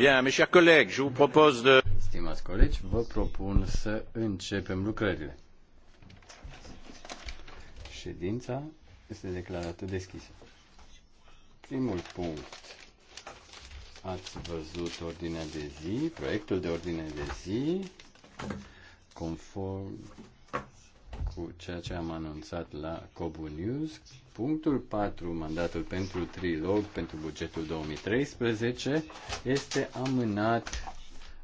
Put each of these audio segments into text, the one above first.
Stimați colegi, vă propun să începem lucrările. Ședința este declarată deschisă. Primul punct. Ați văzut ordinea de zi, proiectul de ordine de zi, conform cu ceea ce am anunțat la Cobu News. Punctul 4, mandatul pentru trilog pentru bugetul 2013, este amânat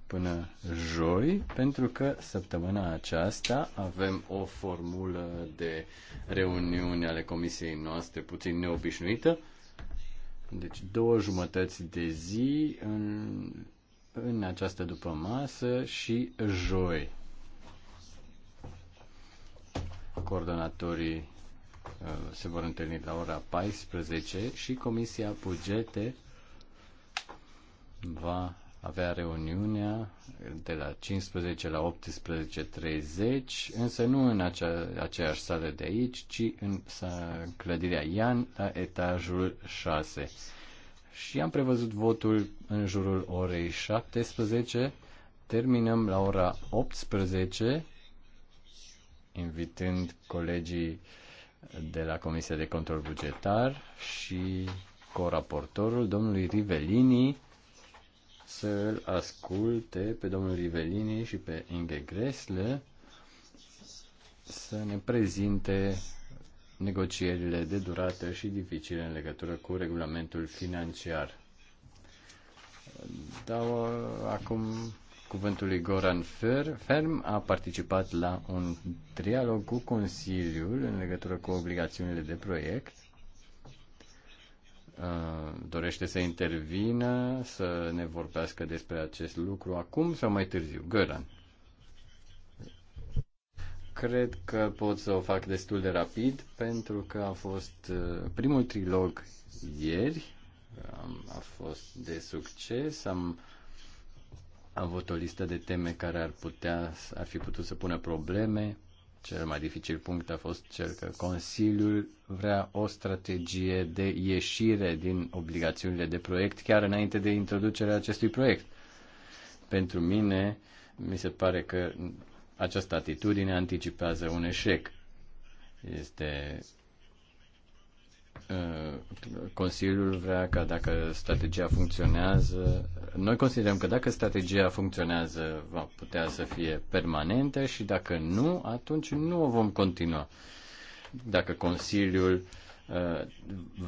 până joi, pentru că săptămâna aceasta avem o formulă de reuniune ale comisiei noastre puțin neobișnuită. Deci două jumătăți de zi în, în această după masă și joi. Coordonatorii uh, se vor întâlni la ora 14 și Comisia Bugete va avea reuniunea de la 15 la 18.30, însă nu în acea, aceeași sală de aici, ci în clădirea Ian la etajul 6. Și am prevăzut votul în jurul orei 17, terminăm la ora 18 invitând colegii de la Comisia de Control Bugetar și coraportorul domnului Rivelini să îl asculte pe domnul Rivelini și pe Inge Gresle să ne prezinte negocierile de durată și dificile în legătură cu regulamentul financiar. Dar acum cuvântului Goran Fer Ferm a participat la un trialog cu Consiliul în legătură cu obligațiunile de proiect. Uh, dorește să intervină, să ne vorbească despre acest lucru acum sau mai târziu? Goran. Cred că pot să o fac destul de rapid pentru că a fost uh, primul trilog ieri, a fost de succes, am avut o listă de teme care ar, putea, ar fi putut să pună probleme. Cel mai dificil punct a fost cel că Consiliul vrea o strategie de ieșire din obligațiunile de proiect chiar înainte de introducerea acestui proiect. Pentru mine, mi se pare că această atitudine anticipează un eșec. Este Uh, Consiliul vrea ca dacă strategia funcționează, noi considerăm că dacă strategia funcționează, va putea să fie permanentă și dacă nu, atunci nu o vom continua. Dacă Consiliul uh,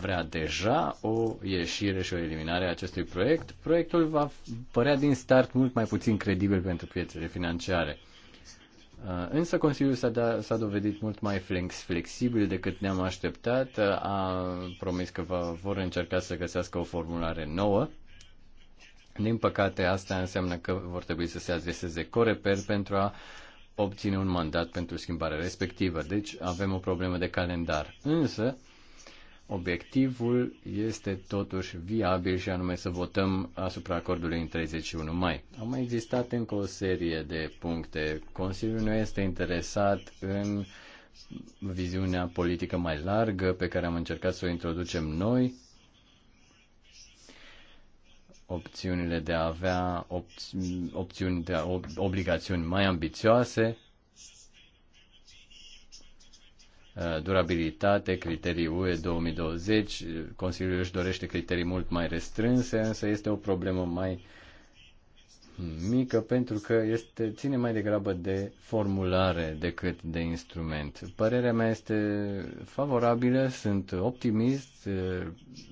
vrea deja o ieșire și o eliminare a acestui proiect, proiectul va părea din start mult mai puțin credibil pentru piețele financiare. Uh, însă Consiliul s-a, da, s-a dovedit mult mai flex, flexibil decât ne-am așteptat. Uh, a promis că va, vor încerca să găsească o formulare nouă. Din păcate, asta înseamnă că vor trebui să se adreseze Coreper pentru a obține un mandat pentru schimbarea respectivă. Deci avem o problemă de calendar. Însă, Obiectivul este totuși viabil și anume să votăm asupra acordului în 31 mai. Au mai existat încă o serie de puncte. Consiliul nu este interesat în viziunea politică mai largă pe care am încercat să o introducem noi, opțiunile de a avea opți- opțiuni de a, ob- obligațiuni mai ambițioase, durabilitate, criterii UE 2020. Consiliul își dorește criterii mult mai restrânse, însă este o problemă mai mică pentru că este, ține mai degrabă de formulare decât de instrument. Părerea mea este favorabilă, sunt optimist,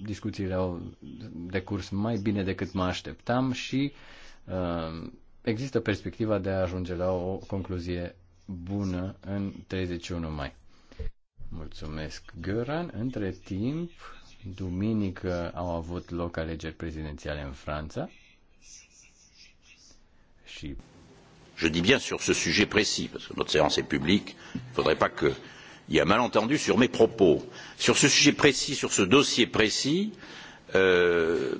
discuțiile au decurs mai bine decât mă așteptam și uh, există perspectiva de a ajunge la o concluzie bună în 31 mai. Mulțumesc, Göran. Între timp, duminică au avut loc alegeri prezidențiale în Franța. Și Je dis bien sur ce sujet précis, parce que notre séance est publique, il ne faudrait pas qu'il y ait malentendu sur mes propos. Sur ce sujet précis, sur ce dossier précis, euh,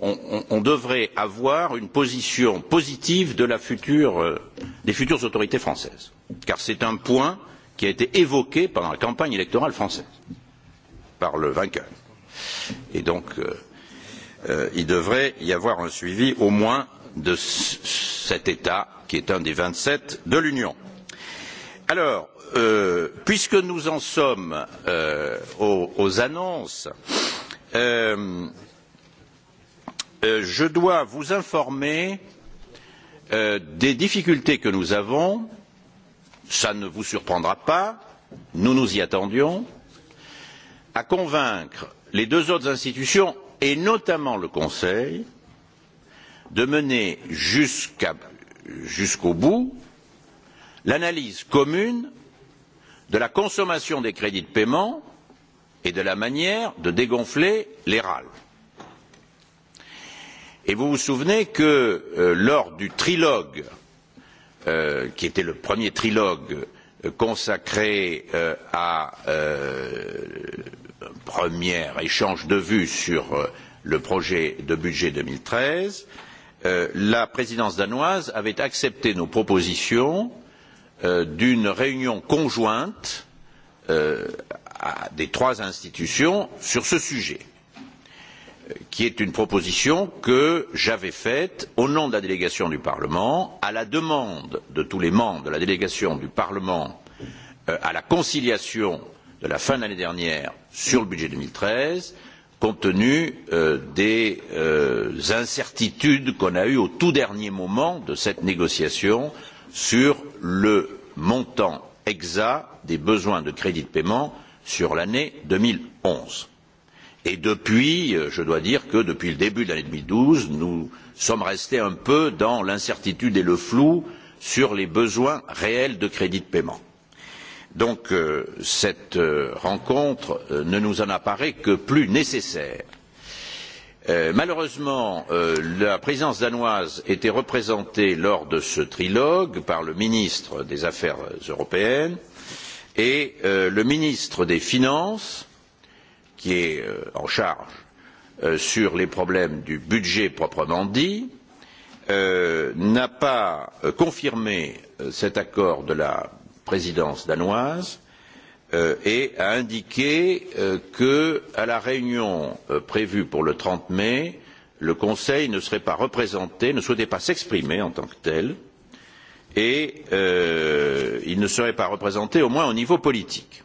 on, on, on devrait avoir une position positive de la future, euh, des futures autorités françaises, car c'est un point euh, qui a été évoqué pendant la campagne électorale française par le vainqueur. Et donc, euh, euh il devrait y avoir un suivi au moins de cet État qui est un des 27 de l'Union. Alors, euh, puisque nous en sommes euh, aux, aux annonces, euh, euh, je dois vous informer euh, des difficultés que nous avons cela ne vous surprendra pas nous nous y attendions à convaincre les deux autres institutions et notamment le Conseil de mener jusqu'au jusqu bout l'analyse commune de la consommation des crédits de paiement et de la manière de dégonfler les râles. Et vous vous souvenez que euh, lors du trilogue euh, Euh, qui était le premier trilogue euh, consacré euh, à euh, un premier échange de vues sur euh, le projet de budget 2013, euh, la présidence danoise avait accepté nos propositions euh, d'une réunion conjointe euh, à, des trois institutions sur ce sujet qui est une proposition que j'avais faite au nom de la délégation du Parlement, à la demande de tous les membres de la délégation du Parlement euh, à la conciliation de la fin de l'année dernière sur le budget 2013, compte tenu euh, des euh, incertitudes qu'on a eues au tout dernier moment de cette négociation sur le montant exact des besoins de crédits de paiement sur l'année 2011 Et depuis, euh, je dois dire que depuis le début de l'année 2012, nous sommes restés un peu dans l'incertitude et le flou sur les besoins réels de crédits de paiement. Donc euh, cette euh, rencontre euh, ne nous en apparaît que plus nécessaire. Euh, malheureusement, euh, la présidence danoise était représentée lors de ce trilogue par le ministre des Affaires européennes et euh, le ministre des Finances qui est euh, en charge euh, sur les problèmes du budget proprement dit, euh, n'a pas confirmé cet accord de la présidence danoise et a indiqué que, à la réunion prévue pour le 30 mai, le Conseil ne serait pas représenté, ne souhaitait pas s'exprimer en tant que tel, et euh, il ne serait pas représenté au moins au niveau politique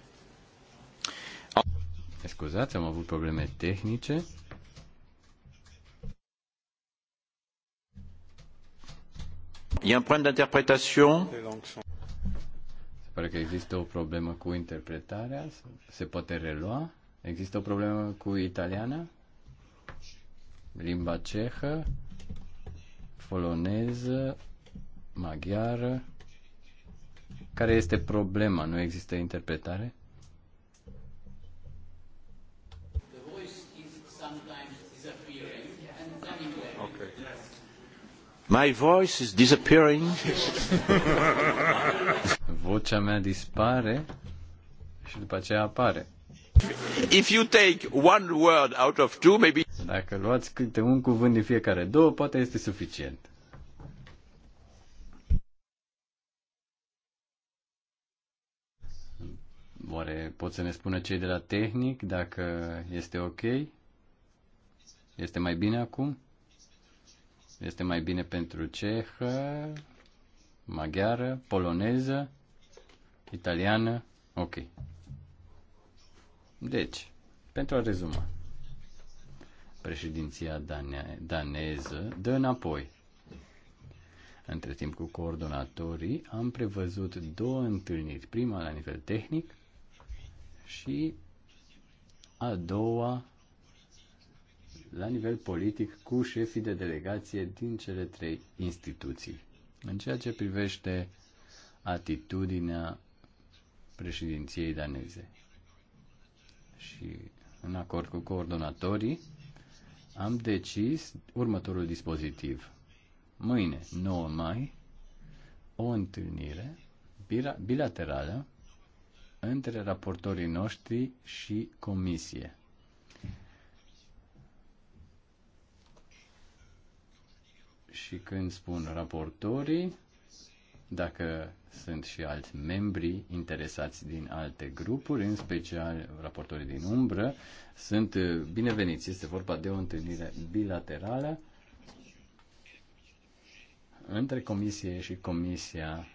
scuzați, am avut probleme tehnice. Il y a un problème d'interprétation. Se pare că există o problemă cu interpretarea. Se poate relua. Există o problemă cu italiana, limba cehă, poloneză, maghiară. Care este problema? Nu există interpretare? My voice is disappearing. Vocea mea dispare și după aceea apare. If you take one word out of two, maybe... Dacă luați câte un cuvânt din fiecare două, poate este suficient. Oare pot să ne spună cei de la tehnic dacă este ok? Este mai bine acum? este mai bine pentru cehă, maghiară, poloneză, italiană, ok. Deci, pentru a rezuma, președinția daneză dă înapoi. Între timp cu coordonatorii am prevăzut două întâlniri, prima la nivel tehnic și a doua la nivel politic cu șefii de delegație din cele trei instituții. În ceea ce privește atitudinea președinției daneze și în acord cu coordonatorii, am decis următorul dispozitiv. Mâine, 9 mai, o întâlnire bilaterală între raportorii noștri și comisie și când spun raportorii, dacă sunt și alți membri interesați din alte grupuri, în special raportorii din umbră, sunt uh, bineveniți. Este vorba de o întâlnire bilaterală între Comisie și Comisia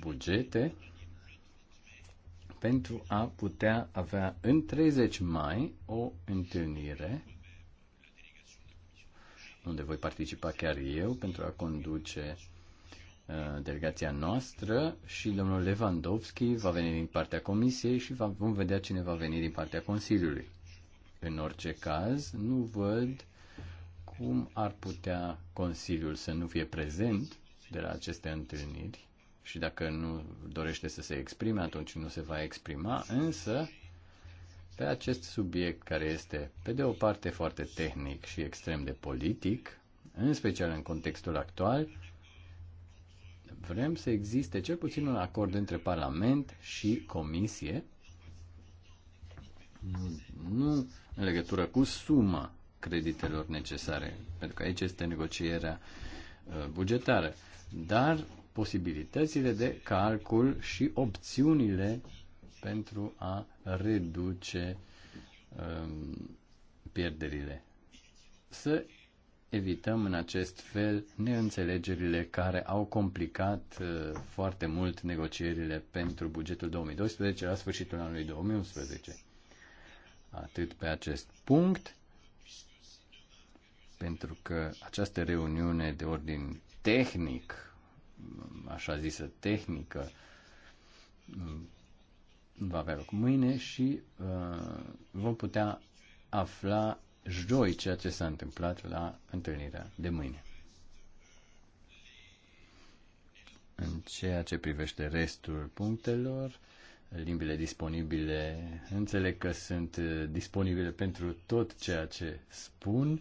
Bugete pentru a putea avea în 30 mai o întâlnire unde voi participa chiar eu pentru a conduce uh, delegația noastră și domnul Lewandowski va veni din partea Comisiei și va, vom vedea cine va veni din partea Consiliului. În orice caz, nu văd cum ar putea Consiliul să nu fie prezent de la aceste întâlniri și dacă nu dorește să se exprime, atunci nu se va exprima, însă pe acest subiect care este, pe de o parte, foarte tehnic și extrem de politic, în special în contextul actual, vrem să existe cel puțin un acord între Parlament și Comisie, nu în legătură cu suma creditelor necesare, pentru că aici este negocierea uh, bugetară, dar posibilitățile de calcul și opțiunile pentru a reduce um, pierderile. Să evităm în acest fel neînțelegerile care au complicat uh, foarte mult negocierile pentru bugetul 2012 la sfârșitul anului 2011. Atât pe acest punct, pentru că această reuniune de ordin tehnic, așa zisă tehnică, va avea loc mâine și uh, vom putea afla joi ceea ce s-a întâmplat la întâlnirea de mâine. În ceea ce privește restul punctelor, limbile disponibile, înțeleg că sunt uh, disponibile pentru tot ceea ce spun.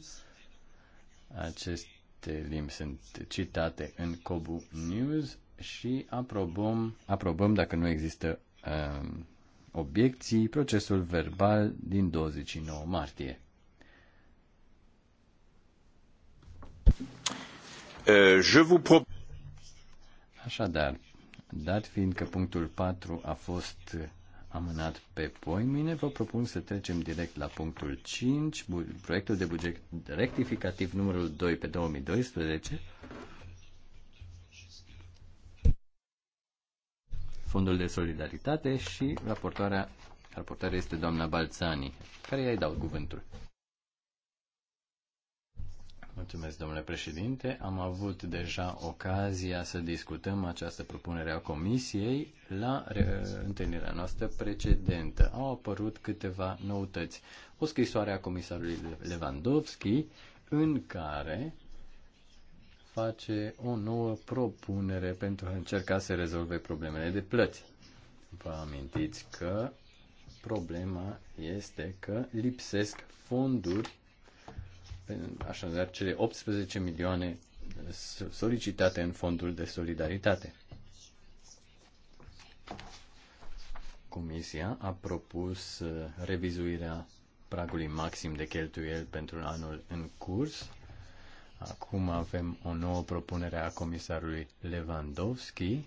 Aceste limbi sunt citate în Cobu News și aprobăm, aprobăm dacă nu există Um, obiecții procesul verbal din 29 martie. Uh, je vous prop... Așadar, dat fiind că punctul 4 a fost amânat pe poimine, vă propun să trecem direct la punctul 5, proiectul de buget rectificativ numărul 2 pe 2012, Fondul de Solidaritate și raportoarea, raportarea este doamna Balțani, care i-ai dau cuvântul. Mulțumesc, domnule președinte. Am avut deja ocazia să discutăm această propunere a Comisiei la întâlnirea noastră precedentă. Au apărut câteva noutăți. O scrisoare a comisarului Lewandowski în care face o nouă propunere pentru a încerca să rezolve problemele de plăți. Vă amintiți că problema este că lipsesc fonduri, așadar cele 18 milioane solicitate în fondul de solidaritate. Comisia a propus uh, revizuirea pragului maxim de cheltuieli pentru anul în curs Acum avem o nouă propunere a comisarului Lewandowski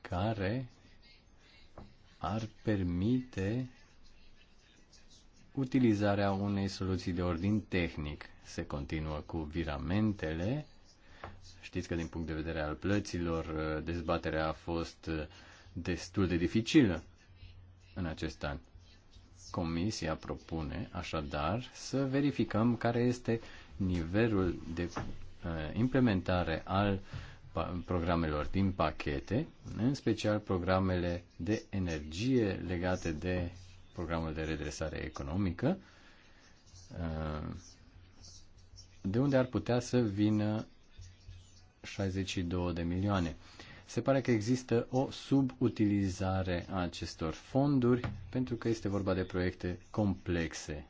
care ar permite utilizarea unei soluții de ordin tehnic. Se continuă cu viramentele. Știți că din punct de vedere al plăților dezbaterea a fost destul de dificilă în acest an. Comisia propune așadar să verificăm care este uh, nivelul de uh, implementare al programelor din pachete, în special programele de energie legate de programul de redresare economică, uh, de unde ar putea să vină 62 de milioane. Se pare că există o subutilizare a acestor fonduri pentru că este vorba de proiecte complexe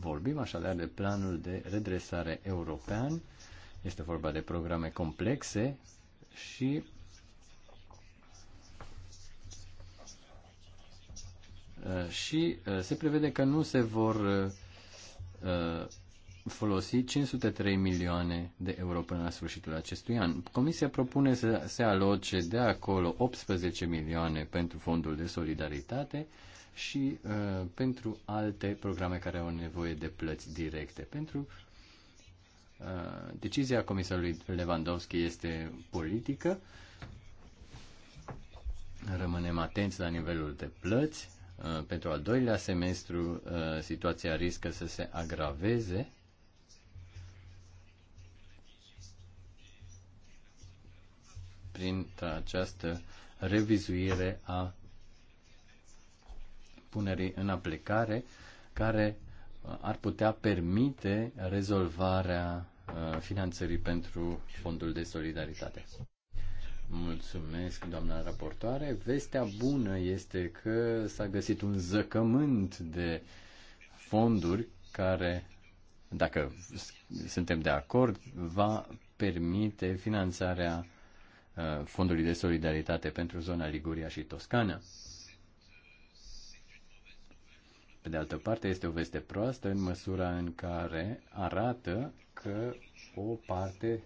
Vorbim așadar de planul de redresare european. Este vorba de programe complexe și și uh, se prevede că nu se vor uh, folosi 503 milioane de euro până la sfârșitul acestui an. Comisia propune să se aloce de acolo 18 milioane pentru fondul de solidaritate și uh, pentru alte programe care au nevoie de plăți directe. Pentru uh, decizia comisarului Lewandowski este politică. Rămânem atenți la nivelul de plăți. Uh, pentru al doilea semestru uh, situația riscă să se agraveze. prin această revizuire a punerii în aplicare care uh, ar putea permite rezolvarea uh, finanțării pentru fondul de solidaritate. Mulțumesc, doamna raportoare. Vestea bună este că s-a găsit un zăcământ de fonduri care, dacă suntem de acord, va permite finanțarea uh, fondului de solidaritate pentru zona Liguria și Toscana. Pe de altă parte, este o veste proastă în măsura în care arată că o parte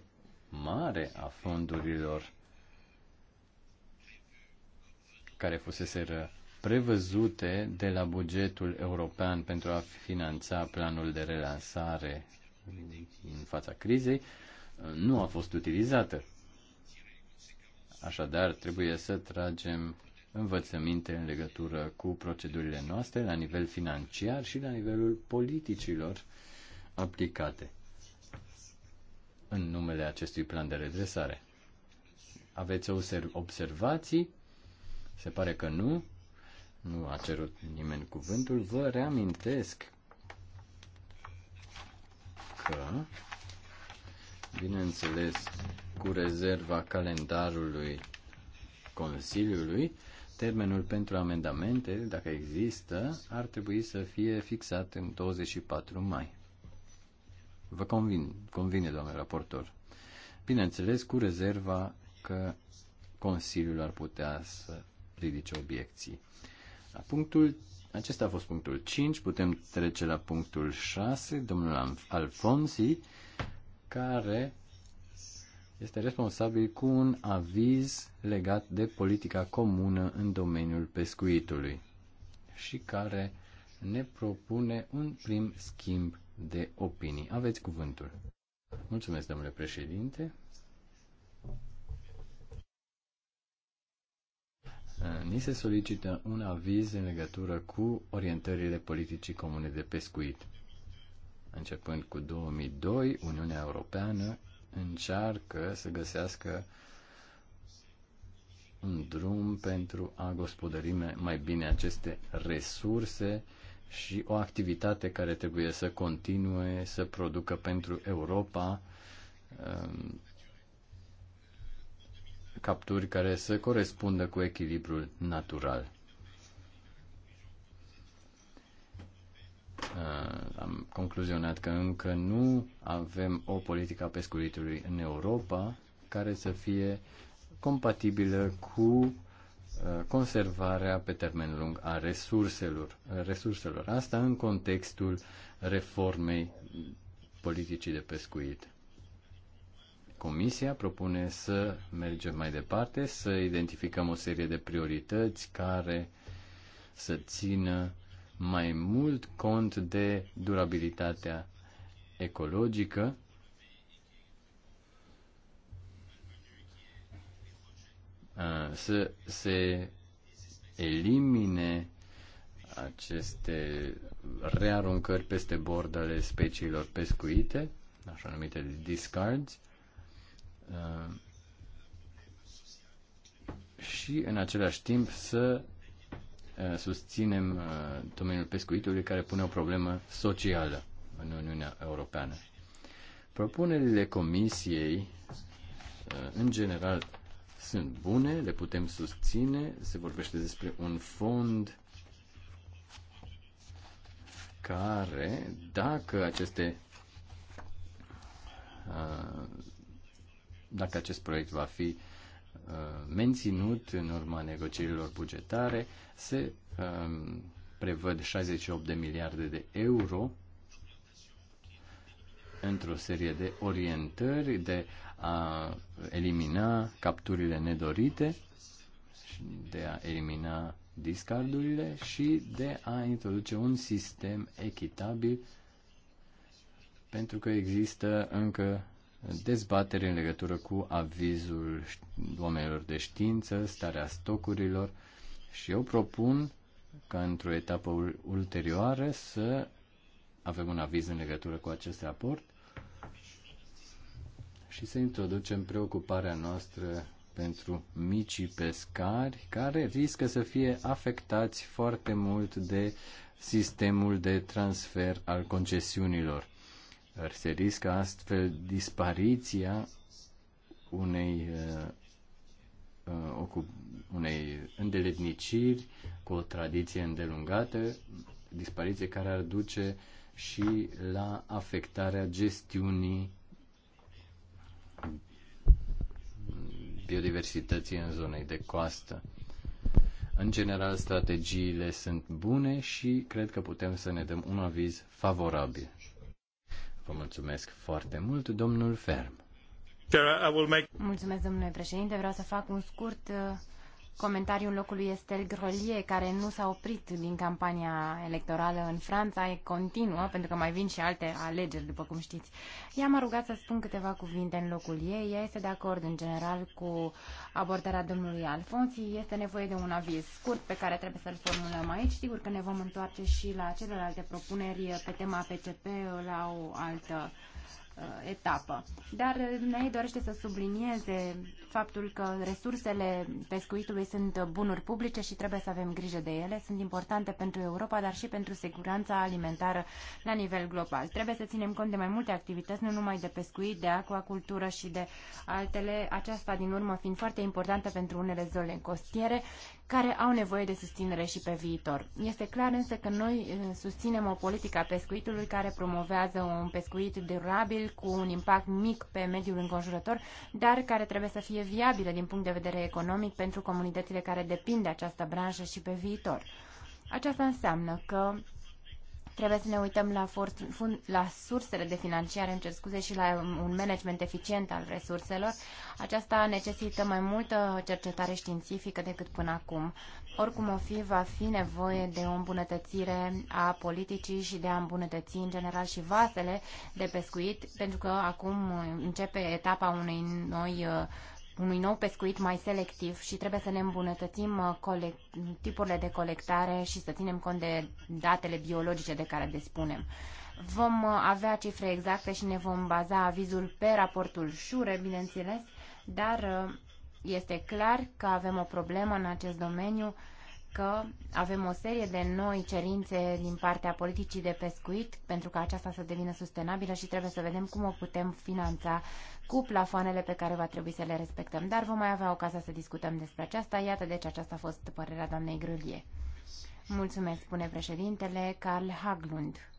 mare a fondurilor care fusese prevăzute de la bugetul european pentru a finanța planul de relansare în fața crizei, nu a fost utilizată. Așadar, trebuie să tragem învățăminte în legătură cu procedurile noastre la nivel financiar și la nivelul politicilor aplicate în numele acestui plan de redresare. Aveți observații? Se pare că nu. Nu a cerut nimeni cuvântul. Vă reamintesc că, bineînțeles, cu rezerva calendarului Consiliului, termenul pentru amendamente, dacă există, ar trebui să fie fixat în 24 mai. Vă convin, convine, domnule raportor. Bineînțeles, cu rezerva că Consiliul ar putea să ridice obiecții. La punctul, acesta a fost punctul 5, putem trece la punctul 6, domnul Alfonsi, care este responsabil cu un aviz legat de politica comună în domeniul pescuitului și care ne propune un prim schimb de opinii. Aveți cuvântul. Mulțumesc, domnule președinte. Ni se solicită un aviz în legătură cu orientările politicii comune de pescuit. Începând cu 2002, Uniunea Europeană încearcă să găsească un drum pentru a gospodări mai bine aceste resurse și o activitate care trebuie să continue să producă pentru Europa um, capturi care să corespundă cu echilibrul natural. Uh, am concluzionat că încă nu avem o politică a pescuitului în Europa care să fie compatibilă cu uh, conservarea pe termen lung a resurselor. resurselor. Asta în contextul reformei politicii de pescuit. Comisia propune să mergem mai departe, să identificăm o serie de priorități care să țină mai mult cont de durabilitatea ecologică să se elimine aceste rearuncări peste bord ale speciilor pescuite, așa numite discards, și în același timp să Uh, susținem uh, domeniul pescuitului care pune o problemă socială în Uniunea Europeană. Propunerile Comisiei, uh, în general, sunt bune, le putem susține. Se vorbește despre un fond care, dacă aceste dacă acest proiect va fi Uh, menținut în urma negocierilor bugetare. Se um, prevăd 68 de miliarde de euro într-o serie de orientări de a elimina capturile nedorite, de a elimina discardurile și de a introduce un sistem echitabil pentru că există încă dezbateri în legătură cu avizul oamenilor de știință, starea stocurilor și eu propun ca într-o etapă ulterioară să avem un aviz în legătură cu acest raport și să introducem preocuparea noastră pentru micii pescari care riscă să fie afectați foarte mult de sistemul de transfer al concesiunilor. Ar se riscă astfel dispariția unei, uh, uh unei îndeletniciri cu o tradiție îndelungată, dispariție care ar duce și la afectarea gestiunii biodiversității în zonei de coastă. În general, strategiile sunt bune și cred că putem să ne dăm un aviz favorabil. Vă mulțumesc foarte mult, domnul Ferm. Mulțumesc, domnule președinte. Vreau să fac un scurt uh, comentariul locului Estel Grolier, care nu s-a oprit din campania electorală în Franța, e continuă, pentru că mai vin și alte alegeri, după cum știți. Ea m-a rugat să spun câteva cuvinte în locul ei. Ea este de acord, în general, cu abordarea domnului Alfonsi. Este nevoie de un aviz scurt pe care trebuie să-l formulăm aici. Sigur că ne vom întoarce și la celelalte propuneri pe tema PCP la o altă uh, etapă. Dar uh, dumneavoastră dorește să sublinieze faptul că resursele pescuitului sunt bunuri publice și trebuie să avem grijă de ele, sunt importante pentru Europa, dar și pentru siguranța alimentară la nivel global. Trebuie să ținem cont de mai multe activități, nu numai de pescuit, de aquacultură și de altele, aceasta din urmă fiind foarte importantă pentru unele zone costiere care au nevoie de susținere și pe viitor. Este clar însă că noi eh, susținem o politică a pescuitului care promovează un pescuit durabil cu un impact mic pe mediul înconjurător, dar care trebuie să fie viabilă din punct de vedere economic pentru comunitățile care depind de această branșă și pe viitor. Aceasta înseamnă că Trebuie să ne uităm la, for- fund, la sursele de finanțare, în cer scuze, și la un management eficient al resurselor. Aceasta necesită mai multă cercetare științifică decât până acum. Oricum o fi, va fi nevoie de o îmbunătățire a politicii și de a îmbunătăți în general și vasele de pescuit, pentru că acum începe etapa unei noi uh, unui nou pescuit mai selectiv și trebuie să ne îmbunătățim uh, tipurile de colectare și să ținem cont de datele biologice de care dispunem. Vom uh, avea cifre exacte și ne vom baza avizul pe raportul Șure, bineînțeles, dar uh, este clar că avem o problemă în acest domeniu, că avem o serie de noi cerințe din partea politicii de pescuit pentru ca aceasta să devină sustenabilă și trebuie să vedem cum o putem finanța cu plafoanele pe care va trebui să le respectăm. Dar vom mai avea ocazia să discutăm despre aceasta. Iată, deci aceasta a fost părerea doamnei Grâlie. Mulțumesc, spune președintele Carl Haglund.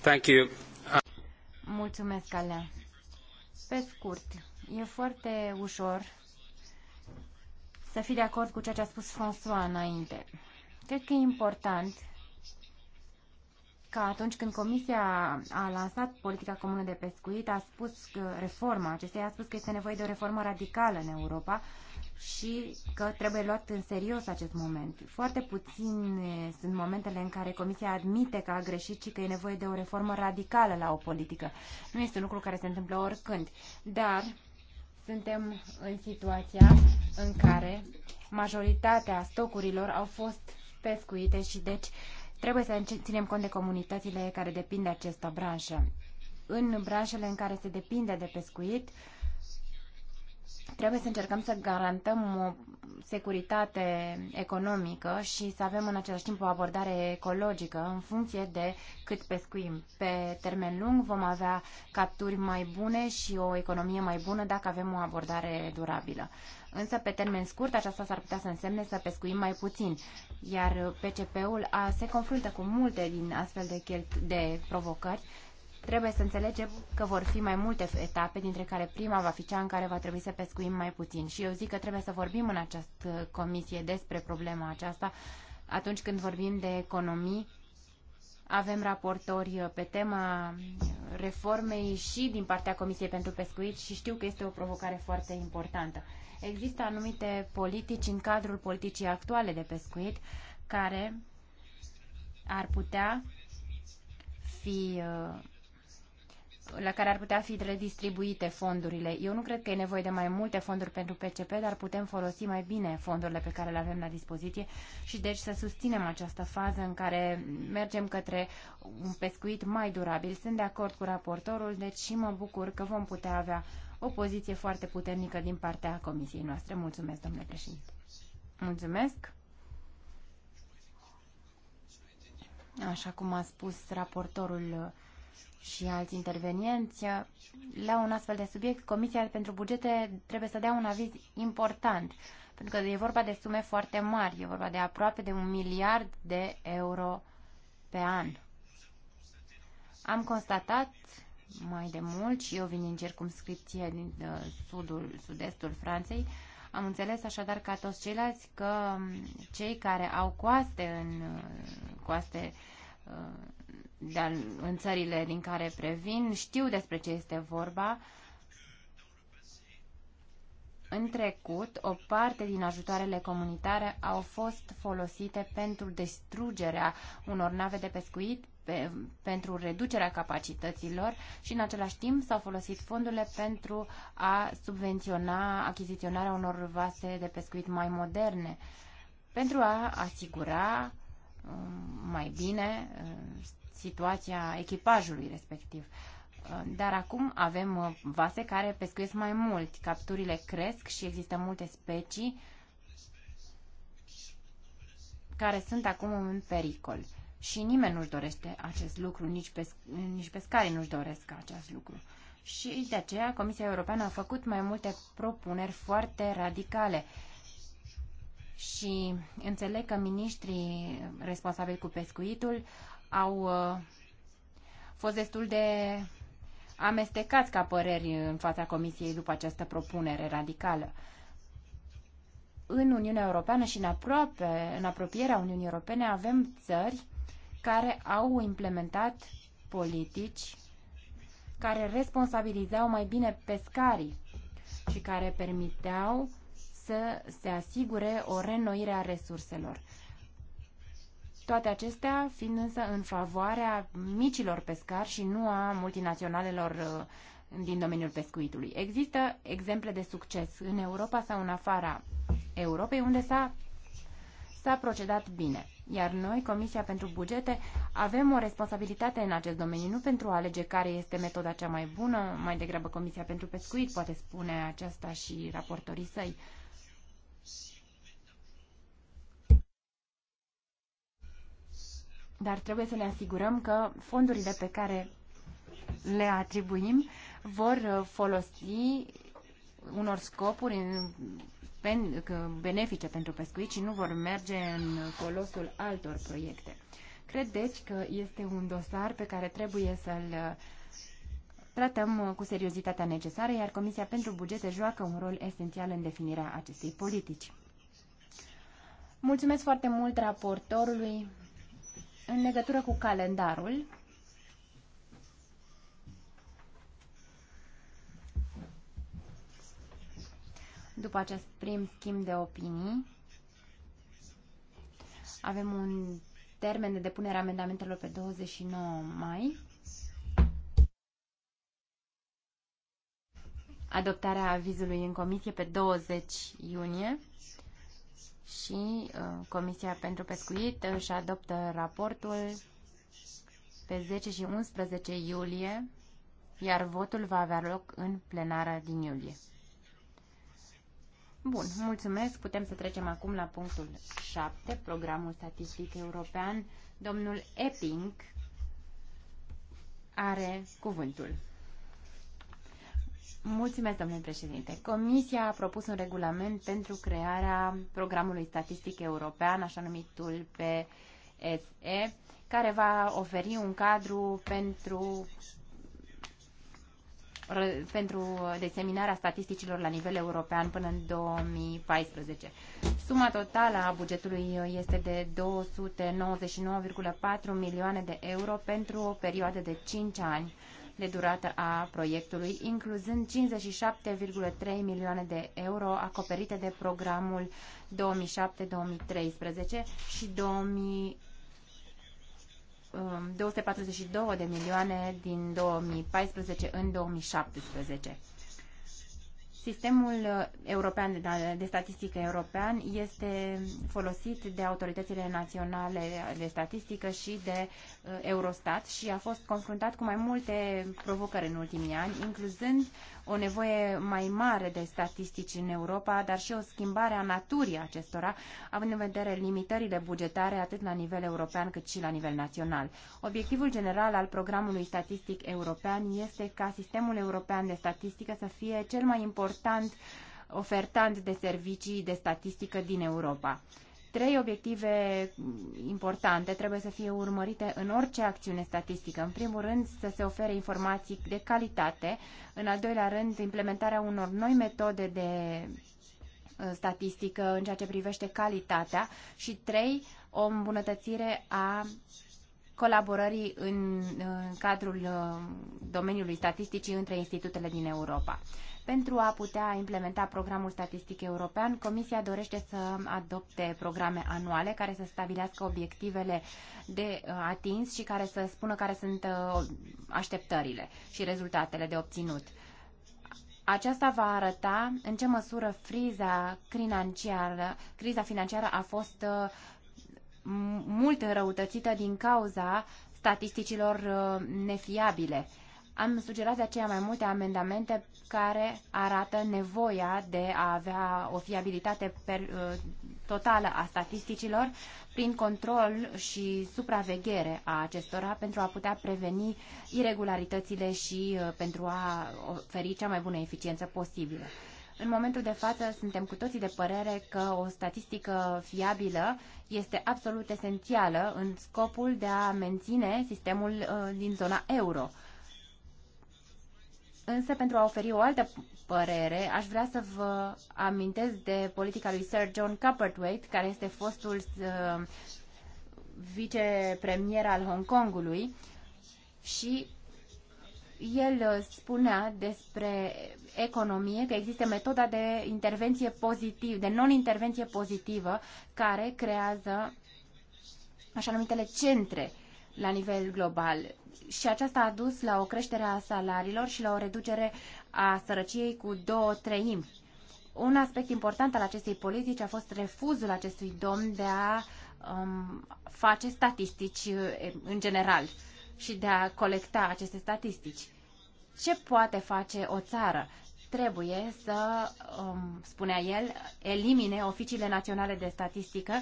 Thank you. Mulțumesc, Alea. Pe scurt, e foarte ușor să fii de acord cu ceea ce a spus François înainte. Cred că e important ca atunci când Comisia a lansat politica comună de pescuit, a spus că reforma acesteia, a spus că este nevoie de o reformă radicală în Europa și că trebuie luat în serios acest moment. Foarte puțin sunt momentele în care Comisia admite că a greșit și că e nevoie de o reformă radicală la o politică. Nu este un lucru care se întâmplă oricând, dar suntem în situația în care majoritatea stocurilor au fost pescuite și deci uh, Trebuie să ținem cont de comunitățile care depind de această branșă. În branșele în care se depinde de pescuit, trebuie să încercăm să garantăm o securitate economică și să avem în același timp o abordare ecologică în funcție de cât pescuim. Pe termen lung vom avea capturi mai bune și o economie mai bună dacă avem o abordare durabilă. Însă, pe termen scurt, aceasta s-ar putea să însemne să pescuim mai puțin iar PCP-ul se confruntă cu multe din astfel de, chelt- de provocări. Trebuie să înțelegem că vor fi mai multe etape, dintre care prima va fi cea în care va trebui să pescuim mai puțin. Și eu zic că trebuie să vorbim în această comisie despre problema aceasta. Atunci când vorbim de economii, avem raportori uh, pe tema reformei și din partea Comisiei pentru Pescuit și știu că este o provocare foarte importantă. Există anumite politici în cadrul politicii actuale de pescuit care ar putea fi uh, la care ar putea fi redistribuite fondurile. Eu nu cred că e nevoie de mai multe fonduri pentru PCP, dar putem folosi mai bine fondurile pe care le avem la dispoziție și deci să susținem această fază în care mergem către un pescuit mai durabil. Sunt de acord cu raportorul, deci și mă bucur că vom putea avea o poziție foarte puternică din partea comisiei noastre. Mulțumesc, domnule președinte. Mulțumesc. Așa cum a spus raportorul și alți intervenienți, la un astfel de subiect, Comisia pentru Bugete trebuie să dea un aviz important, pentru că e vorba de sume foarte mari, e vorba de aproape de un miliard de euro pe an. Am constatat mai de mult și eu vin din circumscripție din uh, sudul, sud-estul Franței. Am înțeles așadar ca toți ceilalți că um, cei care au coaste în uh, coaste uh, în țările din care previn știu despre ce este vorba. În trecut, o parte din ajutoarele comunitare au fost folosite pentru distrugerea unor nave de pescuit pe, pentru reducerea capacităților și în același timp s-au folosit fondurile pentru a subvenționa achiziționarea unor vase de pescuit mai moderne pentru a asigura um, mai bine uh, situația echipajului respectiv. Uh, dar acum avem uh, vase care pescuiesc mai mult, capturile cresc și există multe specii care sunt acum în pericol și nimeni nu-și dorește acest lucru, nici, pesc nici pescarii nu-și doresc acest lucru. Și de aceea Comisia Europeană a făcut mai multe propuneri foarte radicale. Și înțeleg că ministrii responsabili cu pescuitul au uh, fost destul de amestecați ca păreri în fața Comisiei după această propunere radicală. În Uniunea Europeană și în, aproape, în apropierea Uniunii Europene avem țări care au implementat politici care responsabilizau mai bine pescarii și care permiteau să se asigure o reînnoire a resurselor. Toate acestea fiind însă în favoarea micilor pescari și nu a multinaționalelor uh, din domeniul pescuitului. Există exemple de succes în Europa sau în afara Europei unde s-a, s-a procedat bine. Iar noi, Comisia pentru Bugete, avem o responsabilitate în acest domeniu, nu pentru a alege care este metoda cea mai bună, mai degrabă Comisia pentru Pescuit poate spune aceasta și raportorii săi. Dar trebuie să ne asigurăm că fondurile pe care le atribuim vor folosi unor scopuri pen, benefice pentru pescuit și nu vor merge în folosul altor proiecte. Cred deci că este un dosar pe care trebuie să-l uh, tratăm uh, cu seriozitatea necesară, iar Comisia pentru Bugete joacă un rol esențial în definirea acestei politici. Mulțumesc foarte mult raportorului în legătură cu calendarul. După acest prim schimb de opinii, avem un termen de depunere a amendamentelor pe 29 mai. Adoptarea avizului în comisie pe 20 iunie și uh, Comisia pentru Pescuit își adoptă raportul pe 10 și 11 iulie, iar votul va avea loc în plenară din iulie. Bun, mulțumesc. Putem să trecem acum la punctul 7, programul statistic european. Domnul Epping are cuvântul. Mulțumesc, domnule președinte. Comisia a propus un regulament pentru crearea programului statistic european, așa numitul PSE, care va oferi un cadru pentru pentru deseminarea statisticilor la nivel european până în 2014. Suma totală a bugetului este de 299,4 milioane de euro pentru o perioadă de 5 ani de durată a proiectului, incluzând 57,3 milioane de euro acoperite de programul 2007-2013 și 2000 242 um, de milioane din 2014 în 2017. Sistemul uh, european de statistică european este folosit de autoritățile naționale de statistică și de uh, Eurostat și a fost confruntat cu mai multe provocări în ultimii ani, incluzând o nevoie mai mare de statistici în Europa, dar și o schimbare a naturii acestora, având în vedere limitările bugetare atât la nivel european cât și la nivel național. Obiectivul general al programului statistic european este ca sistemul european de statistică să fie cel mai important ofertant de servicii de statistică din Europa. Trei obiective importante trebuie să fie urmărite în orice acțiune statistică. În primul rând, să se ofere informații de calitate. În al doilea rând, implementarea unor noi metode de uh, statistică în ceea ce privește calitatea și trei, o îmbunătățire a colaborării în, uh, în cadrul uh, domeniului statisticii între institutele din Europa. Pentru a putea implementa programul statistic european, Comisia dorește să adopte programe anuale care să stabilească obiectivele de uh, atins și care să spună care sunt uh, așteptările și rezultatele de obținut. Aceasta va arăta în ce măsură friza financiară, criza financiară a fost uh, mult înrăutățită din cauza statisticilor nefiabile am sugerat de aceea mai multe amendamente care arată nevoia de a avea o fiabilitate per, uh, totală a statisticilor prin control și supraveghere a acestora pentru a putea preveni irregularitățile și uh, pentru a oferi cea mai bună eficiență posibilă. În momentul de față suntem cu toții de părere că o statistică fiabilă este absolut esențială în scopul de a menține sistemul uh, din zona euro. Însă, pentru a oferi o altă părere, aș vrea să vă amintesc de politica lui Sir John Copperthwaite, care este fostul uh, vicepremier al Hong Kongului și el uh, spunea despre economie că există metoda de intervenție pozitivă, de non-intervenție pozitivă, care creează așa numitele centre la nivel global. Și aceasta a dus la o creștere a salariilor și la o reducere a sărăciei cu două treimi. Un aspect important al acestei politici a fost refuzul acestui domn de a um, face statistici eh, în general și de a colecta aceste statistici. Ce poate face o țară? Trebuie să, um, spunea el, elimine oficiile naționale de statistică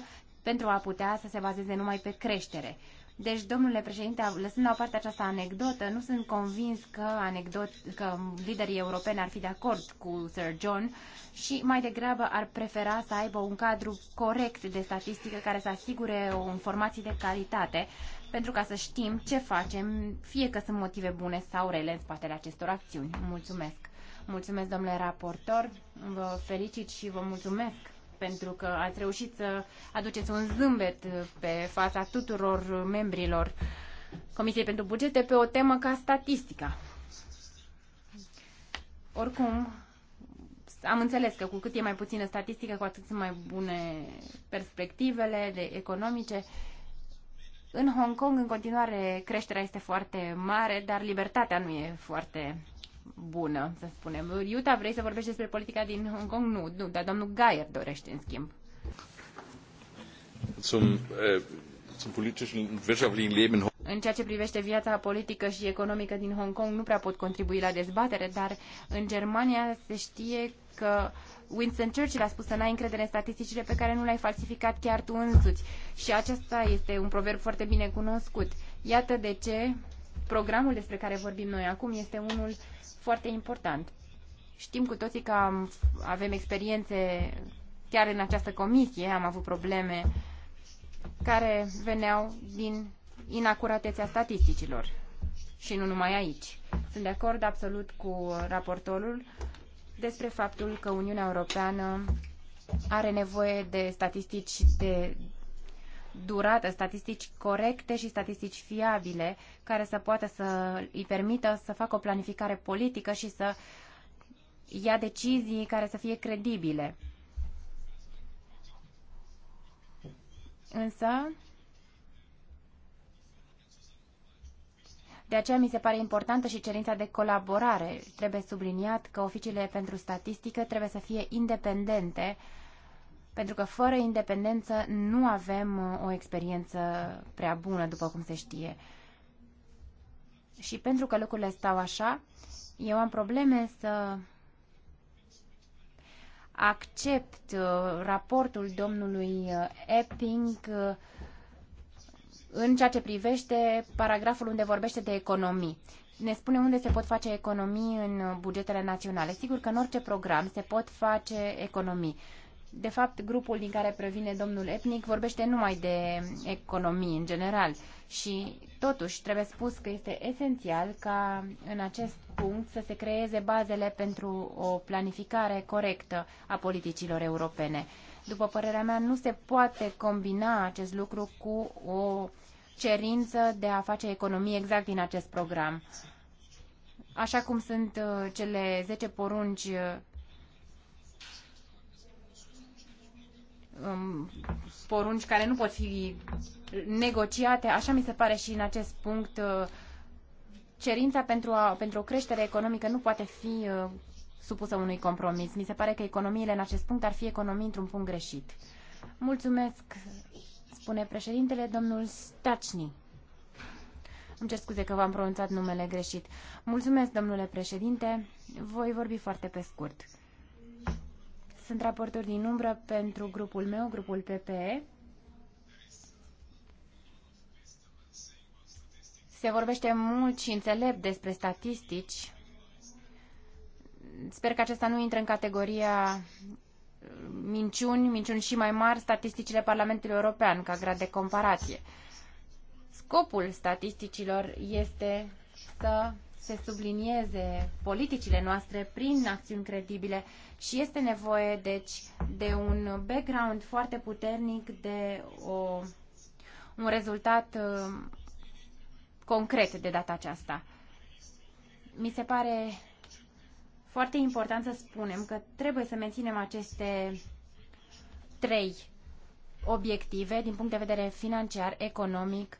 pentru a putea să se bazeze numai pe creștere. Deci, domnule președinte, lăsând la o parte această anecdotă, nu sunt convins că, anecdot, că liderii europeni ar fi de acord cu Sir John și mai degrabă ar prefera să aibă un cadru corect de statistică care să asigure o informație de calitate pentru ca să știm ce facem, fie că sunt motive bune sau rele în spatele acestor acțiuni. Mulțumesc! Mulțumesc, domnule raportor, vă felicit și vă mulțumesc pentru că ați reușit să aduceți un zâmbet pe fața tuturor membrilor Comisiei pentru Bugete pe o temă ca statistica. Oricum, am înțeles că cu cât e mai puțină statistică, cu atât sunt mai bune perspectivele de economice. În Hong Kong, în continuare, creșterea este foarte mare, dar libertatea nu e foarte bună, să spunem. Iuta, vrei să vorbești despre politica din Hong Kong? Nu, nu, dar domnul Gaier dorește, în schimb. Zum, eh, zum politischen wirtschaftlichen Leben in Hong în ceea ce privește viața politică și economică din Hong Kong, nu prea pot contribui la dezbatere, dar în Germania se știe că Winston Churchill a spus să n-ai încredere în statisticile pe care nu le-ai falsificat chiar tu însuți. Și acesta este un proverb foarte bine cunoscut. Iată de ce programul despre care vorbim noi acum este unul foarte important. Știm cu toții că am, avem experiențe chiar în această comisie, am avut probleme care veneau din inacuratețea statisticilor și nu numai aici. Sunt de acord absolut cu raportorul despre faptul că Uniunea Europeană are nevoie de statistici de durată, statistici corecte și statistici fiabile care să poată să îi permită să facă o planificare politică și să ia decizii care să fie credibile. Însă, de aceea mi se pare importantă și cerința de colaborare. Trebuie subliniat că oficiile pentru statistică trebuie să fie independente uh, pentru că fără independență nu avem uh, o experiență prea bună, după cum se știe. Și pentru că lucrurile stau așa, eu am probleme să accept uh, raportul domnului uh, Epping în ceea ce privește paragraful unde vorbește de economii. Ne spune unde se pot face economii în bugetele naționale. Sigur că în orice program se pot face economii. De fapt, grupul din care provine domnul Epnic vorbește numai de economii în general și totuși trebuie spus că este esențial ca în acest punct să se creeze bazele pentru o planificare corectă a politicilor europene. După părerea mea, nu se poate combina acest lucru cu o cerință de a face economie exact din acest program. Așa cum sunt uh, cele 10 porunci uh, um, porunci care nu pot fi negociate. Așa mi se pare și în acest punct uh, cerința pentru, a, pentru o creștere economică nu poate fi uh, supusă unui compromis. Mi se pare că economiile în acest punct ar fi economii într-un punct greșit. Mulțumesc, spune președintele, domnul Stachni. Îmi cer scuze că v-am pronunțat numele greșit. Mulțumesc, domnule președinte. Voi vorbi foarte pe scurt. Sunt raportor din umbră pentru grupul meu, grupul PPE. Se vorbește mult și înțelept despre statistici. Sper că acesta nu intră în categoria minciuni, minciuni și mai mari, statisticile Parlamentului European ca grad de comparație. Scopul statisticilor este să se sublinieze politicile noastre prin acțiuni credibile și este nevoie, deci, de un background foarte puternic, de o, un rezultat uh, concret de data aceasta. Mi se pare foarte important să spunem că trebuie să menținem aceste trei obiective din punct de vedere financiar, economic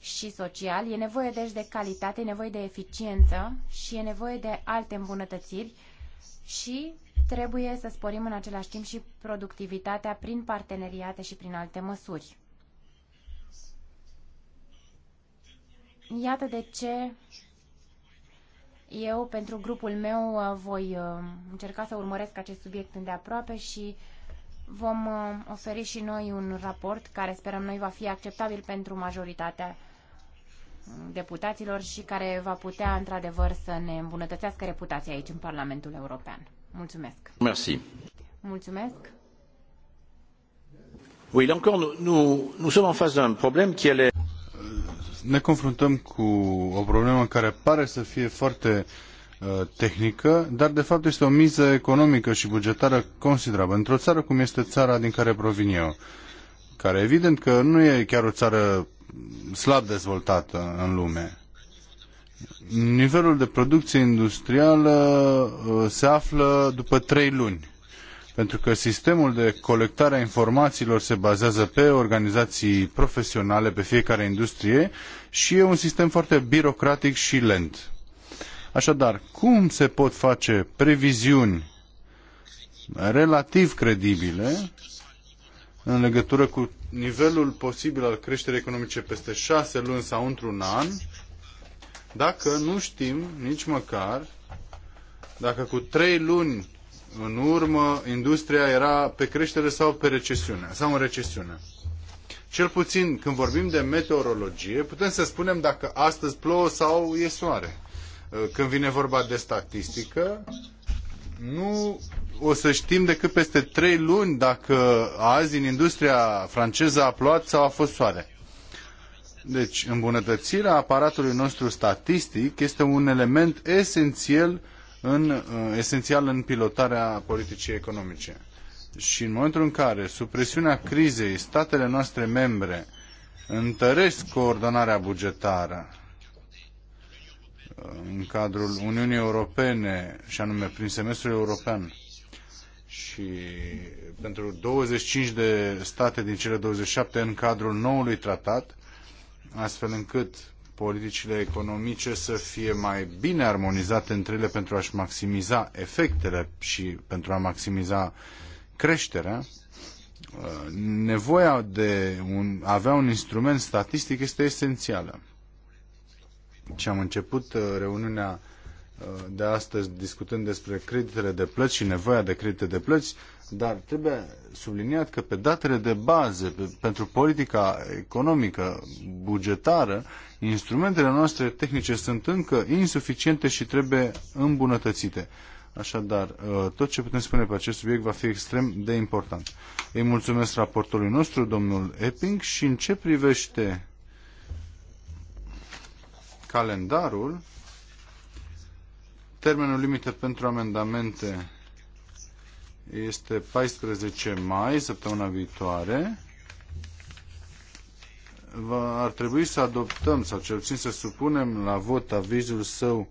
și social. E nevoie deci de calitate, e nevoie de eficiență și e nevoie de alte îmbunătățiri și trebuie să sporim în același timp și productivitatea prin parteneriate și prin alte măsuri. Iată de ce eu, pentru grupul meu, uh, voi uh, încerca să urmăresc acest subiect îndeaproape și vom uh, oferi și noi un raport care sperăm noi va fi acceptabil pentru majoritatea deputaților și care va putea într-adevăr să ne îmbunătățească reputația aici în Parlamentul European. Mulțumesc. Mulțumesc. Oui, là encore, nous, nous, nous sommes en face d'un problème qui est... Ne confruntăm cu o problemă care pare să fie foarte uh, tehnică, dar de fapt este o miză economică și bugetară considerabilă într-o țară cum este țara din care provin eu, care evident că nu e chiar o țară slab dezvoltată în lume nivelul de producție industrială uh, se află după trei luni. Pentru că sistemul de colectare a informațiilor se bazează pe organizații profesionale, pe fiecare industrie și e un sistem foarte birocratic și lent. Așadar, cum se pot face previziuni relativ credibile în legătură cu nivelul posibil al creșterii economice peste șase luni sau într-un an dacă nu știm nici măcar dacă cu trei luni în urmă industria era pe creștere sau pe recesiune, sau în recesiune. Cel puțin când vorbim de meteorologie, putem să spunem dacă astăzi plouă sau e soare. Uh, când vine vorba de statistică, nu o să știm decât peste trei luni dacă azi în industria franceză a plouat sau a fost soare. Deci, îmbunătățirea aparatului nostru statistic este un element esențial în, uh, esențial în pilotarea politicii economice. Și în momentul în care, sub presiunea crizei, statele noastre membre întăresc coordonarea bugetară uh, în cadrul Uniunii Europene, și anume prin semestrul european, și pentru 25 de state din cele 27 în cadrul noului tratat, astfel încât politicile economice să fie mai bine armonizate între ele pentru a-și maximiza efectele și pentru a maximiza creșterea, uh, nevoia de un, avea un instrument statistic este esențială. Și am început uh, reuniunea uh, de astăzi discutând despre creditele de plăți și nevoia de credite de plăți, dar trebuie subliniat că pe datele de bază pe, pentru politica economică, bugetară, instrumentele noastre tehnice sunt încă insuficiente și trebuie îmbunătățite. Așadar, uh, tot ce putem spune pe acest subiect va fi extrem de important. Îi mulțumesc raportorului nostru, domnul Epping, și în ce privește calendarul, termenul limită pentru amendamente este 14 mai, săptămâna viitoare. Va, ar trebui să adoptăm, sau cel puțin să supunem la vot avizul său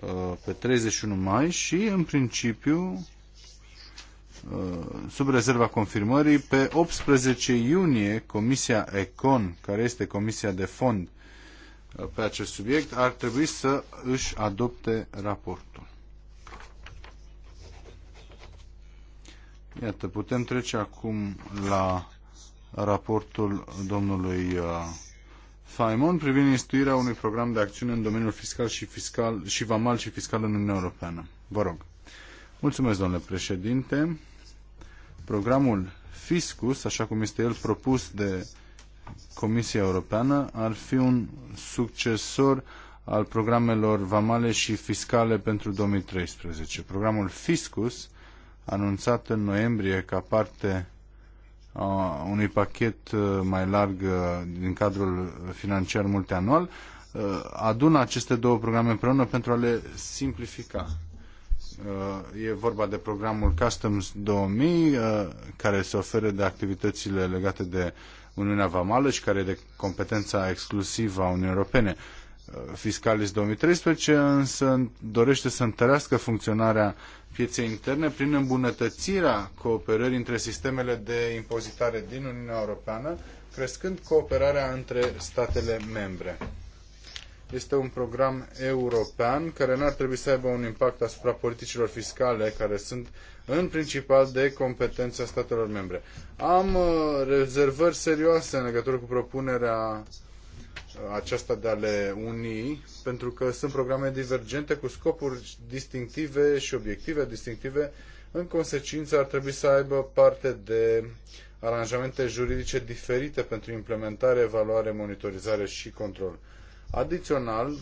uh, pe 31 mai și, în principiu, uh, sub rezerva confirmării, pe 18 iunie, Comisia ECON, care este Comisia de Fond uh, pe acest subiect, ar trebui să își adopte raportul. Iată, putem trece acum la raportul domnului Faimon uh, privind instituirea unui program de acțiune în domeniul fiscal și, fiscal și vamal și fiscal în Uniunea Europeană. Vă rog. Mulțumesc, domnule președinte. Programul Fiscus, așa cum este el propus de Comisia Europeană, ar fi un succesor al programelor vamale și fiscale pentru 2013. Programul Fiscus anunțat în noiembrie ca parte a unui pachet uh, mai larg uh, din cadrul financiar multianual, uh, adună aceste două programe împreună pentru a le simplifica. E vorba de programul Customs 2000, care se oferă de activitățile legate de Uniunea Vamală și care e de competența exclusivă a Uniunii Europene. Fiscalis 2013 însă dorește să întărească funcționarea pieței interne prin îmbunătățirea cooperării între sistemele de impozitare din Uniunea Europeană, crescând cooperarea între statele membre. Este un program european care nu ar trebui să aibă un impact asupra politicilor fiscale care sunt în principal de competența statelor membre. Am uh, rezervări serioase în legătură cu propunerea aceasta de a le uni, pentru că sunt programe divergente cu scopuri distinctive și obiective distinctive. În consecință, ar trebui să aibă parte de aranjamente juridice diferite pentru implementare, evaluare, monitorizare și control. Adițional,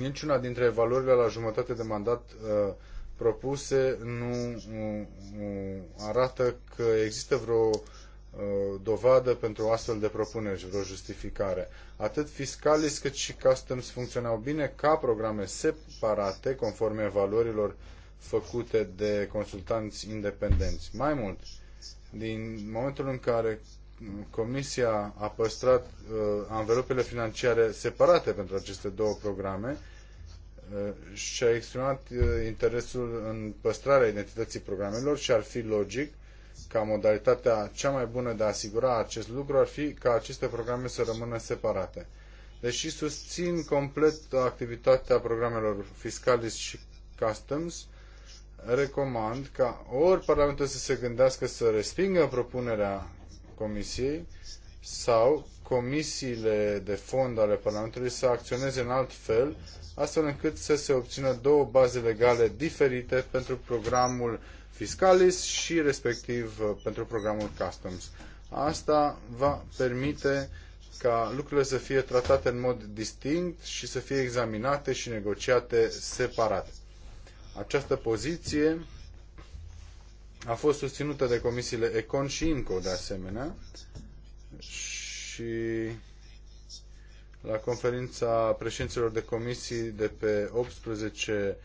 niciuna dintre evaluările la jumătate de mandat uh, propuse nu uh, uh, arată că există vreo Uh, dovadă pentru astfel de propuneri și vreo justificare. Atât Fiscalis cât și Customs funcționau bine ca programe separate conform evaluărilor făcute de consultanți independenți. Mai mult, din momentul în care Comisia a păstrat uh, anvelopele financiare separate pentru aceste două programe uh, și a exprimat uh, interesul în păstrarea identității programelor și ar fi logic ca modalitatea cea mai bună de a asigura acest lucru ar fi ca aceste programe să rămână separate. Deși susțin complet activitatea programelor Fiscalis și Customs, recomand ca ori Parlamentul să se gândească să respingă propunerea Comisiei sau comisiile de fond ale Parlamentului să acționeze în alt fel, astfel încât să se obțină două baze legale diferite pentru programul Fiscalis și respectiv uh, pentru programul Customs. Asta va permite ca lucrurile să fie tratate în mod distinct și să fie examinate și negociate separat. Această poziție a fost susținută de comisiile Econ și IMCO de asemenea și la conferința președinților de comisii de pe 18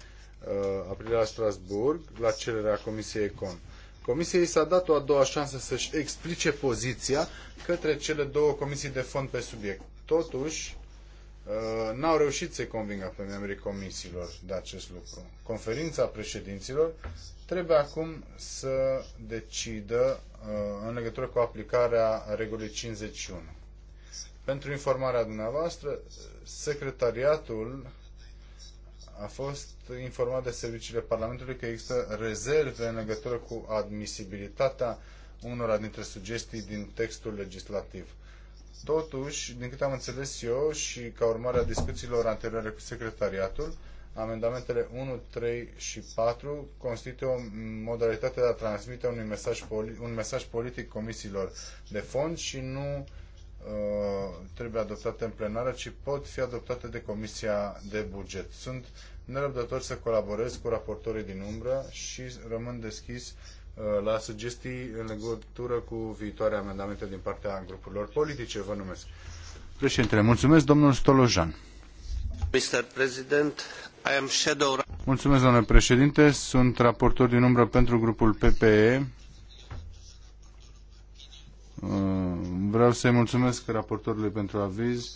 Uh, aprilie la Strasbourg, la cererea Comisiei Econ. Comisiei s-a dat o a doua șansă să-și explice poziția către cele două comisii de fond pe subiect. Totuși, uh, n-au reușit să-i convingă pe membrii comisiilor de acest lucru. Conferința președinților trebuie acum să decidă uh, în legătură cu aplicarea regulii 51. Pentru informarea dumneavoastră, secretariatul a fost informat de serviciile Parlamentului că există rezerve în legătură cu admisibilitatea unora dintre sugestii din textul legislativ. Totuși, din câte am înțeles eu și ca urmare a discuțiilor anterioare cu secretariatul, amendamentele 1, 3 și 4 constituie o modalitate de a transmite un mesaj, un mesaj politic comisiilor de fond și nu Uh, trebuie adoptate în plenară, ci pot fi adoptate de Comisia de Buget. Sunt nerăbdător să colaborez cu raportorii din umbră și rămân deschis uh, la sugestii în legătură cu viitoare amendamente din partea grupurilor politice. Vă numesc. Președintele, mulțumesc, domnul Stolojan. Mr. President, I am shadow... Mulțumesc, domnule președinte. Sunt raportor din umbră pentru grupul PPE Uh, vreau să-i mulțumesc raportorului pentru aviz,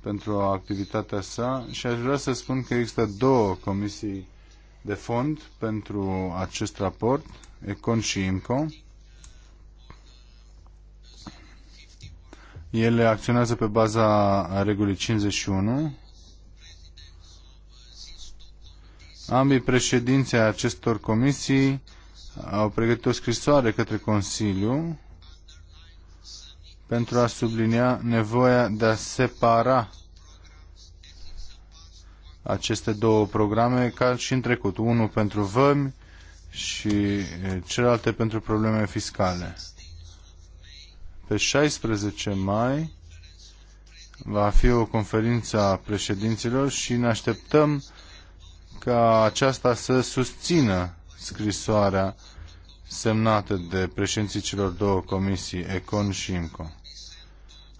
pentru activitatea sa și aș vrea să spun că există două comisii de fond pentru acest raport, Econ și IMCO. Ele acționează pe baza regulii 51. Ambii președinții acestor comisii au pregătit o scrisoare către Consiliu pentru a sublinia nevoia de a separa aceste două programe ca și în trecut, unul pentru vămi și celelalte pentru probleme fiscale. Pe 16 mai va fi o conferință a președinților și ne așteptăm ca aceasta să susțină scrisoarea semnată de președinții celor două comisii, Econ și IMCO.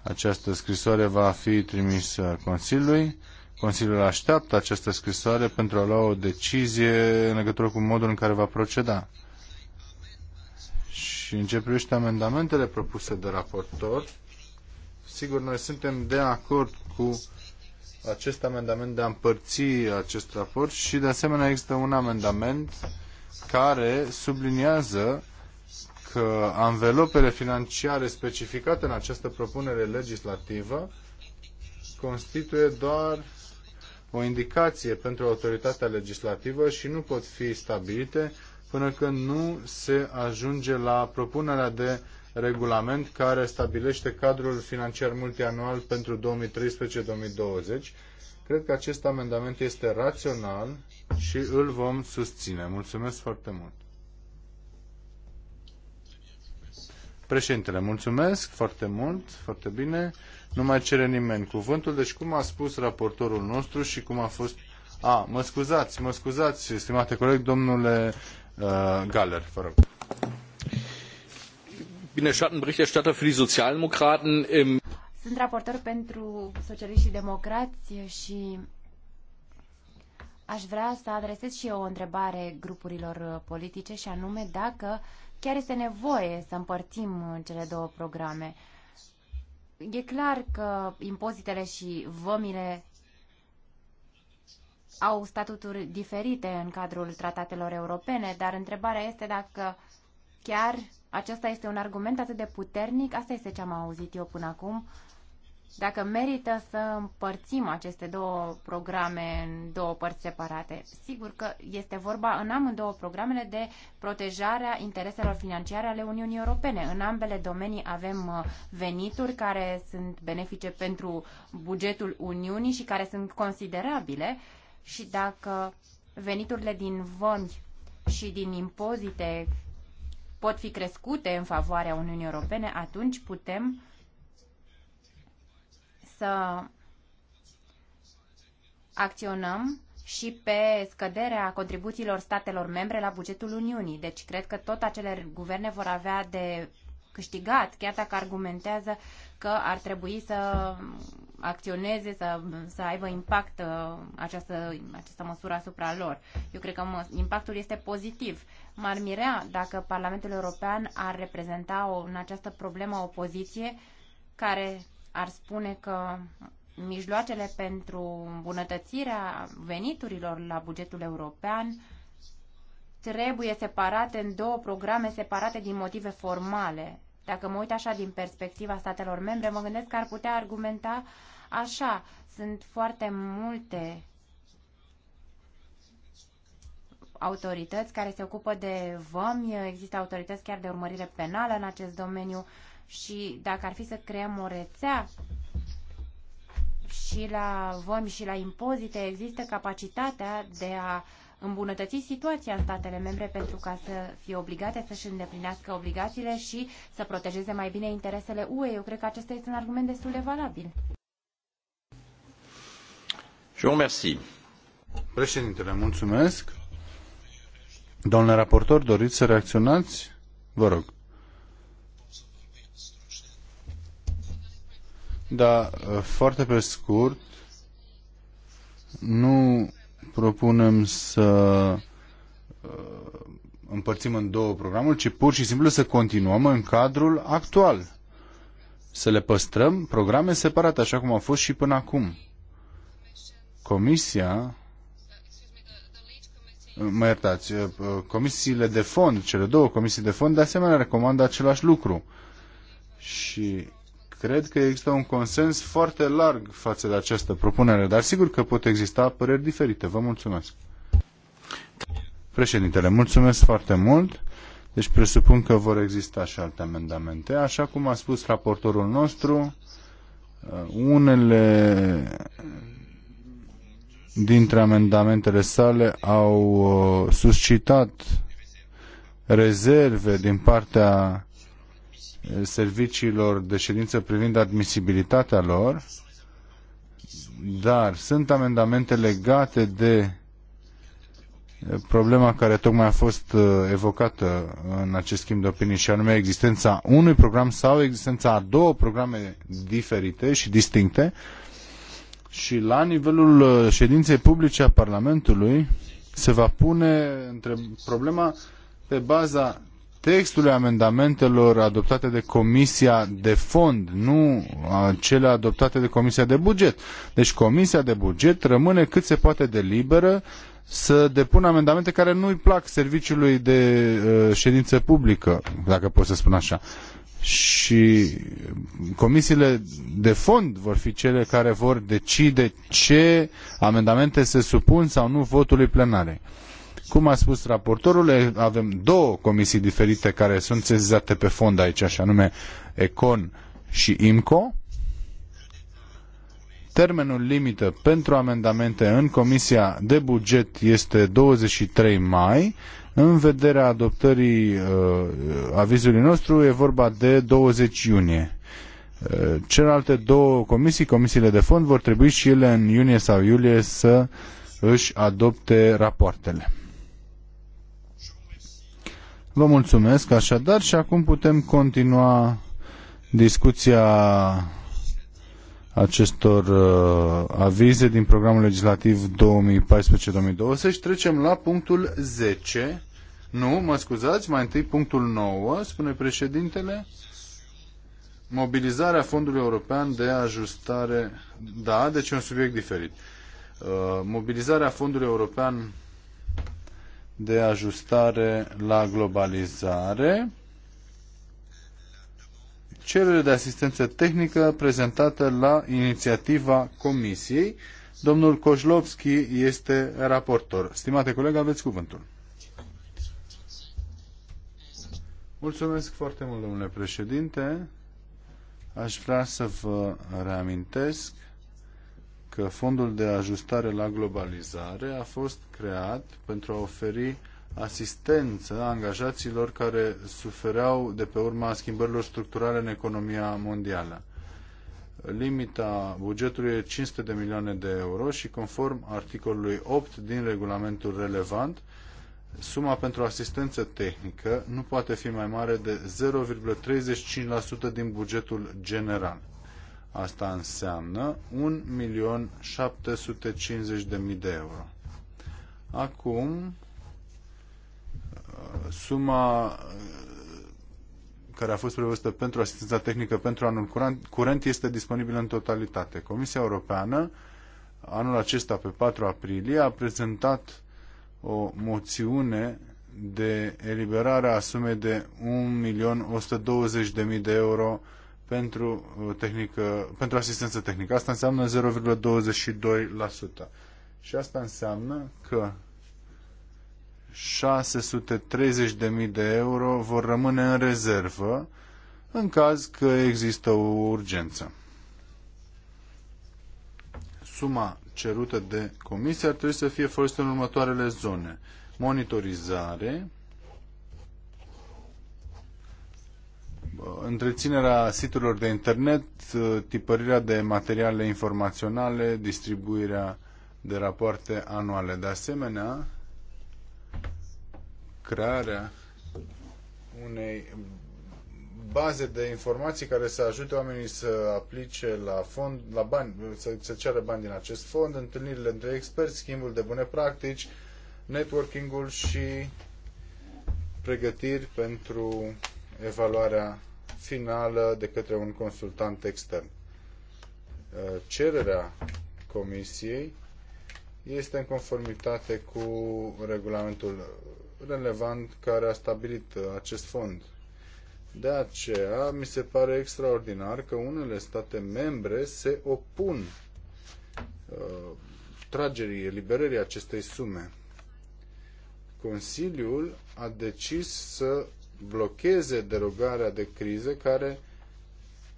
Această scrisoare va fi trimisă Consiliului. Consiliul așteaptă această scrisoare pentru a lua o decizie în legătură cu modul în care va proceda. Și în ce privește amendamentele propuse de raportor, sigur, noi suntem de acord cu acest amendament de a împărți acest raport și, de asemenea, există un amendament care subliniază că anvelopele financiare specificate în această propunere legislativă constituie doar o indicație pentru autoritatea legislativă și nu pot fi stabilite până când nu se ajunge la propunerea de regulament care stabilește cadrul financiar multianual pentru 2013-2020 Cred că acest amendament este rațional și îl vom susține. Mulțumesc foarte mult. Președintele, mulțumesc foarte mult, foarte bine. Nu mai cere nimeni cuvântul, deci cum a spus raportorul nostru și cum a fost... A, mă scuzați, mă scuzați, stimate coleg, domnule uh, Galler, vă rog. Bine, Schattenberichterstatter für die Sozialdemokraten. Im sunt raportor pentru socialiști și democrați și aș vrea să adresez și eu o întrebare grupurilor politice și anume dacă chiar este nevoie să împărțim cele două programe. E clar că impozitele și vămile au statuturi diferite în cadrul tratatelor europene, dar întrebarea este dacă chiar acesta este un argument atât de puternic, asta este ce am auzit eu până acum, dacă merită să împărțim aceste două programe în două părți separate. Sigur că este vorba în amândouă programele de protejarea intereselor financiare ale Uniunii Europene. În ambele domenii avem uh, venituri care sunt benefice pentru bugetul Uniunii și care sunt considerabile și dacă veniturile din vămi și din impozite pot fi crescute în favoarea Uniunii Europene, atunci putem să acționăm și pe scăderea contribuțiilor statelor membre la bugetul Uniunii. Deci cred că tot acele guverne vor avea de câștigat, chiar dacă argumentează că ar trebui să acționeze, să, să aibă impact uh, această, această măsură asupra lor. Eu cred că mă, impactul este pozitiv. M-ar mirea dacă Parlamentul European ar reprezenta o, în această problemă o poziție care ar spune că mijloacele pentru îmbunătățirea veniturilor la bugetul european trebuie separate în două programe separate din motive formale. Dacă mă uit așa din perspectiva statelor membre, mă gândesc că ar putea argumenta așa. Sunt foarte multe autorități care se ocupă de vămi, există autorități chiar de urmărire penală în acest domeniu și dacă ar fi să creăm o rețea și la vom și la impozite există capacitatea de a îmbunătăți situația în statele membre pentru ca să fie obligate să-și îndeplinească obligațiile și să protejeze mai bine interesele UE. Eu cred că acesta este un argument destul de valabil. Și vous Președintele, mulțumesc. Domnule raportor, doriți să reacționați? Vă rog. Da, foarte pe scurt, nu propunem să uh, împărțim în două programul, ci pur și simplu să continuăm în cadrul actual. Să le păstrăm programe separate, așa cum au fost și până acum. Comisia, mă iertați, uh, comisiile de fond, cele două comisii de fond, de asemenea recomandă același lucru. Și Cred că există un consens foarte larg față de această propunere, dar sigur că pot exista păreri diferite. Vă mulțumesc. Președintele, mulțumesc foarte mult. Deci presupun că vor exista și alte amendamente. Așa cum a spus raportorul nostru, uh, unele dintre amendamentele sale au uh, suscitat rezerve din partea serviciilor de ședință privind admisibilitatea lor, dar sunt amendamente legate de problema care tocmai a fost uh, evocată în acest schimb de opinii și anume existența unui program sau existența a două programe diferite și distincte și la nivelul uh, ședinței publice a Parlamentului se va pune problema pe baza textului amendamentelor adoptate de Comisia de Fond, nu cele adoptate de Comisia de Buget. Deci Comisia de Buget rămâne cât se poate de liberă să depună amendamente care nu îi plac serviciului de uh, ședință publică, dacă pot să spun așa. Și comisiile de fond vor fi cele care vor decide ce amendamente se supun sau nu votului plenarei. Cum a spus raportorul, avem două comisii diferite care sunt sezizate pe fond aici, așa nume Econ și IMCO. Termenul limită pentru amendamente în Comisia de Buget este 23 mai. În vederea adoptării uh, avizului nostru e vorba de 20 iunie. Uh, celelalte două comisii, comisiile de fond, vor trebui și ele în iunie sau iulie să își adopte rapoartele. Vă mulțumesc așadar și acum putem continua discuția acestor uh, avize din programul legislativ 2014-2020. Trecem la punctul 10. Nu, mă scuzați, mai întâi punctul 9, spune președintele. Mobilizarea Fondului European de Ajustare. Da, deci e un subiect diferit. Uh, mobilizarea Fondului European de ajustare la globalizare, cerere de asistență tehnică prezentată la inițiativa Comisiei. Domnul Kozlovski este raportor. Stimate coleg, aveți cuvântul. Mulțumesc foarte mult, domnule președinte. Aș vrea să vă reamintesc că Fondul de Ajustare la Globalizare a fost creat pentru a oferi asistență a angajaților care sufereau de pe urma schimbărilor structurale în economia mondială. Limita bugetului e 500 de milioane de euro și conform articolului 8 din regulamentul relevant, suma pentru asistență tehnică nu poate fi mai mare de 0,35% din bugetul general. Asta înseamnă 1.750.000 de euro. Acum, suma uh, care a fost prevăzută pentru asistența tehnică pentru anul curent, curent este disponibilă în totalitate. Comisia Europeană, anul acesta, pe 4 aprilie, a prezentat o moțiune de eliberare a sumei de 1.120.000 de euro pentru, uh, tehnică, pentru asistență tehnică. Asta înseamnă 0,22%. Și asta înseamnă că 630.000 de euro vor rămâne în rezervă în caz că există o urgență. Suma cerută de comisie ar trebui să fie folosită în următoarele zone. Monitorizare, întreținerea siturilor de internet, uh, tipărirea de materiale informaționale, distribuirea de rapoarte anuale. De asemenea, crearea unei baze de informații care să ajute oamenii să aplice la fond, la bani, să, să ceară bani din acest fond, întâlnirile între experți, schimbul de bune practici, networking-ul și pregătiri pentru evaluarea finală de către un consultant extern. Uh, cererea Comisiei este în conformitate cu regulamentul relevant care a stabilit acest fond. De aceea, mi se pare extraordinar că unele state membre se opun uh, tragerii, eliberării acestei sume. Consiliul a decis să blocheze derogarea de criză care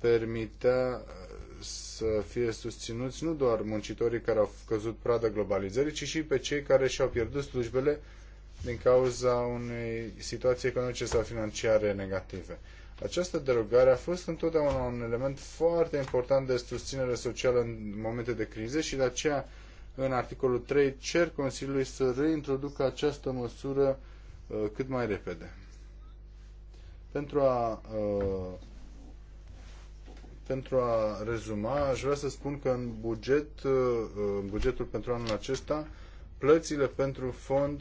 permitea uh, să fie susținuți nu doar muncitorii care au căzut pradă globalizării, ci și pe cei care și-au pierdut slujbele din cauza unei situații economice sau financiare negative. Această derogare a fost întotdeauna un element foarte important de susținere socială în momente de crize și de aceea în articolul 3 cer Consiliului să reintroducă această măsură uh, cât mai repede. Pentru a, uh, pentru a rezuma, aș vrea să spun că în buget, uh, bugetul pentru anul acesta, plățile pentru fond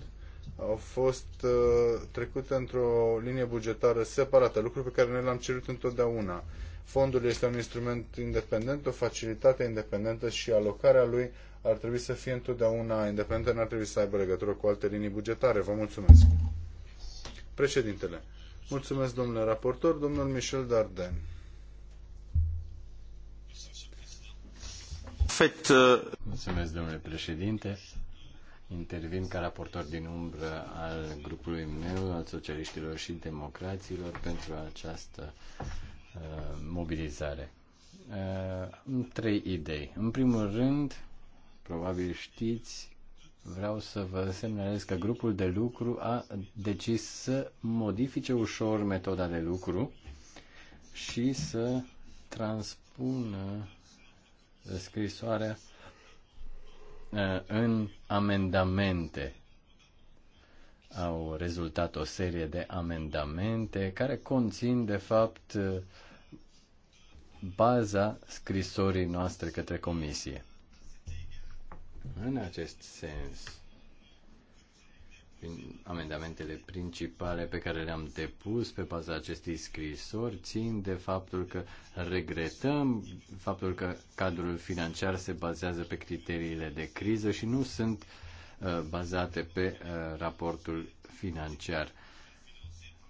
au fost uh, trecute într-o linie bugetară separată, lucru pe care noi l-am cerut întotdeauna. Fondul este un instrument independent, o facilitate independentă și alocarea lui ar trebui să fie întotdeauna independentă, nu ar trebui să aibă legătură cu alte linii bugetare. Vă mulțumesc. Președintele, Mulțumesc, domnule raportor. Domnul Michel Darden. Fet, uh, Mulțumesc, domnule președinte. Intervin ca raportor din umbră al grupului meu, al socialiștilor și democraților, pentru această uh, mobilizare. Uh, trei idei. În primul rând, probabil știți vreau să vă semnalez că grupul de lucru a decis să modifice ușor metoda de lucru și să transpună scrisoarea uh, în amendamente. Au rezultat o serie de amendamente care conțin, de fapt, uh, baza scrisorii noastre către comisie. În acest sens, prin amendamentele principale pe care le-am depus pe baza acestei scrisori țin de faptul că regretăm faptul că cadrul financiar se bazează pe criteriile de criză și nu sunt uh, bazate pe uh, raportul financiar.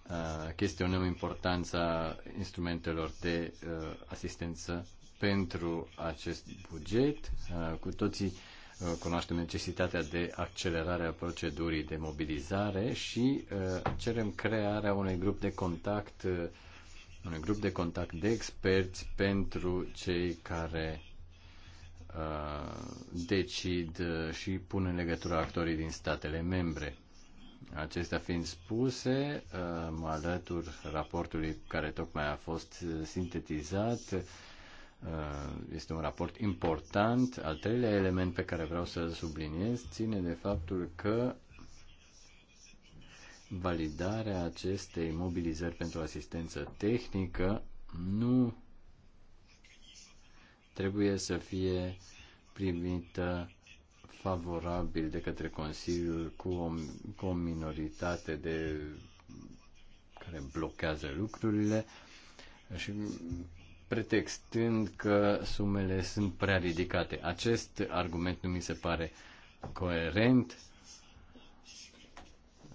Uh, chestionăm importanța instrumentelor de uh, asistență pentru acest buget. Uh, cu toții Uh, cunoaștem necesitatea de accelerare a procedurii de mobilizare și uh, cerem crearea unui grup de contact uh, unui grup de contact de experți pentru cei care decid și pun în legătură actorii din statele membre. Acestea fiind spuse, mă alătur raportului care tocmai a fost sintetizat Uh, este un raport important. Al treilea element pe care vreau să-l subliniez ține de faptul că validarea acestei mobilizări pentru asistență tehnică nu trebuie să fie primită favorabil de către Consiliul cu o, cu o minoritate de care blochează lucrurile și pretextând că sumele sunt prea ridicate. Acest argument nu mi se pare coerent.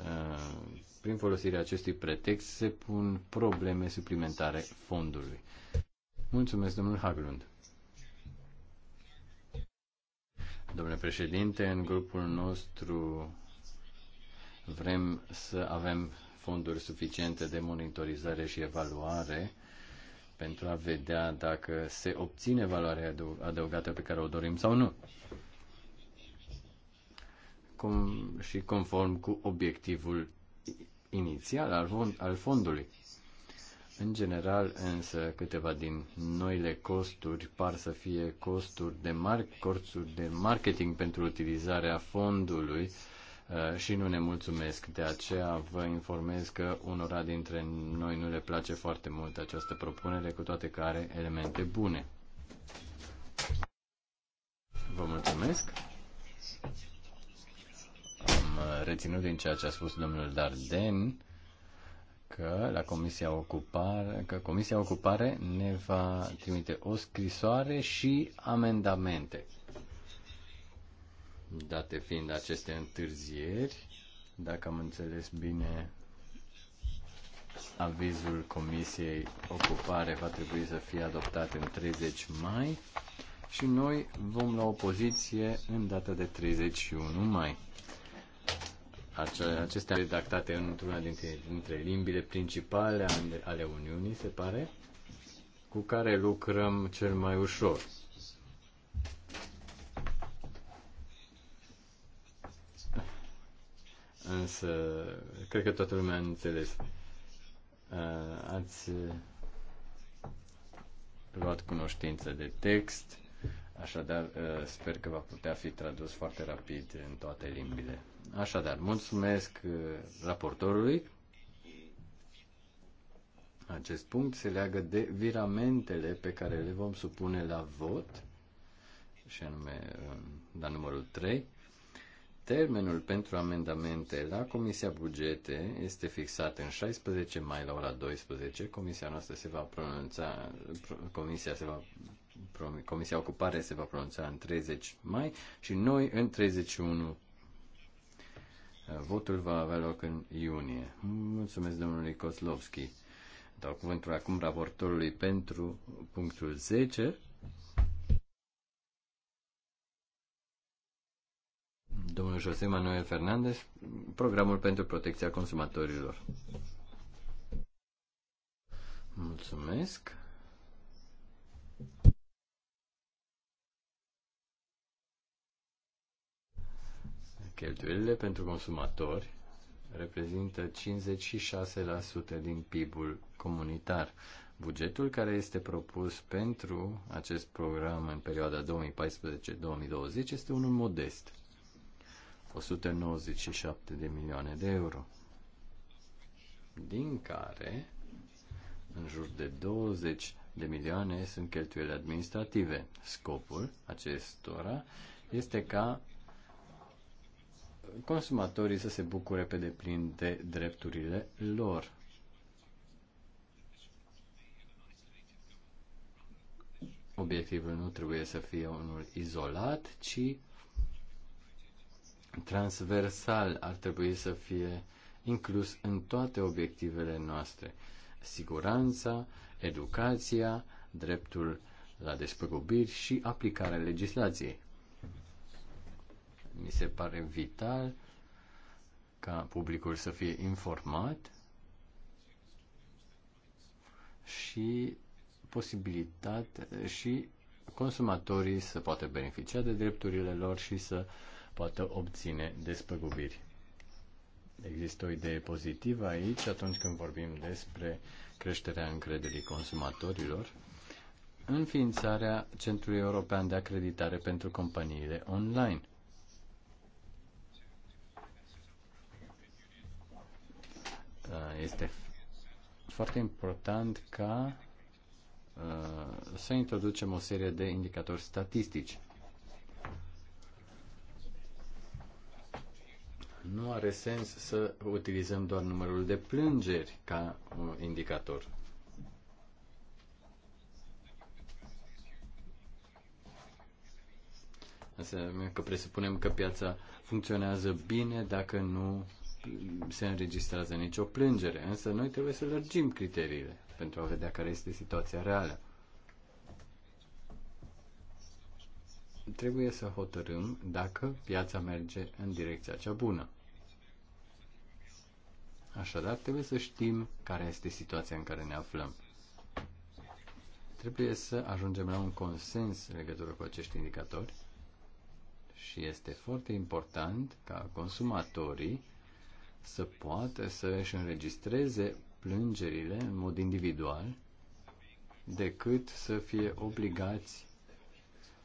Uh, prin folosirea acestui pretext se pun probleme suplimentare fondului. Mulțumesc, domnul Haglund. Domnule președinte, în grupul nostru vrem să avem fonduri suficiente de monitorizare și evaluare pentru a vedea dacă se obține valoarea adăugată pe care o dorim sau nu. Com- și conform cu obiectivul inițial al, al fondului. În general, însă, câteva din noile costuri par să fie costuri de, mar- costuri de marketing pentru utilizarea fondului Uh, și nu ne mulțumesc. De aceea vă informez că unora dintre noi nu le place foarte mult această propunere, cu toate că are elemente bune. Vă mulțumesc. Am uh, reținut din ceea ce a spus domnul Darden că la Comisia Ocupare, că Comisia Ocupare ne va trimite o scrisoare și amendamente. Date fiind aceste întârzieri, dacă am înțeles bine, avizul Comisiei Ocupare va trebui să fie adoptat în 30 mai și noi vom lua o poziție în data de 31 mai. Acestea redactate într-una dintre, dintre limbile principale ale Uniunii, se pare, cu care lucrăm cel mai ușor. însă cred că toată lumea a înțeles. Ați uh, luat cunoștință de text, așadar uh, sper că va putea fi tradus foarte rapid în toate limbile. Așadar, mulțumesc uh, raportorului. Acest punct se leagă de viramentele pe care le vom supune la vot, și anume la numărul 3. Termenul pentru amendamente la Comisia Bugete este fixat în 16 mai la ora 12. Comisia noastră se va pronunța, Comisia se va Comisia Ocupare se va pronunța în 30 mai și noi în 31 Votul va avea loc în iunie. Mulțumesc domnului Kozlovski. Dau cuvântul acum raportorului pentru punctul 10. José Manuel Fernández programul pentru protecția consumatorilor. Mulțumesc. Cheltuielile pentru consumatori reprezintă 56% din PIB-ul comunitar. Bugetul care este propus pentru acest program în perioada 2014-2020 este unul modest. 197 de milioane de euro, din care în jur de 20 de milioane sunt cheltuieli administrative. Scopul acestora este ca consumatorii să se bucure pe deplin de drepturile lor. Obiectivul nu trebuie să fie unul izolat, ci transversal ar trebui să fie inclus în toate obiectivele noastre. Siguranța, educația, dreptul la despăgubiri și aplicarea legislației. Mi se pare vital ca publicul să fie informat și posibilitate și consumatorii să poată beneficia de drepturile lor și să uh, poate obține despăgubiri. Există o idee pozitivă aici atunci când vorbim despre creșterea încrederii consumatorilor, înființarea Centrului European de Acreditare pentru companiile online. Este foarte important ca uh, să introducem o serie de indicatori statistici nu are sens să utilizăm doar numărul de plângeri ca uh, indicator. Înseamnă că presupunem că piața funcționează bine dacă nu se înregistrează nicio plângere, însă noi trebuie să lărgim criteriile pentru a vedea care este situația reală. trebuie să hotărâm dacă piața merge în direcția cea bună. Așadar, trebuie să știm care este situația în care ne aflăm. Trebuie să ajungem la un consens în legătură cu acești indicatori și este foarte important ca consumatorii să poată să își înregistreze plângerile în mod individual decât să fie obligați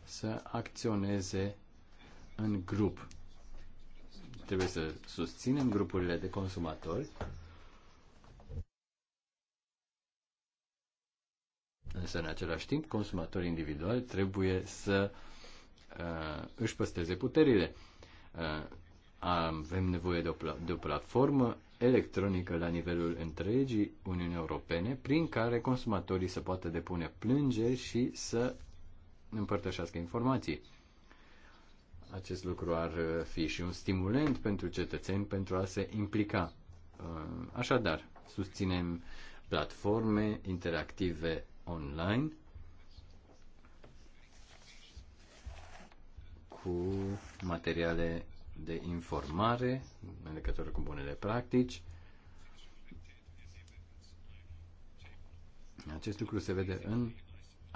să acționeze în grup. Trebuie să susținem grupurile de consumatori, însă în același timp consumatorii individuali trebuie să uh, își păstreze puterile. Uh, avem nevoie de o, de o platformă electronică la nivelul întregii Uniunii Europene, prin care consumatorii să poată depune plângeri și să împărtășească informații. Acest lucru ar fi și un stimulent pentru cetățeni pentru a se implica. Uh, așadar, susținem platforme interactive online cu materiale de informare în legătură cu bunele practici. Acest lucru se vede în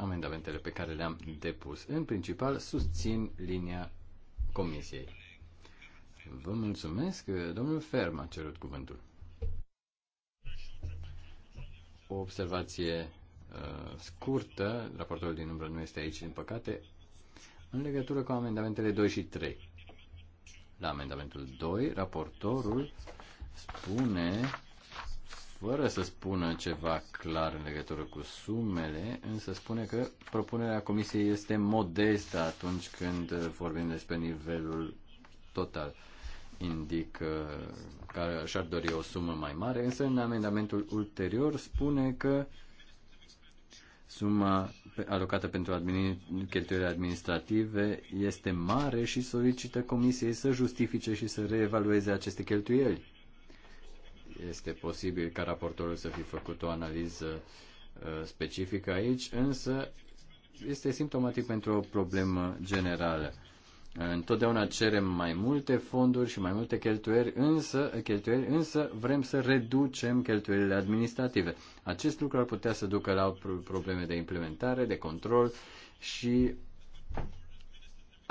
amendamentele pe care le-am depus. În principal, susțin linia Comisiei. Vă mulțumesc. Domnul Ferm a cerut cuvântul. O observație uh, scurtă, raportorul din umbră nu este aici, din păcate, în legătură cu amendamentele 2 și 3. La amendamentul 2, raportorul spune fără să spună ceva clar în legătură cu sumele, însă spune că propunerea Comisiei este modestă atunci când vorbim despre nivelul total. Indică uh, că și-ar dori o sumă mai mare, însă în amendamentul ulterior spune că suma alocată pentru administ- cheltuielile administrative este mare și solicită Comisiei să justifice și să reevalueze aceste cheltuieli. Este posibil ca raportorul să fi făcut o analiză uh, specifică aici, însă este simptomatic pentru o problemă generală. Întotdeauna cerem mai multe fonduri și mai multe cheltuieli, însă, cheltuieli, însă vrem să reducem cheltuielile administrative. Acest lucru ar putea să ducă la probleme de implementare, de control și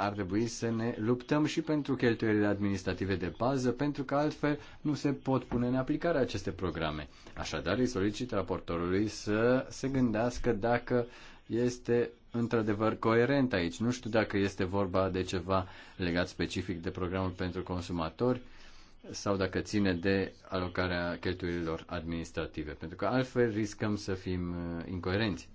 ar trebui să ne luptăm și pentru cheltuielile administrative de bază, pentru că altfel nu se pot pune în aplicare aceste programe. Așadar, îi solicit raportorului să se gândească dacă este într-adevăr coerent aici. Nu știu dacă este vorba de ceva legat specific de programul pentru consumatori sau dacă ține de alocarea cheltuielilor administrative, pentru că altfel riscăm să fim uh, incoerenți.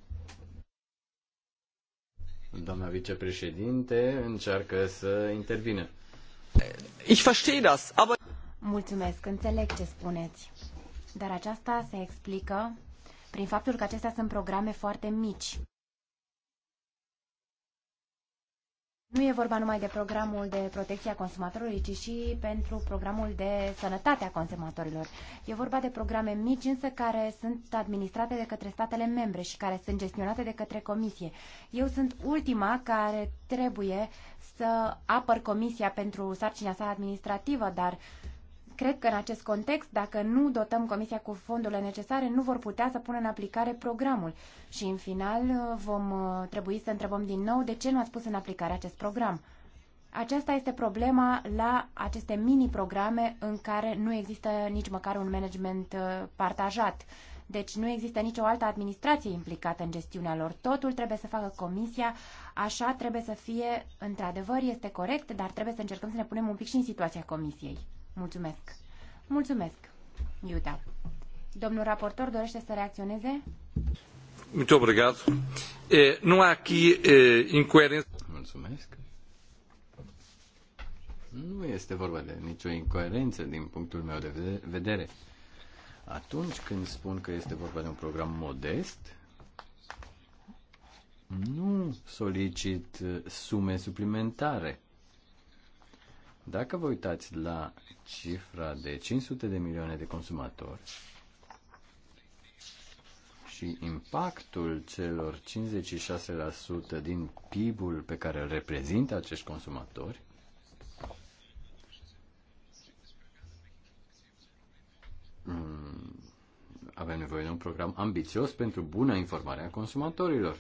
Doamna vicepreședinte încearcă să intervine. Ich verstehe das, aber... Mulțumesc, înțeleg ce spuneți. Dar aceasta se explică prin faptul că acestea sunt programe foarte mici. Nu e vorba numai de programul de protecție a consumatorului, ci și pentru programul de sănătate a consumatorilor. E vorba de programe mici, însă, care sunt administrate de către statele membre și care sunt gestionate de către comisie. Eu sunt ultima care trebuie să apăr comisia pentru sarcina sa administrativă, dar Cred că în acest context, dacă nu dotăm Comisia cu fondurile necesare, nu vor putea să pună în aplicare programul. Și în final uh, vom uh, trebui să întrebăm din nou de ce nu ați pus în aplicare acest program. Aceasta este problema la aceste mini-programe în care nu există nici măcar un management uh, partajat. Deci nu există nicio altă administrație implicată în gestiunea lor. Totul trebuie să facă comisia, așa trebuie să fie, într-adevăr, este corect, dar trebuie să încercăm să ne punem un pic și în situația comisiei. Mulțumesc. Mulțumesc, Iuta. Domnul raportor dorește să reacționeze? Muito obrigado. É, não há aqui é, incoerência. Mulțumesc. Nu este vorba de nicio incoerență din punctul meu de vedere. Atunci când spun că este vorba de un program modest, nu solicit uh, sume suplimentare. Dacă vă uitați la cifra de 500 de milioane de consumatori și impactul celor 56% din PIB-ul pe care îl reprezintă acești consumatori, mm, avem nevoie de un program ambițios pentru bună informare a consumatorilor.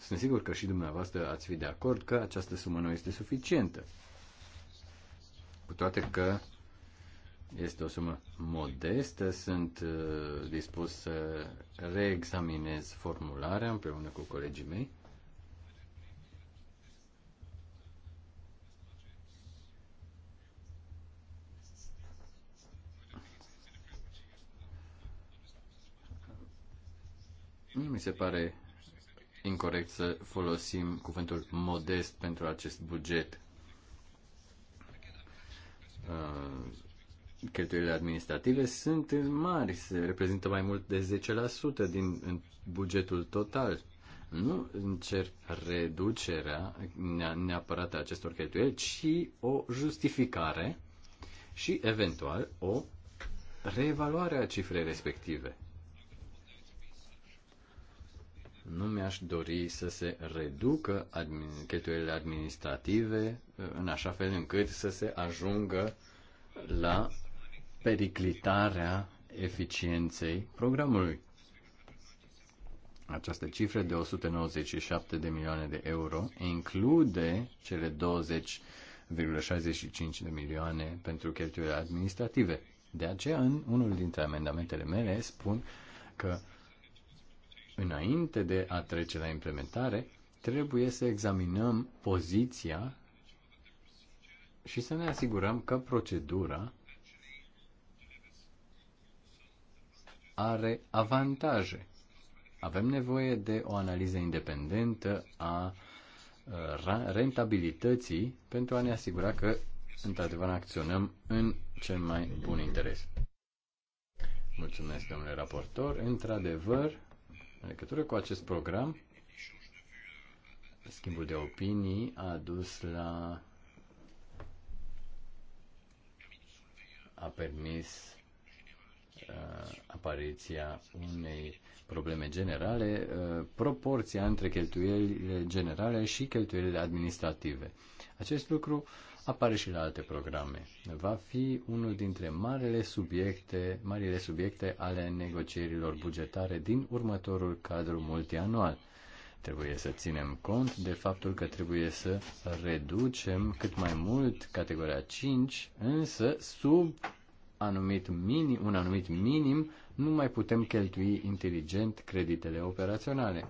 Sunt sigur că și dumneavoastră ați fi de acord că această sumă nu este suficientă. Cu toate că este o sumă modestă, sunt uh, dispus să reexaminez formularea împreună cu colegii mei. Nu mi se pare incorrect să folosim cuvântul modest pentru acest buget. Uh, cheltuielile administrative sunt mari, se reprezintă mai mult de 10% din bugetul total. Nu încerc reducerea neapărat a acestor cheltuieli, ci o justificare și eventual o reevaluare a cifrei respective. Nu mi-aș dori să se reducă admin, cheltuielile administrative uh, în așa fel încât să se ajungă la periclitarea eficienței programului. Această cifră de 197 de milioane de euro include cele 20,65 de milioane pentru cheltuielile administrative. De aceea, în unul dintre amendamentele mele, spun că înainte de a trece la implementare, trebuie să examinăm poziția și să ne asigurăm că procedura are avantaje. Avem nevoie de o analiză independentă a rentabilității pentru a ne asigura că, într-adevăr, acționăm în cel mai bun interes. Mulțumesc, domnule raportor. Într-adevăr, în legătură cu acest program, schimbul de opinii a dus la a permis uh, apariția unei probleme generale, uh, proporția între cheltuielile generale și cheltuielile administrative. Acest lucru apare și la alte programe. Va fi unul dintre marile subiecte, marile subiecte ale negocierilor bugetare din următorul cadru multianual. Trebuie să ținem cont de faptul că trebuie să reducem cât mai mult categoria 5, însă sub anumit minim, un anumit minim nu mai putem cheltui inteligent creditele operaționale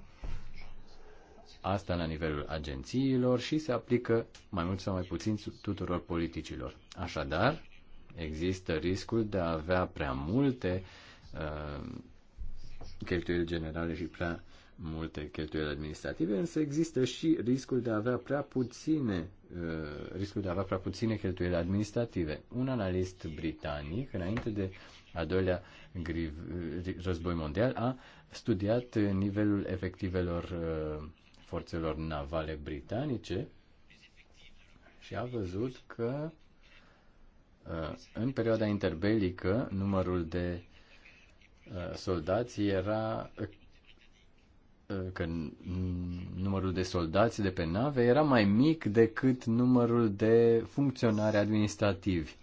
asta la nivelul agențiilor și se aplică mai mult sau mai puțin tuturor politicilor. Așadar, există riscul de a avea prea multe uh, cheltuieli generale și prea multe cheltuieli administrative, însă există și riscul de a avea prea puține uh, riscul de a avea prea puține cheltuieli administrative. Un analist britanic, înainte de a doilea griv, uh, război mondial, a studiat nivelul efectivelor uh, forțelor navale britanice și a văzut că uh, în perioada interbelică numărul de uh, soldați era uh, că numărul de soldați de pe nave era mai mic decât numărul de funcționari administrativi.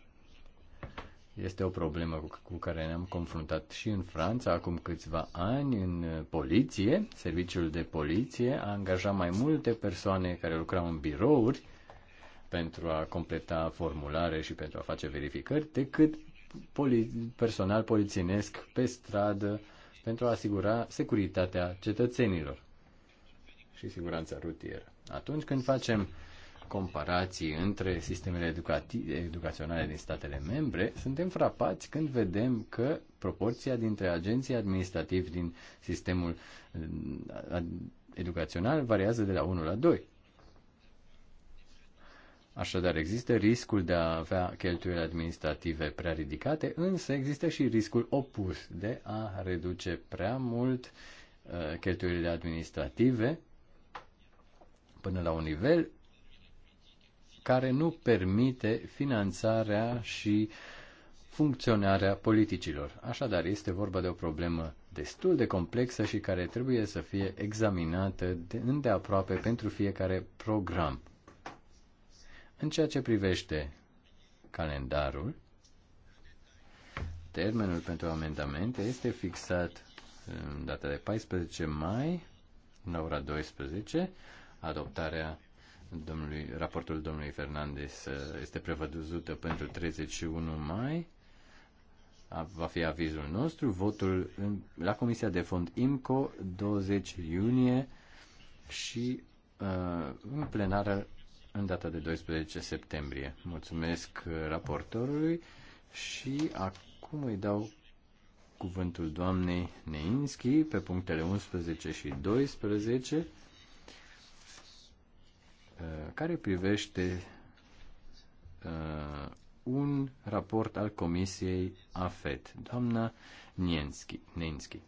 Este o problemă cu, cu care ne-am confruntat și în Franța acum câțiva ani în poliție. Serviciul de poliție a angajat mai multe persoane care lucrau în birouri pentru a completa formulare și pentru a face verificări decât poli- personal polițienesc pe stradă pentru a asigura securitatea cetățenilor și siguranța rutieră. Atunci când facem uh, comparații între sistemele educaționale din statele membre, suntem frapați când vedem că proporția dintre agenții administrativi din sistemul uh, educațional variază de la 1 la 2. Așadar, există riscul de a avea cheltuieli administrative prea ridicate, însă există și riscul opus de a reduce prea mult uh, cheltuielile administrative până la un nivel care nu permite finanțarea și funcționarea politicilor. Așadar, este vorba de o problemă destul de complexă și care trebuie să fie examinată de îndeaproape pentru fiecare program. În ceea ce privește calendarul, termenul pentru amendamente este fixat în data de 14 mai, la ora 12, adoptarea domnului, raportul domnului Fernandez uh, este prevăzută pentru 31 mai. Va fi avizul nostru. Votul în, la Comisia de Fond IMCO 20 iunie și uh, în plenară în data de 12 septembrie. Mulțumesc uh, raportorului și acum îi dau cuvântul doamnei Neinski pe punctele 11 și 12 Uh, care privește uh, un raport al Comisiei AFET, doamna Nienski. Nienski.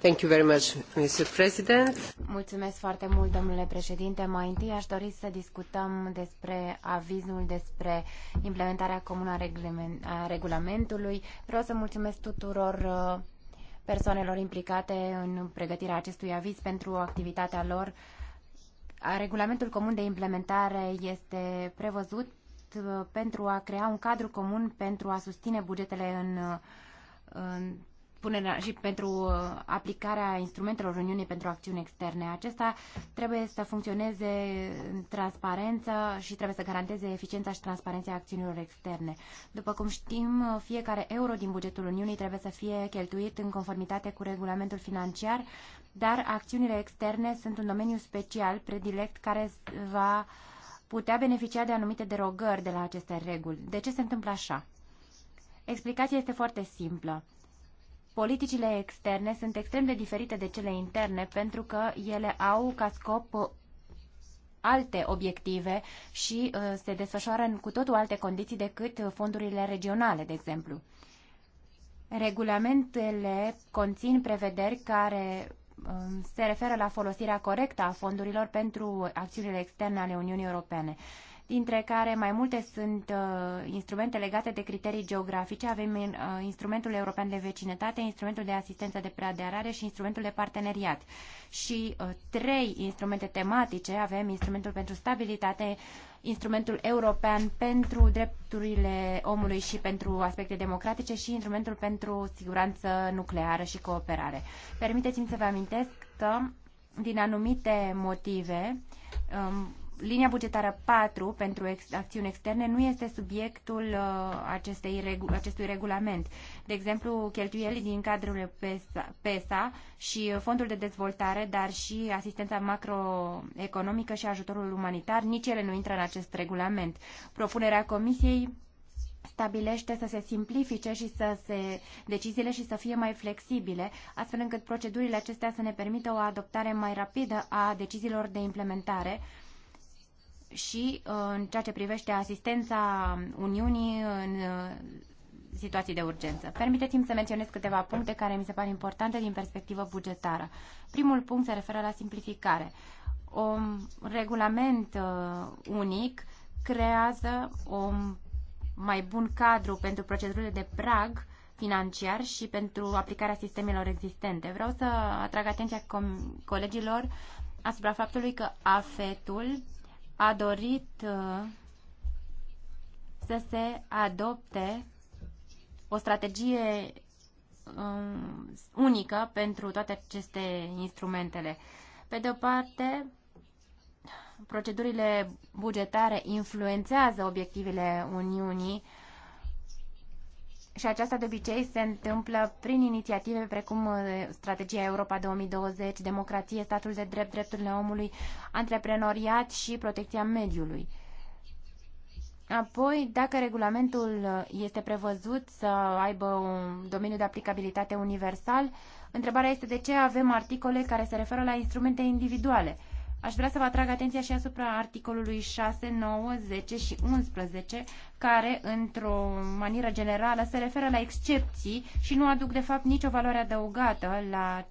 Thank you very much, Mr. President. Mulțumesc foarte mult, domnule președinte. Mai întâi aș dori să discutăm despre avizul despre implementarea comună a, regulamentului. Vreau să mulțumesc tuturor uh, persoanelor implicate în pregătirea acestui aviz pentru activitatea lor. Regulamentul comun de implementare este prevăzut uh, pentru a crea un cadru comun pentru a susține bugetele în, uh, în punerea și pentru uh, aplicarea instrumentelor Uniunii pentru acțiuni externe. Acesta trebuie să funcționeze în transparență și trebuie să garanteze eficiența și transparența acțiunilor externe. După cum știm, fiecare euro din bugetul Uniunii trebuie să fie cheltuit în conformitate cu regulamentul financiar, dar acțiunile externe sunt un domeniu special predilect care va putea beneficia de anumite derogări de la aceste reguli. De ce se întâmplă așa? Explicația este foarte simplă politicile externe sunt extrem de diferite de cele interne pentru că ele au ca scop uh, alte obiective și uh, se desfășoară în cu totul alte condiții decât uh, fondurile regionale, de exemplu. Regulamentele conțin prevederi care um, se referă la folosirea corectă a fondurilor pentru acțiunile externe ale Uniunii Europene dintre care mai multe sunt uh, instrumente legate de criterii geografice. Avem uh, instrumentul european de vecinătate, instrumentul de asistență de preaderare și instrumentul de parteneriat. Și uh, trei instrumente tematice avem instrumentul pentru stabilitate, instrumentul european pentru drepturile omului și pentru aspecte democratice și instrumentul pentru siguranță nucleară și cooperare. Permiteți-mi să vă amintesc că din anumite motive um, linia bugetară 4 pentru ex- acțiuni externe nu este subiectul uh, acestei regu- acestui regulament. De exemplu, cheltuielii din cadrul PESA, PESA și uh, fondul de dezvoltare, dar și asistența macroeconomică și ajutorul umanitar, nici ele nu intră în acest regulament. Propunerea Comisiei stabilește să se simplifice și să se deciziile și să fie mai flexibile, astfel încât procedurile acestea să ne permită o adoptare mai rapidă a deciziilor de implementare uh, și uh, în ceea ce privește asistența Uniunii în uh, situații de urgență. Permiteți-mi să menționez câteva puncte care mi se par importante din perspectivă bugetară. Primul punct se referă la simplificare. Un regulament uh, unic creează un mai bun cadru pentru procedurile de prag financiar și pentru aplicarea sistemelor existente. Vreau să atrag atenția colegilor asupra faptului că afetul a dorit uh, să se adopte o strategie um, unică pentru toate aceste instrumentele. Pe de o parte, procedurile bugetare influențează obiectivele Uniunii și aceasta de obicei se întâmplă prin inițiative precum uh, Strategia Europa 2020, democrație, statul de drept, drepturile omului, antreprenoriat și protecția mediului. Apoi, dacă regulamentul uh, este prevăzut să aibă un domeniu de aplicabilitate universal, întrebarea este de ce avem articole care se referă la instrumente individuale. Aș vrea să vă atrag atenția și asupra articolului 6, 9, 10 și 11, care, într-o manieră generală, se referă la excepții și nu aduc, de fapt, nicio valoare adăugată la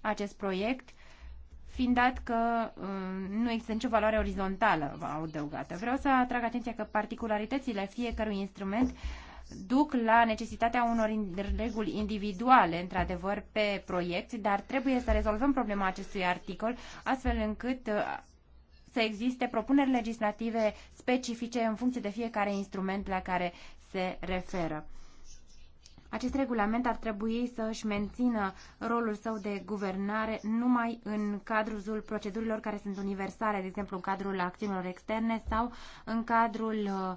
acest proiect, fiind dat că um, nu există nicio valoare orizontală adăugată. Vreau să atrag atenția că particularitățile fiecărui instrument duc la necesitatea unor reguli individuale, într-adevăr, pe proiect, dar trebuie să rezolvăm problema acestui articol, astfel încât uh, să existe propuneri legislative specifice în funcție de fiecare instrument la care se referă. Acest regulament ar trebui să își mențină rolul său de guvernare numai în cadrul procedurilor care sunt universale, de exemplu în cadrul acțiunilor externe sau în cadrul uh,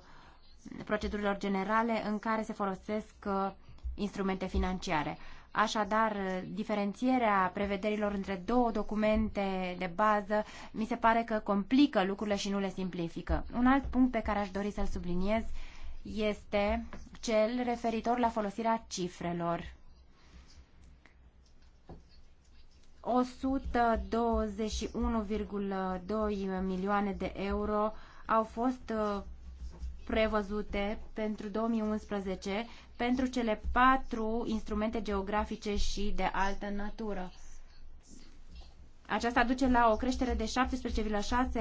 procedurilor generale în care se folosesc uh, instrumente financiare. Așadar, uh, diferențierea prevederilor între două documente de bază mi se pare că complică lucrurile și nu le simplifică. Un alt punct pe care aș dori să-l subliniez este cel referitor la folosirea cifrelor. 121,2 milioane de euro au fost uh, prevăzute pentru 2011 pentru cele patru instrumente geografice și de altă natură. Aceasta duce la o creștere de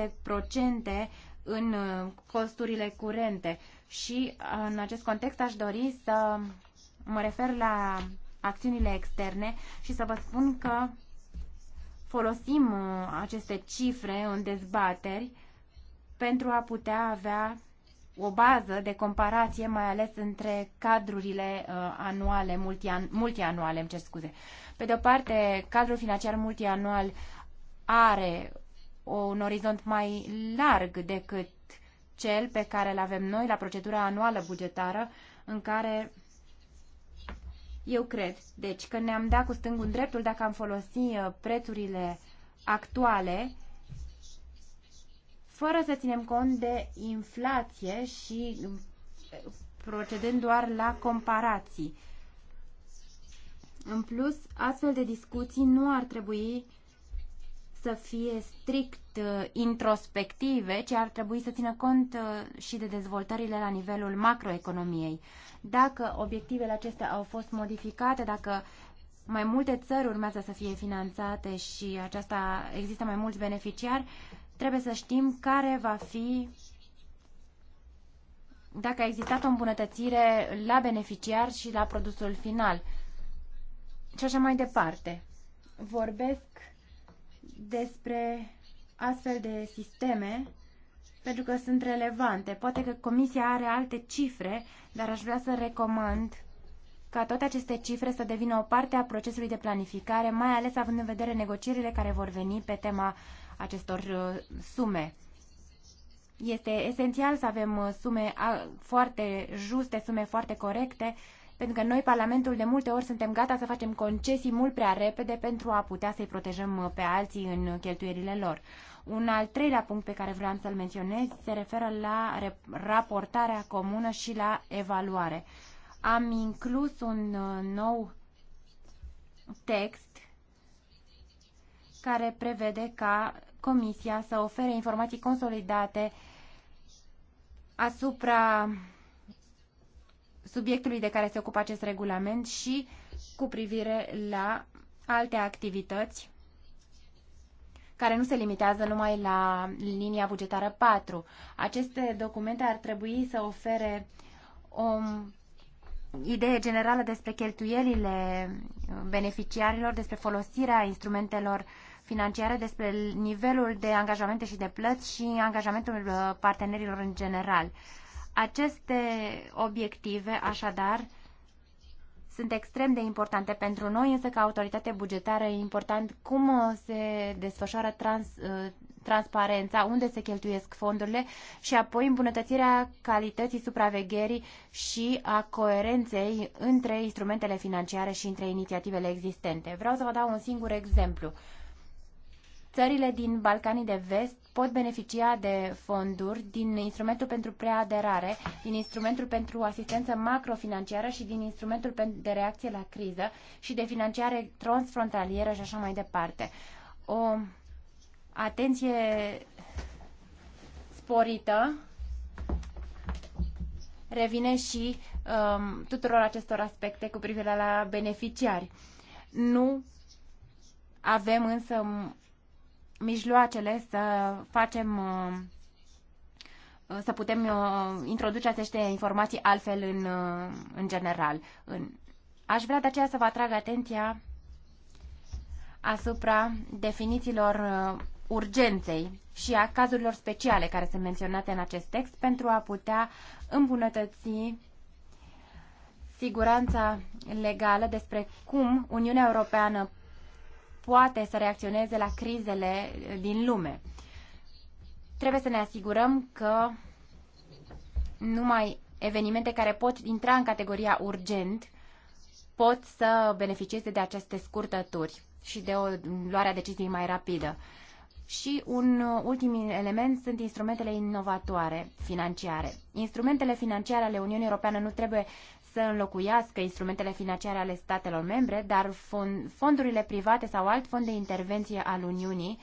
17,6% în uh, costurile curente și uh, în acest context aș dori să mă refer la acțiunile externe și să vă spun că folosim uh, aceste cifre în dezbateri pentru a putea avea o bază de comparație, mai ales între cadrurile uh, anuale, multian, multianuale, îmi cer scuze. Pe de o parte, cadrul financiar multianual are un orizont mai larg decât cel pe care îl avem noi la procedura anuală bugetară, în care eu cred, deci, că ne-am dat cu stângul dreptul dacă am folosit uh, prețurile actuale fără să ținem cont de inflație și uh, procedând doar la comparații. În plus, astfel de discuții nu ar trebui să fie strict uh, introspective, ci ar trebui să țină cont uh, și de dezvoltările la nivelul macroeconomiei. Dacă obiectivele acestea au fost modificate, dacă mai multe țări urmează să fie finanțate și aceasta există mai mulți beneficiari, Trebuie să știm care va fi dacă a existat o îmbunătățire la beneficiar și la produsul final. Și așa mai departe. Vorbesc despre astfel de sisteme pentru că sunt relevante. Poate că comisia are alte cifre, dar aș vrea să recomand ca toate aceste cifre să devină o parte a procesului de planificare, mai ales având în vedere negocierile care vor veni pe tema uh, acestor uh, sume. Este esențial să avem uh, sume uh, foarte juste, sume foarte corecte, pentru că noi, Parlamentul, de multe ori suntem gata să facem concesii mult prea repede pentru a putea să-i protejăm pe alții în cheltuierile lor. Un al treilea punct pe care vreau să-l menționez se referă la raportarea comună și la evaluare. Am inclus un nou text care prevede ca Comisia să ofere informații consolidate asupra subiectului de care se ocupă acest regulament și cu privire la alte activități care nu se limitează numai la linia bugetară 4. Aceste documente ar trebui să ofere o idee generală despre cheltuielile beneficiarilor, despre folosirea instrumentelor financiare despre nivelul de angajamente și de plăți și angajamentul uh, partenerilor în general. Aceste obiective, așadar, sunt extrem de importante pentru noi, însă ca autoritate bugetară e important cum uh, se desfășoară trans, uh, transparența, unde se cheltuiesc fondurile și apoi îmbunătățirea calității supravegherii și a coerenței între instrumentele financiare și între inițiativele existente. Vreau să vă dau un singur exemplu. Țările din Balcanii de Vest pot beneficia de fonduri din instrumentul pentru preaderare, din instrumentul pentru asistență macrofinanciară și din instrumentul de reacție la criză și de finanțare transfrontalieră și așa mai departe. O atenție sporită revine și um, tuturor acestor aspecte cu privire la beneficiari. Nu avem însă mijloacele să facem uh, să putem uh, introduce aceste informații altfel în, uh, în general. Aș vrea de aceea să vă atrag atenția asupra definițiilor urgenței și a cazurilor speciale care sunt menționate în acest text pentru a putea îmbunătăți siguranța legală despre cum Uniunea Europeană poate să reacționeze la crizele din lume. Trebuie să ne asigurăm că numai evenimente care pot intra în categoria urgent pot să beneficieze de aceste scurtături și de o luare a deciziei mai rapidă. Și un ultim element sunt instrumentele inovatoare financiare. Instrumentele financiare ale Uniunii Europeană nu trebuie să înlocuiască instrumentele financiare ale statelor membre, dar fondurile private sau alt fond de intervenție al Uniunii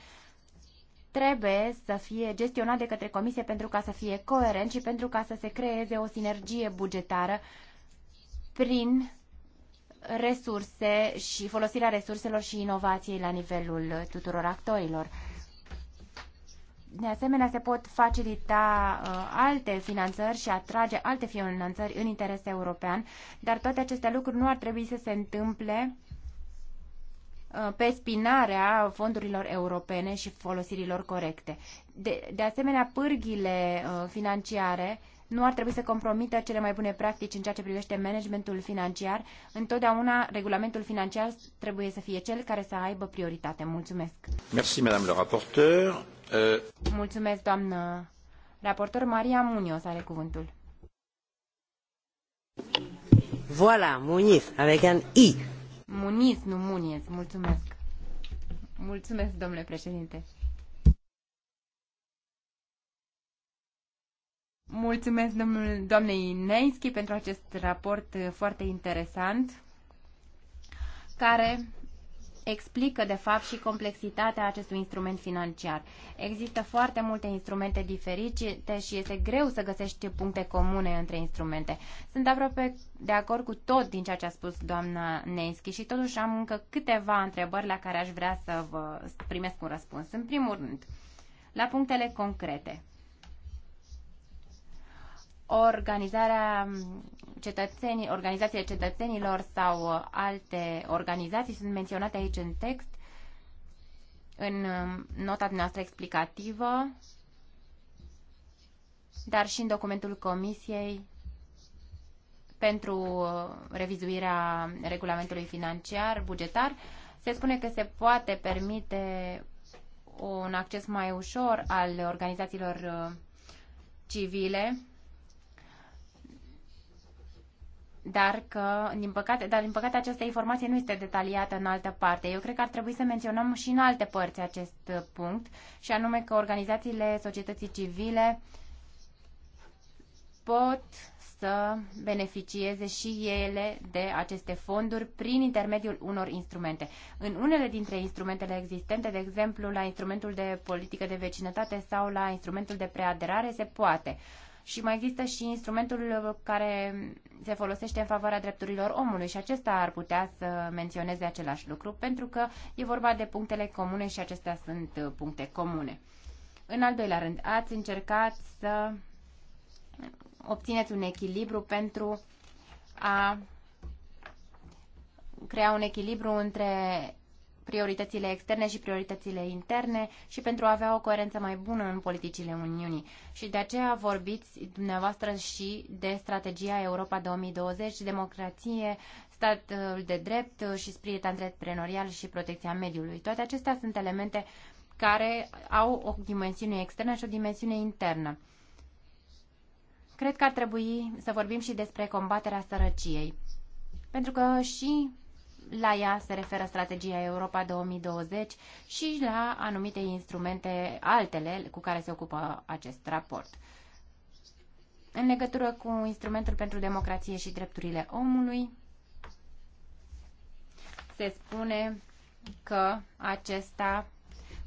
trebuie să fie gestionat de către Comisie pentru ca să fie coerent și pentru ca să se creeze o sinergie bugetară prin resurse și folosirea resurselor și inovației la nivelul tuturor actorilor. De asemenea, se pot facilita uh, alte finanțări și atrage alte finanțări în interes european, dar toate aceste lucruri nu ar trebui să se întâmple uh, pe spinarea fondurilor europene și folosirilor corecte. De, de asemenea, pârghile uh, financiare uh, nu ar trebui să compromită cele mai bune practici în ceea ce privește managementul financiar. Întotdeauna regulamentul financiar trebuie să fie cel care să aibă prioritate. Mulțumesc. Merci, madame le rapporteur. Uh... Mulțumesc, doamnă raportor. Maria Munios are cuvântul. Voilà, Muniz, avec un I. Muniz, nu Muniz. Mulțumesc. Mulțumesc, domnule președinte. Mulțumesc domnul, doamnei Neinski pentru acest raport foarte interesant, care explică de fapt și complexitatea acestui instrument financiar. Există foarte multe instrumente diferite și este greu să găsești puncte comune între instrumente. Sunt aproape de acord cu tot din ceea ce a spus doamna Neinski și totuși am încă câteva întrebări la care aș vrea să vă primesc un răspuns. În primul rând, la punctele concrete organizarea cetățenii, organizațiile cetățenilor sau alte organizații sunt menționate aici în text, în nota noastră explicativă, dar și în documentul Comisiei pentru revizuirea regulamentului financiar, bugetar, se spune că se poate permite un acces mai ușor al organizațiilor uh, civile dar că, din păcate, dar din păcate această informație nu este detaliată în altă parte. Eu cred că ar trebui să menționăm și în alte părți acest uh, punct, și anume că organizațiile societății civile pot să beneficieze și ele de aceste fonduri prin intermediul unor instrumente. În unele dintre instrumentele existente, de exemplu la instrumentul de politică de vecinătate sau la instrumentul de preaderare, se poate și mai există și instrumentul uh, care se folosește în favoarea drepturilor omului și acesta ar putea să menționeze același lucru pentru că e vorba de punctele comune și acestea sunt uh, puncte comune. În al doilea rând, ați încercat să obțineți un echilibru pentru a crea un echilibru între prioritățile externe și prioritățile interne și pentru a avea o coerență mai bună în politicile Uniunii. Și de aceea vorbiți dumneavoastră și de strategia Europa 2020, democrație, statul de drept și spirit antreprenorial și protecția mediului. Toate acestea sunt elemente care au o dimensiune externă și o dimensiune internă. Cred că ar trebui să vorbim și despre combaterea sărăciei. Pentru că și la ea se referă strategia Europa 2020 și la anumite instrumente altele cu care se ocupă acest raport. În legătură cu instrumentul pentru democrație și drepturile omului, se spune că acesta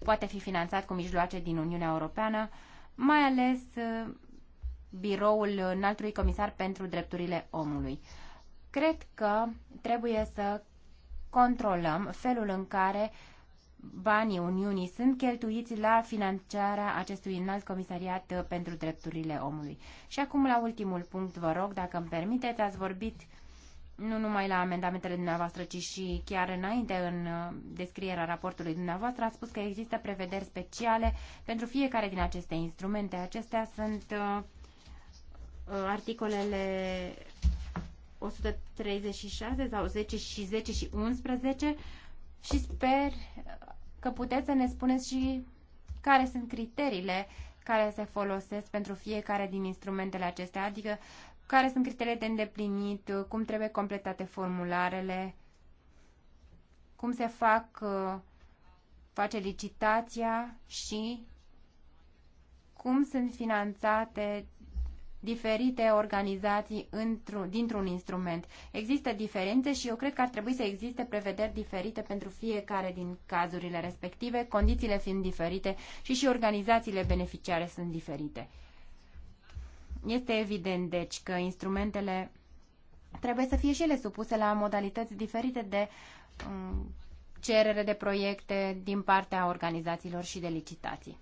poate fi finanțat cu mijloace din Uniunea Europeană, mai ales uh, biroul înaltului comisar pentru drepturile omului. Cred că trebuie să controlăm felul în care banii Uniunii sunt cheltuiți la finanțarea acestui înalt comisariat uh, pentru drepturile omului. Și acum la ultimul punct, vă rog, dacă îmi permiteți, ați vorbit nu numai la amendamentele dumneavoastră, ci și chiar înainte în uh, descrierea raportului dumneavoastră, a spus că există prevederi speciale pentru fiecare din aceste instrumente. Acestea sunt uh, uh articolele 136 sau 10 și 10 și 11 și sper că puteți să ne spuneți și care sunt criteriile care se folosesc pentru fiecare din instrumentele acestea, adică care sunt criteriile de îndeplinit, cum trebuie completate formularele, cum se fac, uh, face licitația și cum sunt finanțate diferite organizații dintr-un instrument. Există diferențe și eu cred că ar trebui să existe prevederi diferite pentru fiecare din cazurile respective, condițiile fiind diferite și și organizațiile beneficiare sunt diferite. Este evident, deci, că instrumentele trebuie să fie și ele supuse la modalități diferite de um, cerere de proiecte din partea organizațiilor și de licitații.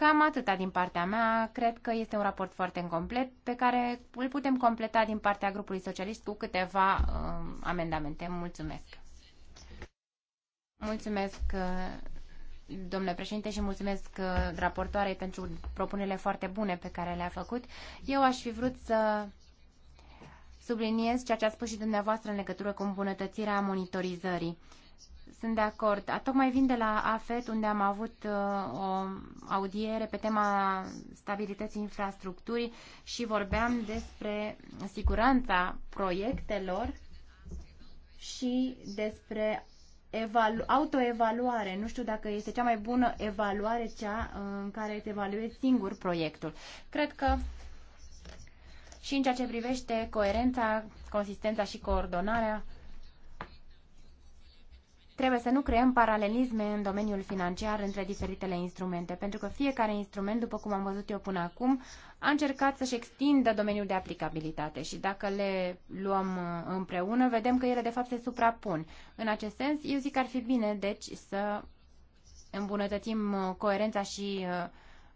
Cam atâta din partea mea. Cred că este un raport foarte incomplet pe care îl putem completa din partea grupului socialist cu câteva uh, amendamente. Mulțumesc! Mulțumesc, uh, domnule președinte, și mulțumesc uh, raportoarei pentru propunerile foarte bune pe care le-a făcut. Eu aș fi vrut să subliniez ceea ce a spus și dumneavoastră în legătură cu îmbunătățirea monitorizării. Uh, sunt de acord. A, tocmai vin de la AFET, unde am avut uh, o audiere pe tema stabilității infrastructurii și vorbeam despre siguranța proiectelor și despre autoevaluare. Nu știu dacă este cea mai bună evaluare cea uh, în care îți evaluezi singur proiectul. Cred că și în ceea ce privește coerența, consistența și coordonarea, Trebuie să nu creăm paralelisme în domeniul financiar între diferitele instrumente, pentru că fiecare instrument, după cum am văzut eu până acum, a încercat să-și extindă domeniul de aplicabilitate și dacă le luăm uh, împreună, vedem că ele de fapt se suprapun. În acest sens, eu zic că ar fi bine, deci, să îmbunătățim uh, coerența și uh,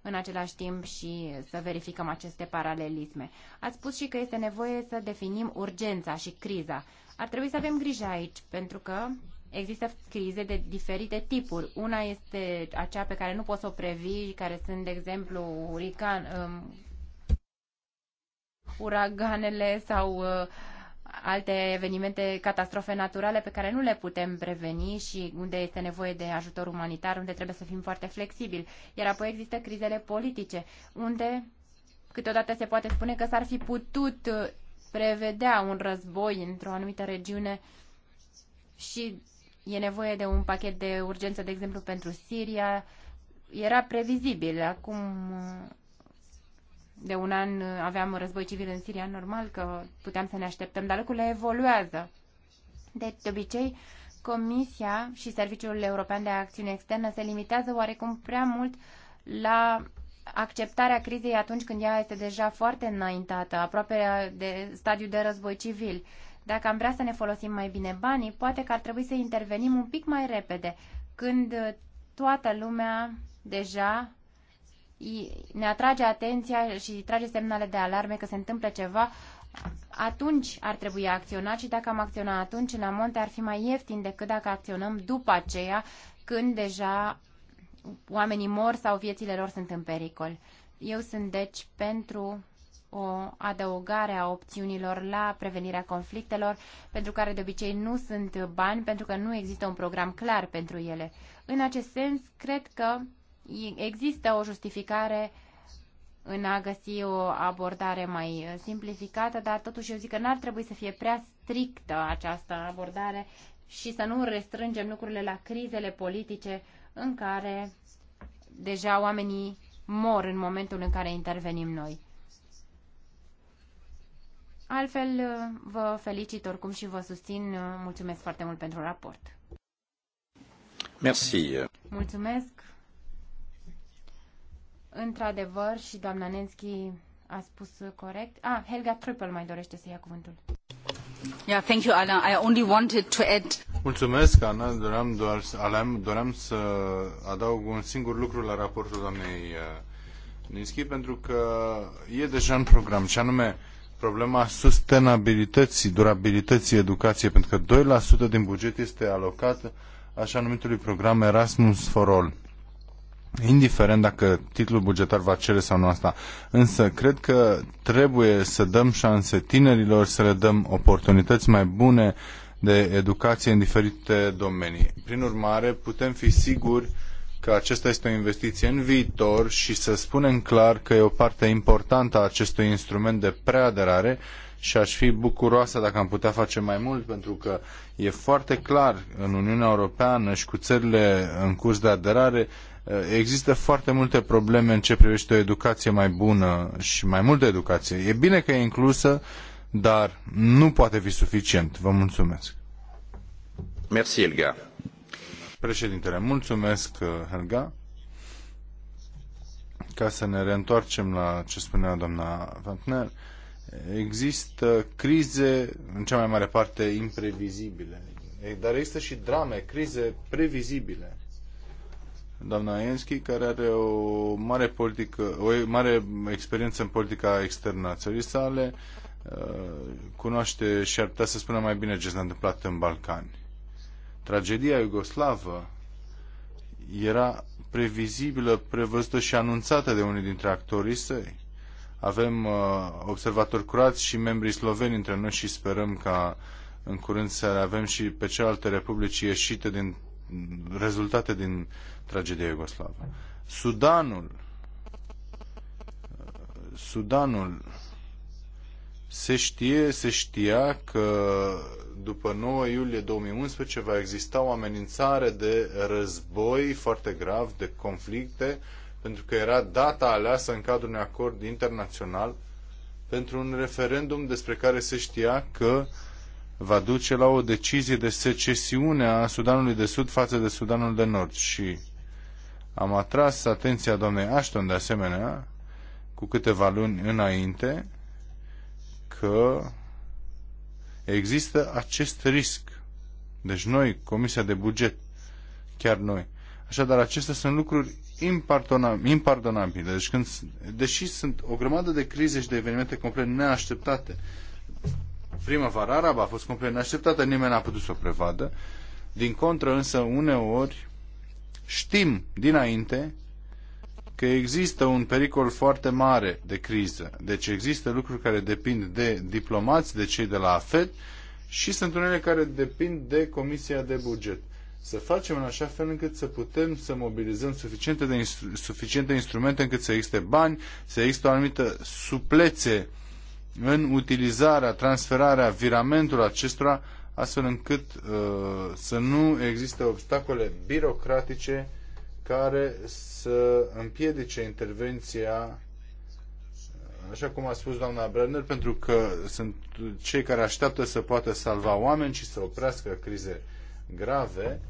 în același timp și să verificăm aceste paralelisme. Ați spus și că este nevoie să definim urgența și criza. Ar trebui să avem grijă aici, pentru că există crize de diferite tipuri. Una este acea pe care nu poți să o previi, care sunt, de exemplu, urican, um, uraganele sau uh, alte evenimente, catastrofe naturale pe care nu le putem preveni și unde este nevoie de ajutor umanitar, unde trebuie să fim foarte flexibili. Iar apoi există crizele politice, unde câteodată se poate spune că s-ar fi putut uh, prevedea un război într-o anumită regiune și E nevoie de un pachet de urgență, de exemplu, pentru Siria. Era previzibil. Acum de un an aveam război civil în Siria, normal că puteam să ne așteptăm, dar lucrurile evoluează. Deci, de obicei, Comisia și Serviciul European de Acțiune Externă se limitează oarecum prea mult la acceptarea crizei atunci când ea este deja foarte înaintată, aproape de stadiu de război civil. Dacă am vrea să ne folosim mai bine banii, poate că ar trebui să intervenim un pic mai repede, când toată lumea deja ne atrage atenția și trage semnale de alarme că se întâmplă ceva, atunci ar trebui acționat și dacă am acționat atunci, în amonte ar fi mai ieftin decât dacă acționăm după aceea, când deja oamenii mor sau viețile lor sunt în pericol. Eu sunt deci pentru o adăugare a opțiunilor la prevenirea conflictelor, pentru care de obicei nu sunt bani, pentru că nu există un program clar pentru ele. În acest sens, cred că există o justificare în a găsi o abordare mai simplificată, dar totuși eu zic că n-ar trebui să fie prea strictă această abordare și să nu restrângem lucrurile la crizele politice în care deja oamenii mor în momentul în care intervenim noi. Altfel, vă felicit oricum și vă susțin. Mulțumesc foarte mult pentru raport. Merci. Mulțumesc. Într-adevăr, și doamna Nenski a spus corect. Ah, Helga Trüppel mai dorește să ia cuvântul. Yeah, thank you, Alan. I only wanted to add... Mulțumesc, Ana. Doream, doar, Alan, doream să adaug un singur lucru la raportul doamnei uh, Ninski, pentru că e deja în program, și anume problema sustenabilității, durabilității educației, pentru că 2% din buget este alocat așa numitului program Erasmus for All. Indiferent dacă titlul bugetar va cere sau nu asta. Însă cred că trebuie să dăm șanse tinerilor, să le dăm oportunități mai bune de educație în diferite domenii. Prin urmare, putem fi siguri că acesta este o investiție în viitor și să spunem clar că e o parte importantă a acestui instrument de preaderare și aș fi bucuroasă dacă am putea face mai mult, pentru că e foarte clar în Uniunea Europeană și cu țările în curs de aderare eh, există foarte multe probleme în ce privește o educație mai bună și mai multă educație. E bine că e inclusă, dar nu poate fi suficient. Vă mulțumesc. Merci, Elga. Președintele, mulțumesc, uh, Helga. Ca să ne reîntoarcem la ce spunea doamna Vantner, există crize, în cea mai mare parte, imprevizibile. Dar există și drame, crize previzibile. Doamna Ienski, care are o mare, politică, o mare experiență în politica externă a țării sale, uh, cunoaște și ar putea să spună mai bine ce s-a întâmplat în Balcani tragedia iugoslavă era previzibilă, prevăzută și anunțată de unii dintre actorii săi. Avem uh, observatori curați și membrii sloveni între noi și sperăm ca în curând să avem și pe celelalte republici ieșite din rezultate din tragedia iugoslavă. Sudanul uh, Sudanul se știe, se știa că după 9 iulie 2011 va exista o amenințare de război foarte grav, de conflicte, pentru că era data aleasă în cadrul unui acord internațional pentru un referendum despre care se știa că va duce la o decizie de secesiune a Sudanului de Sud față de Sudanul de Nord. Și am atras atenția doamnei Ashton de asemenea cu câteva luni înainte că există acest risc. Deci noi, Comisia de Buget, chiar noi. Așadar, acestea sunt lucruri impardonabile. Deci când, deși sunt o grămadă de crize și de evenimente complet neașteptate, primăvara arabă a fost complet neașteptată, nimeni n-a putut să o prevadă. Din contră, însă, uneori știm dinainte că există un pericol foarte mare de criză. Deci există lucruri care depind de diplomați, de cei de la AFED și sunt unele care depind de Comisia de Buget. Să facem în așa fel încât să putem să mobilizăm suficiente, de instru- suficiente instrumente încât să existe bani, să existe o anumită suplețe în utilizarea, transferarea, viramentul acestora, astfel încât uh, să nu existe obstacole birocratice uh, care să împiedice intervenția așa cum a spus doamna Brenner, pentru că sunt cei care așteaptă să poată salva oameni și să oprească crize grave,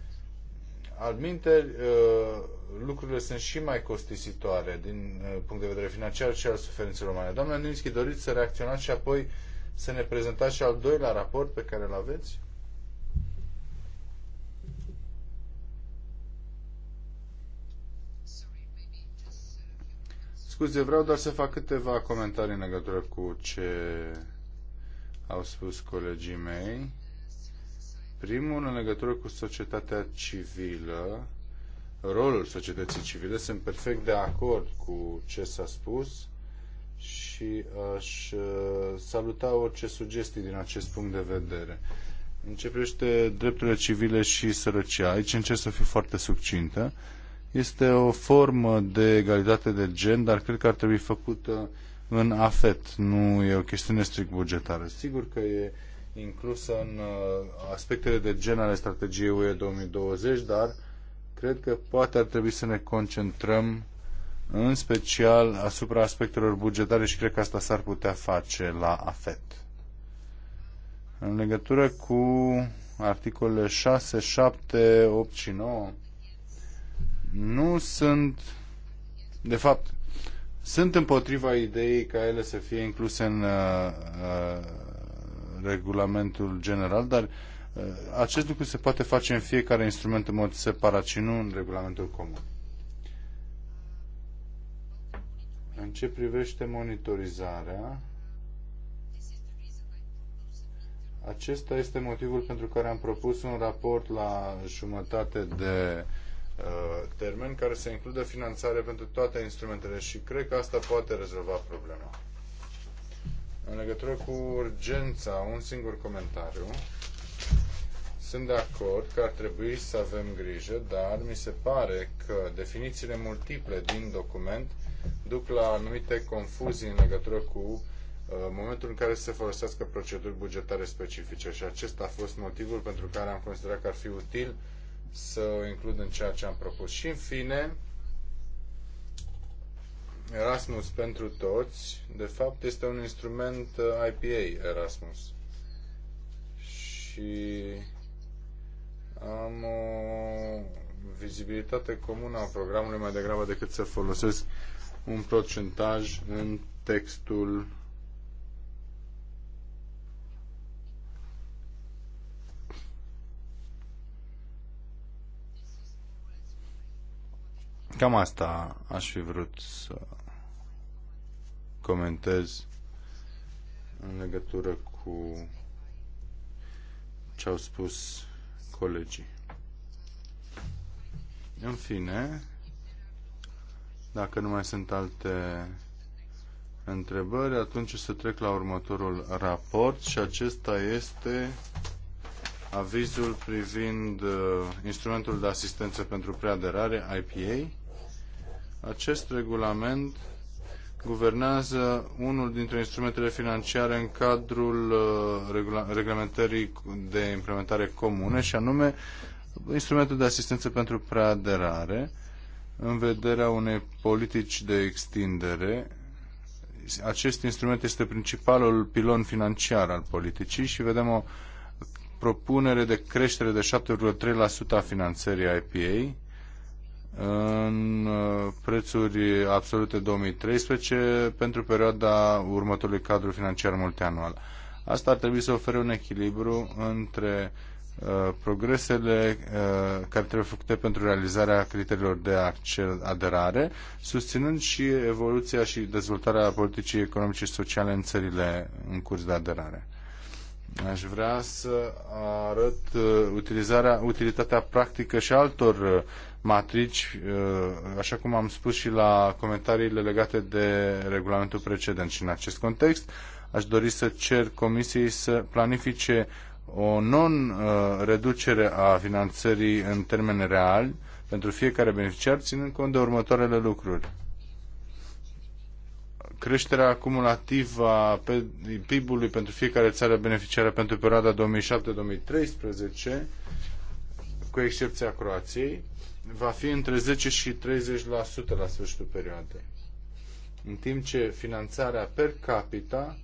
al minte, uh, lucrurile sunt și mai costisitoare din uh, punct de vedere financiar și al suferințelor umane. Doamna Ninski doriți să reacționați și apoi să ne prezentați și al doilea raport pe care îl aveți? Scuze, vreau doar să fac câteva comentarii în legătură cu ce au spus colegii mei. Primul, în legătură cu societatea civilă, rolul societății civile, sunt perfect de acord cu ce s-a spus și aș uh, saluta orice sugestii din acest punct de vedere. În ce privește drepturile civile și sărăcia, aici încerc să fiu foarte succintă. Uh, este o formă de egalitate de gen, dar cred că ar trebui făcută în afet. Nu e o chestiune strict bugetară. Sigur că e inclusă în uh, aspectele de gen ale strategiei UE 2020, dar cred că poate ar trebui să ne concentrăm în special asupra aspectelor bugetare și cred că asta s-ar putea face la AFET. În legătură cu articolele 6, 7, 8 și 9, nu sunt, de fapt, sunt împotriva ideii ca ele să fie incluse în uh, uh, regulamentul general, dar uh, acest lucru se poate face în fiecare instrument în mod separat și nu în regulamentul comun. În ce privește monitorizarea, acesta este motivul pentru care am propus un raport la jumătate de Uh, termen care să includă finanțare pentru toate instrumentele și cred că asta poate rezolva problema. În legătură cu urgența, un singur comentariu. Sunt de acord că ar trebui să avem grijă, dar mi se pare că definițiile multiple din document duc la anumite confuzii în legătură cu uh, momentul în care se folosească proceduri bugetare specifice și acesta a fost motivul pentru care am considerat că ar fi util uh, să o includ în ceea ce am propus. Și în fine, Erasmus pentru toți, de fapt, este un instrument uh, IPA Erasmus. Și am o vizibilitate comună a programului mai degrabă decât să folosesc un procentaj în textul Cam asta aș fi vrut să comentez în legătură cu ce au spus colegii. În fine, dacă nu mai sunt alte întrebări, atunci o să trec la următorul raport și acesta este avizul privind uh, instrumentul de asistență pentru preaderare, IPA. Acest regulament guvernează unul dintre instrumentele financiare în cadrul uh, reglementării de implementare comune și anume instrumentul de asistență pentru preaderare în vederea unei politici de extindere. Acest instrument este principalul pilon financiar al politicii și vedem o propunere de creștere de 7,3% a finanțării IPA în uh, prețuri absolute 2013 pentru perioada următorului cadru financiar multianual. Asta ar trebui să ofere un echilibru între uh, progresele uh, care trebuie făcute pentru realizarea criteriilor de aderare, susținând și evoluția și dezvoltarea politicii economice și sociale în țările în curs de aderare. Aș vrea să arăt utilizarea, utilitatea practică și altor matrici, uh, așa cum am spus și la comentariile legate de regulamentul precedent. Și în acest context aș dori să cer Comisiei să planifice o non-reducere a finanțării în termen real pentru fiecare beneficiar, ținând cont de următoarele lucruri. Creșterea cumulativă a PIB-ului pentru fiecare țară beneficiară pentru perioada 2007-2013 cu excepția Croației, va fi între 10 și 30% la sfârșitul perioadei. În timp ce finanțarea per capita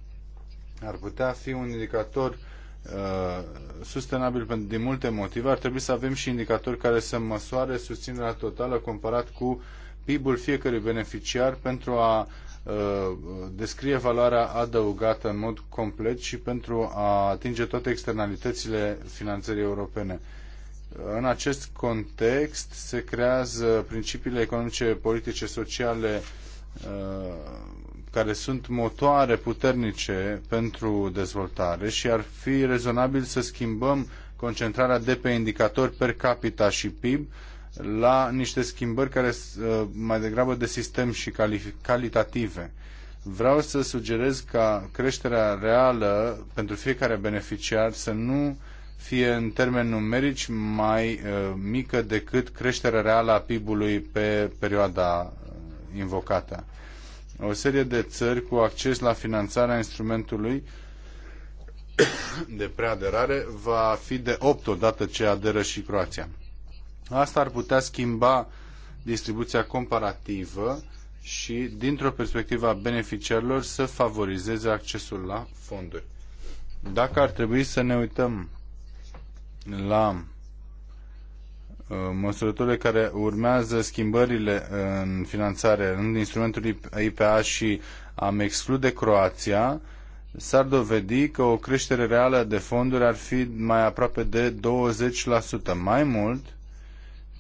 ar putea fi un indicator uh, sustenabil din multe motive, ar trebui să avem și indicatori care să măsoare susținerea totală comparat cu PIB-ul fiecărui beneficiar pentru a uh, descrie valoarea adăugată în mod complet și pentru a atinge toate externalitățile finanțării europene în acest context se creează principiile economice, politice, sociale uh, care sunt motoare puternice pentru dezvoltare și ar fi rezonabil să schimbăm concentrarea de pe indicatori per capita și PIB la niște schimbări care uh, mai degrabă de sistem și calitative. Vreau să sugerez ca creșterea reală pentru fiecare beneficiar să nu fie în termeni numerici mai uh, mică decât creșterea reală a PIB-ului pe perioada uh, invocată. O serie de țări cu acces la finanțarea instrumentului de preaderare va fi de 8 odată ce aderă și Croația. Asta ar putea schimba distribuția comparativă și, dintr-o perspectivă a beneficiarilor, să favorizeze accesul la fonduri. Dacă ar trebui să ne uităm la uh, măsurătorile care urmează schimbările în finanțare în instrumentul IPA și am exclude Croația, s-ar dovedi că o creștere reală de fonduri ar fi mai aproape de 20%. Mai mult,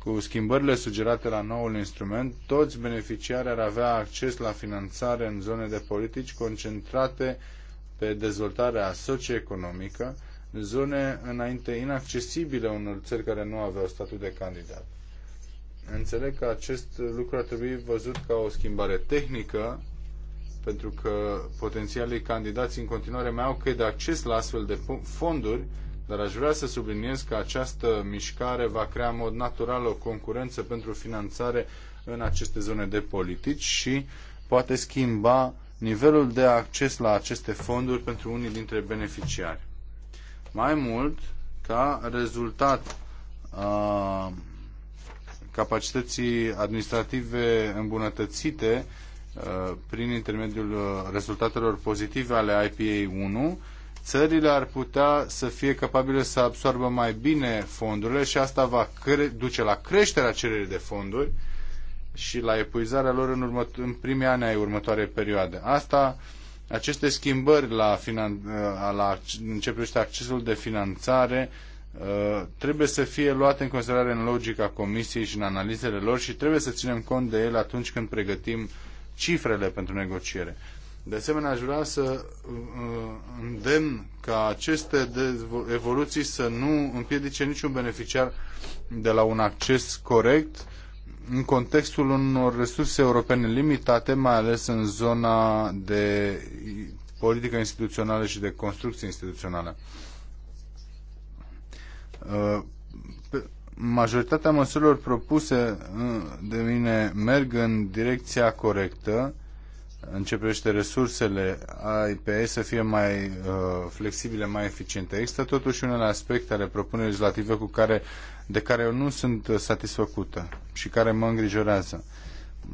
cu schimbările sugerate la noul instrument, toți beneficiarii ar avea acces la finanțare în zone de politici concentrate pe dezvoltarea socioeconomică, zone înainte inaccesibile unor țări care nu aveau statut de candidat. Înțeleg că acest lucru ar trebui văzut ca o schimbare tehnică, pentru că potențialii candidați în continuare mai au căi de acces la astfel de fonduri, dar aș vrea să subliniez că această mișcare va crea în mod natural o concurență pentru finanțare în aceste zone de politici și poate schimba nivelul de acces la aceste fonduri pentru unii dintre beneficiari. Mai mult, ca rezultat a capacității administrative îmbunătățite prin intermediul rezultatelor pozitive ale IPA 1, țările ar putea să fie capabile să absorbă mai bine fondurile și asta va duce la creșterea cererii de fonduri și la epuizarea lor în, în primii ani ai următoarei perioade. Asta uh, aceste schimbări la, finan... la în ce privește accesul de finanțare uh, trebuie să fie luate în considerare în logica comisiei și în analizele lor și trebuie să ținem cont de ele atunci când pregătim cifrele pentru negociere. De asemenea, aș vrea să uh, îndemn ca aceste evoluții să nu împiedice niciun beneficiar de la un acces corect în contextul unor resurse europene limitate, mai ales în zona de politică instituțională și de construcție instituțională. Majoritatea măsurilor propuse de mine merg în direcția corectă, începește resursele AIPE să fie mai uh, flexibile, mai eficiente. Există totuși unele aspecte ale propunerii legislative cu care de care eu nu sunt uh, satisfăcută și care mă îngrijorează.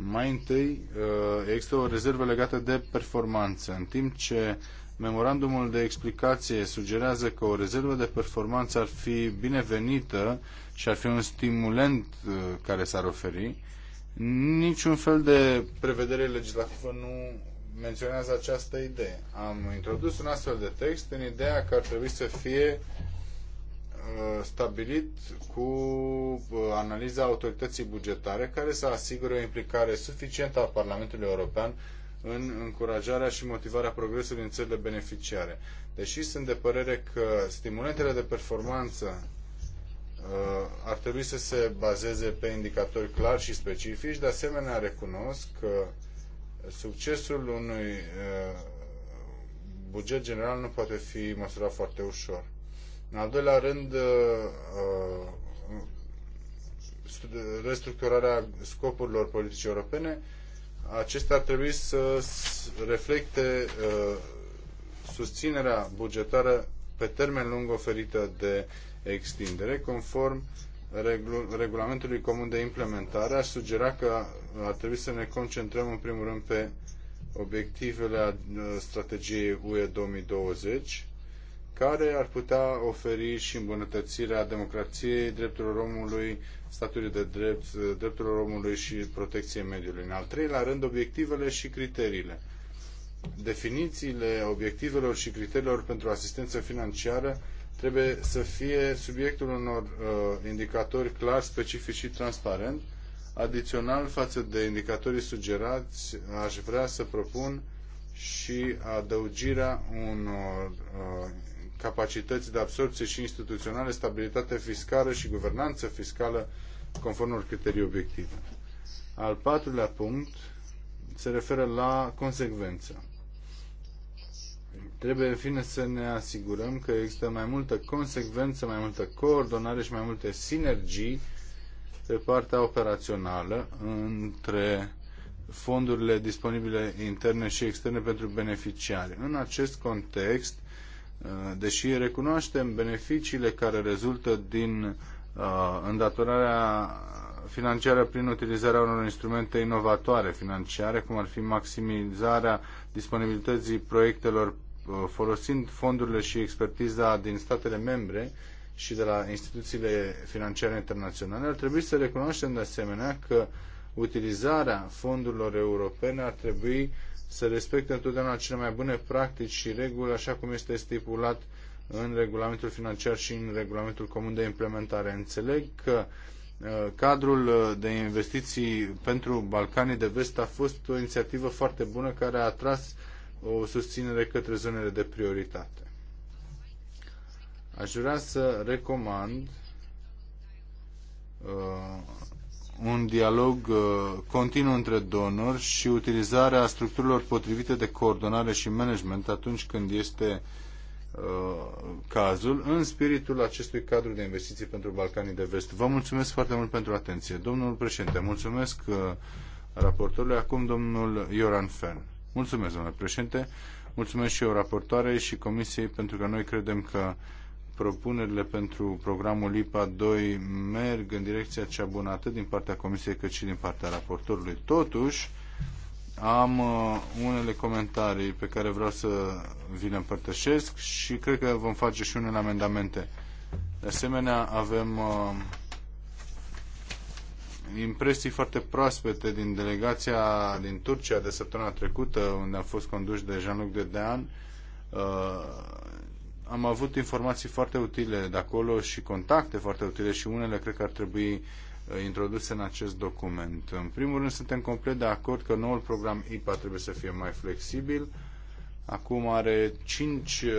Mai întâi, uh, există o rezervă legată de performanță, în timp ce memorandumul de explicație sugerează că o rezervă de performanță ar fi binevenită și ar fi un stimulent uh, care s-ar oferi, niciun fel de prevedere legislativă nu menționează această idee. Am introdus un astfel de text în ideea că ar trebui să fie Uh, stabilit cu uh, analiza autorității bugetare care să asigure o implicare suficientă a Parlamentului European în încurajarea și motivarea progresului în țările beneficiare. Deși sunt de părere că stimulentele de performanță uh, ar trebui să se bazeze pe indicatori clari și specifici, de asemenea recunosc că succesul unui buget general nu poate fi măsurat foarte ușor. În al doilea rând, uh, uh, restructurarea scopurilor politicii europene, acestea ar trebui să reflecte uh, susținerea bugetară pe termen lung oferită de extindere, conform regulamentului comun de implementare, aș sugera că ar trebui să ne concentrăm în primul rând pe obiectivele strategiei UE 2020 care ar putea oferi și îmbunătățirea democrației, drepturilor omului, statului de drept, drepturilor omului și protecției mediului. În al treilea rând, obiectivele și criteriile. Definițiile obiectivelor și criteriilor pentru asistență financiară trebuie să fie subiectul unor uh, indicatori clar, specifici și transparent. Adițional față de indicatorii sugerați, aș vrea să propun și adăugirea unor uh, capacități de absorpție și instituționale, stabilitate fiscală și guvernanță fiscală conform unor criterii obiective. Al patrulea punct se referă la consecvență. Trebuie, în fine, să ne asigurăm că există mai multă consecvență, mai multă coordonare și mai multe sinergii pe partea operațională între fondurile disponibile interne și externe pentru beneficiari. În acest context, Uh, deși recunoaștem beneficiile care rezultă din uh, îndatorarea financiară prin utilizarea unor instrumente inovatoare financiare, cum ar fi maximizarea disponibilității proiectelor uh, folosind fondurile și expertiza din statele membre și de la instituțiile financiare internaționale, ar trebui să recunoaștem de asemenea că utilizarea fondurilor europene ar trebui să respecte întotdeauna cele mai bune practici și reguli, așa cum este stipulat în regulamentul financiar și în regulamentul comun de implementare. Înțeleg că uh, cadrul uh, de investiții pentru Balcanii de Vest a fost o inițiativă foarte bună care a atras o susținere către zonele de prioritate. Aș vrea să recomand uh, un dialog uh, continuu între donori și utilizarea structurilor potrivite de coordonare și management atunci când este uh, cazul în spiritul acestui cadru de investiții pentru Balcanii de Vest. Vă mulțumesc foarte mult pentru atenție. Domnul președinte, mulțumesc uh, raportorului. Acum domnul Ioran Fern. Mulțumesc, domnule președinte. Mulțumesc și eu raportoarei și comisiei pentru că noi credem că propunerile pentru programul IPA 2 merg în direcția cea bună atât din partea Comisiei cât și din partea raportorului. Totuși, am uh, unele comentarii pe care vreau să vi le împărtășesc și cred că vom face și unele amendamente. De asemenea, avem uh, impresii foarte proaspete din delegația din Turcia de săptămâna trecută, unde am fost conduși de Jean-Luc Dedean, uh, am avut informații foarte utile de acolo și contacte foarte utile și unele cred că ar trebui uh, introduse în acest document. În primul rând, suntem complet de acord că noul program IPA trebuie să fie mai flexibil. Acum are cinci uh,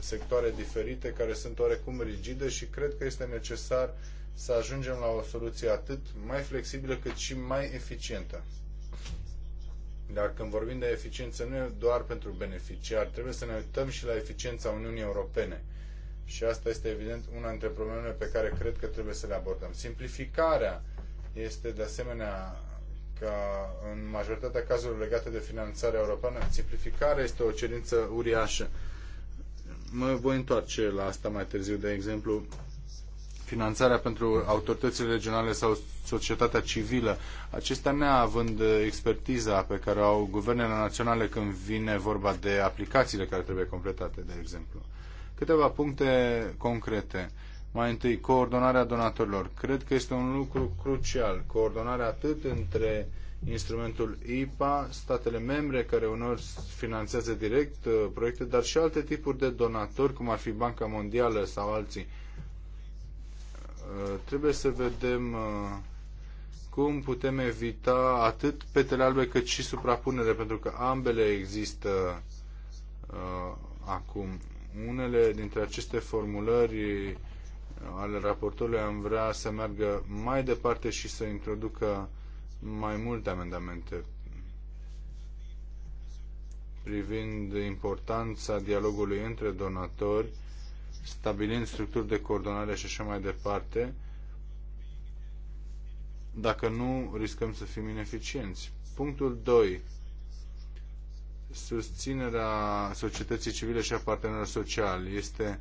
sectoare diferite care sunt oarecum rigide și cred că este necesar să ajungem la o soluție atât mai flexibilă cât și mai eficientă. Dar când vorbim de eficiență, nu e doar pentru beneficiari, trebuie să ne uităm și la eficiența Uniunii Europene. Și asta este evident una dintre problemele pe care cred că trebuie să le abordăm. Simplificarea este de asemenea ca în majoritatea cazurilor legate de finanțarea europeană, simplificarea este o cerință uriașă. Mă voi întoarce la asta mai târziu, de exemplu, finanțarea pentru autoritățile regionale sau societatea civilă, acestea neavând expertiza pe care au guvernele naționale când vine vorba de aplicațiile care trebuie completate, de exemplu. Câteva puncte concrete. Mai întâi, coordonarea donatorilor. Cred că este un lucru crucial. Coordonarea atât între instrumentul IPA, statele membre care uneori finanțează direct uh, proiecte, dar și alte tipuri de donatori, cum ar fi Banca Mondială sau alții Uh, trebuie să vedem uh, cum putem evita atât petele albe cât și suprapunere, pentru că ambele există uh, acum. Unele dintre aceste formulări ale raportorului am vrea să meargă mai departe și să introducă mai multe amendamente privind importanța dialogului între donatori stabilind structuri de coordonare și așa mai departe, dacă nu riscăm să fim ineficienți. Punctul 2. Susținerea societății civile și a partenerilor sociali este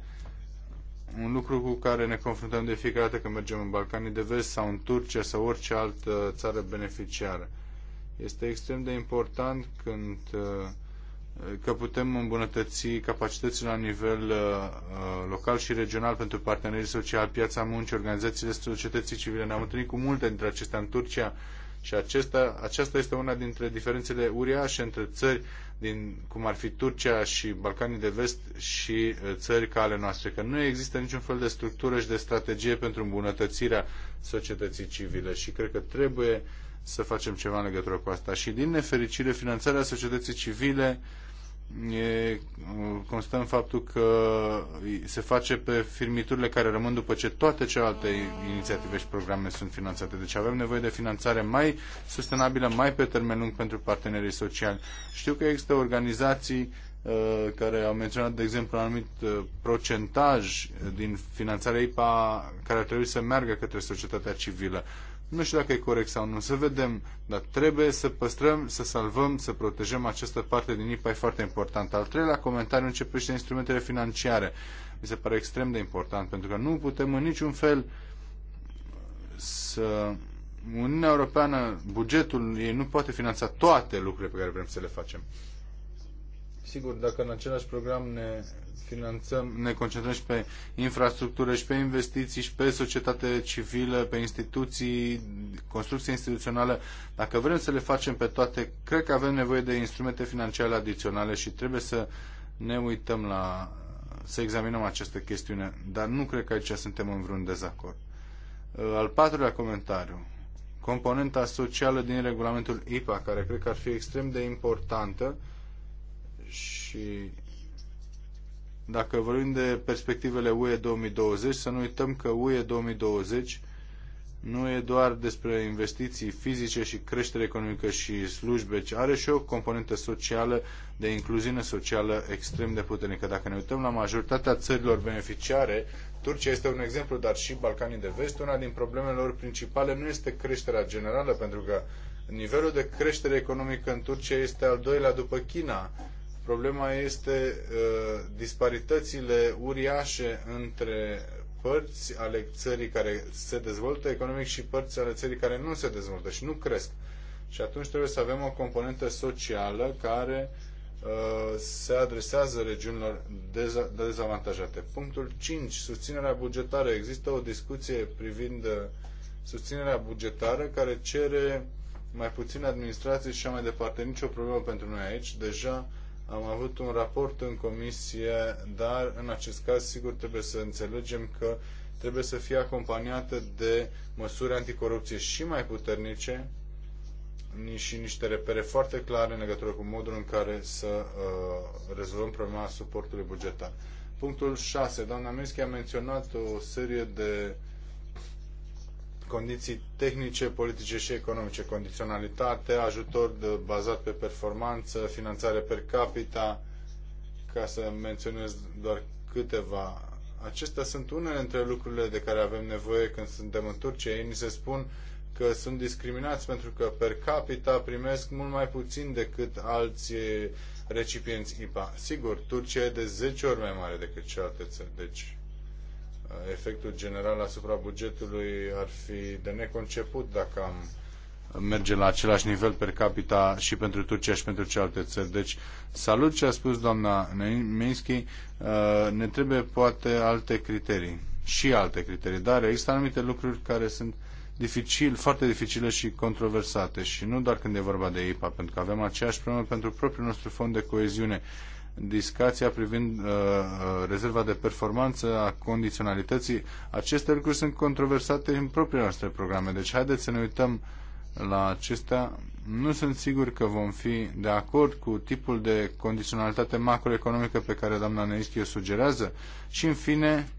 un lucru cu care ne confruntăm de fiecare dată când mergem în Balcanii de Vest sau în Turcia sau orice altă țară beneficiară. Este extrem de important când uh, că putem îmbunătăți capacitățile la nivel uh, uh, local și regional pentru partenerii sociali, piața muncii, organizațiile societății civile. Ne-am întâlnit cu multe dintre acestea în Turcia și acesta, aceasta este una dintre diferențele uriașe între țări din, cum ar fi Turcia și Balcanii de Vest și uh, țări ca ale noastre, că nu există niciun fel de structură și de strategie pentru îmbunătățirea societății civile și cred că trebuie să facem ceva în legătură cu asta. Și din nefericire, finanțarea societății civile uh, e, constă în faptul că se face pe firmiturile care rămân după ce toate celelalte inițiative și programe sunt finanțate. Deci avem nevoie de finanțare mai sustenabilă, mai pe termen lung pentru partenerii sociali. Știu că există organizații care au menționat, de exemplu, un anumit procentaj din finanțarea IPA care ar trebui să meargă către societatea civilă. Nu știu dacă e corect sau nu, să vedem, dar trebuie să păstrăm, să salvăm, să protejăm această parte din IPA, e foarte important. Al treilea comentariu de instrumentele financiare. Mi se pare extrem de important, pentru că nu putem în niciun fel să... Uniunea Europeană, bugetul ei nu poate finanța toate lucrurile pe care vrem să le facem. Sigur, dacă în același program ne finanțăm, ne concentrăm și pe infrastructură și pe investiții și pe societate civilă, pe instituții, construcție instituțională, dacă vrem să le facem pe toate, cred că avem nevoie de instrumente financiare adiționale și trebuie să ne uităm la, să examinăm această chestiune, dar nu cred că aici suntem în vreun dezacord. Uh, al patrulea comentariu. Componenta socială din regulamentul IPA, care cred că ar fi extrem de importantă, și dacă vorbim de perspectivele UE 2020, să nu uităm că UE 2020 nu e doar despre investiții fizice și creștere economică și slujbe, ci are și o componentă socială de incluziune socială extrem de puternică. Dacă ne uităm la majoritatea țărilor beneficiare, Turcia este un exemplu, dar și Balcanii de Vest, una din problemele lor principale nu este creșterea generală, pentru că nivelul de creștere economică în Turcia este al doilea după China Problema este uh, disparitățile uriașe între părți ale țării care se dezvoltă economic și părți ale țării care nu se dezvoltă și nu cresc. Și atunci trebuie să avem o componentă socială care uh, se adresează regiunilor deza dezavantajate. Punctul 5. Susținerea bugetară. Există o discuție privind uh, susținerea bugetară care cere mai puțin administrație și așa mai departe. Nici o problemă pentru noi aici. Deja am avut un raport în comisie, dar în acest caz sigur trebuie să înțelegem că trebuie să fie acompaniată de măsuri anticorupție și mai puternice și niște repere foarte clare în legătură cu modul în care să uh, rezolvăm problema suportului bugetar. Punctul 6. Doamna Meschi a menționat o serie de condiții tehnice, politice și economice, condiționalitate, ajutor de, bazat pe performanță, finanțare per capita, ca să menționez doar câteva. Acestea sunt unele dintre lucrurile de care avem nevoie când suntem în Turcia. Ei ni se spun că sunt discriminați pentru că per capita primesc mult mai puțin decât alți recipienți IPA. Sigur, Turcia e de 10 ori mai mare decât celelalte țări, deci efectul general asupra bugetului ar fi de neconceput dacă am merge la același nivel per capita și pentru Turcia și pentru celelalte țări. Deci, salut ce a spus doamna Minsky, uh, ne trebuie poate alte criterii și alte criterii, dar există anumite lucruri care sunt dificil, foarte dificile și controversate și nu doar când e vorba de IPA, pentru că avem aceeași problemă pentru propriul nostru fond de coeziune discuția privind uh, uh, rezerva de performanță a condiționalității. Aceste lucruri sunt controversate în propriile noastre programe, deci haideți să ne uităm la acestea. Nu sunt sigur că vom fi de acord cu tipul de condiționalitate macroeconomică pe care doamna Neischi o sugerează și, în fine,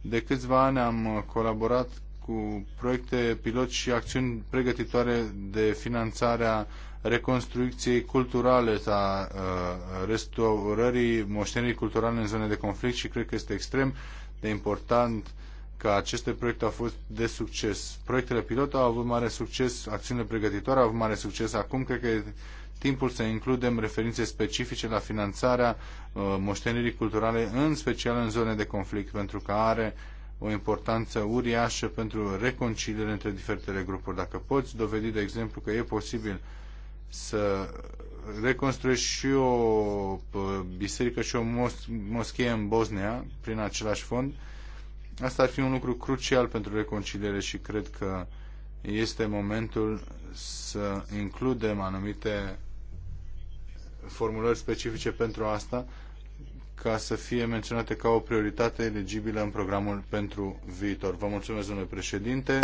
de câțiva ani am colaborat cu proiecte pilot și acțiuni pregătitoare de finanțarea reconstrucției culturale, a restaurării moștenirii culturale în zone de conflict și cred că este extrem de important că aceste proiecte au fost de succes. Proiectele pilot au avut mare succes, acțiunile pregătitoare au avut mare succes. Acum cred că e timpul să includem referințe specifice la finanțarea uh, moștenirii culturale, în special în zone de conflict, pentru că are o importanță uriașă pentru reconciliere între diferitele grupuri. Dacă poți dovedi, de exemplu, că e posibil să reconstruiești și o biserică și o mos- moschee în Bosnia prin același fond. Asta ar fi un lucru crucial pentru reconciliere și cred că este momentul să includem anumite formulări specifice pentru asta ca să fie menționate ca o prioritate elegibilă în programul pentru viitor. Vă mulțumesc, domnule președinte.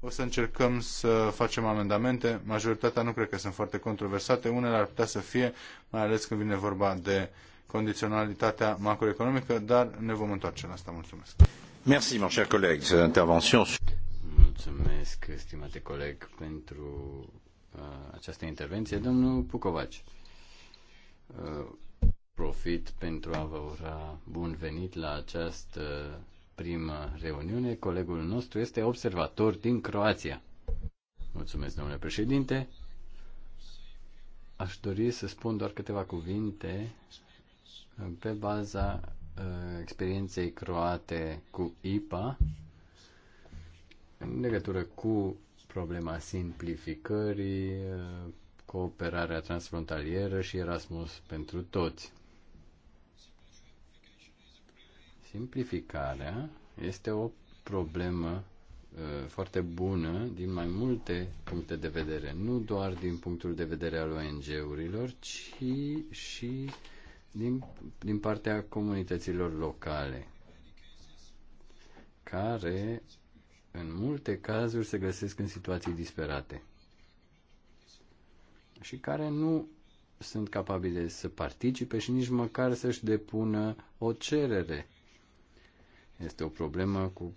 O să încercăm să facem amendamente. Majoritatea nu cred că sunt foarte controversate. Unele ar putea să fie, mai ales când vine vorba de condiționalitatea macroeconomică, dar ne vom întoarce la asta. Mulțumesc. Merci, mon cher collègue, intervention. Mulțumesc, stimate coleg, pentru uh, această intervenție. Domnul Pucovaci, uh, profit pentru a vă ura bun venit la această prima reuniune. Colegul nostru este observator din Croația. Mulțumesc, domnule președinte. Aș dori să spun doar câteva cuvinte pe baza uh, experienței croate cu IPA în legătură cu problema simplificării, uh, cooperarea transfrontalieră și Erasmus pentru toți. Simplificarea este o problemă uh, foarte bună din mai multe puncte de vedere, nu doar din punctul de vedere al ONG-urilor, ci și din, din partea comunităților locale, care în multe cazuri se găsesc în situații disperate și care nu sunt capabile să participe și nici măcar să-și depună o cerere este o problemă cu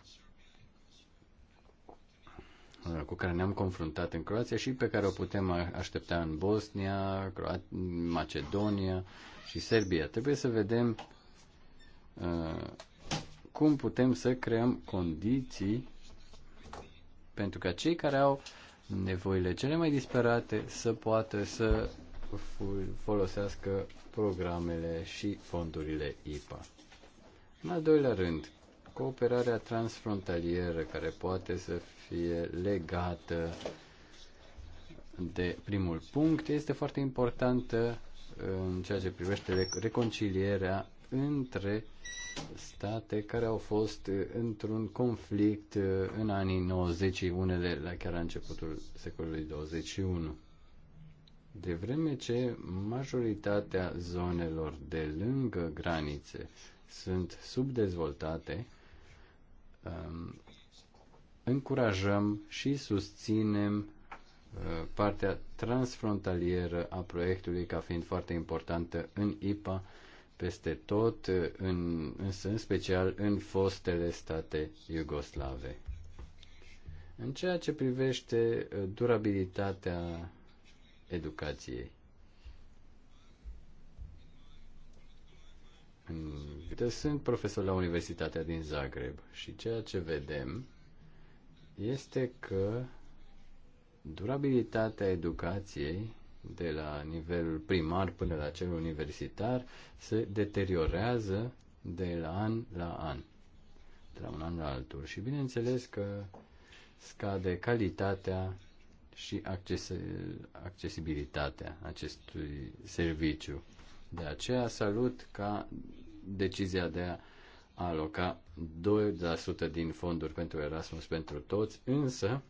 uh, cu care ne-am confruntat în Croația și pe care o putem aștepta în Bosnia, Croat- Macedonia și Serbia. Trebuie să vedem uh, cum putem să creăm condiții pentru ca cei care au nevoile cele mai disperate să poată să folosească programele și fondurile IPA. În al doilea rând, cooperarea transfrontalieră care poate să fie legată de primul punct este foarte importantă uh, în ceea ce privește reconcilierea între state care au fost uh, într-un conflict uh, în anii 90, unele la chiar la începutul secolului 21. De vreme ce majoritatea zonelor de lângă granițe sunt subdezvoltate, Um, încurajăm și susținem uh, partea transfrontalieră a proiectului ca fiind foarte importantă în IPA peste tot, uh, în, însă în special în fostele state iugoslave. În ceea ce privește uh, durabilitatea educației. în Sunt profesor la Universitatea din Zagreb și ceea ce vedem este că durabilitatea educației de la nivelul primar până la cel universitar se deteriorează de la an la an, de la un an la altul. Și bineînțeles că scade calitatea și accesibilitatea acestui serviciu. De aceea salut ca decizia de a aloca 2% din fonduri pentru Erasmus pentru toți, însă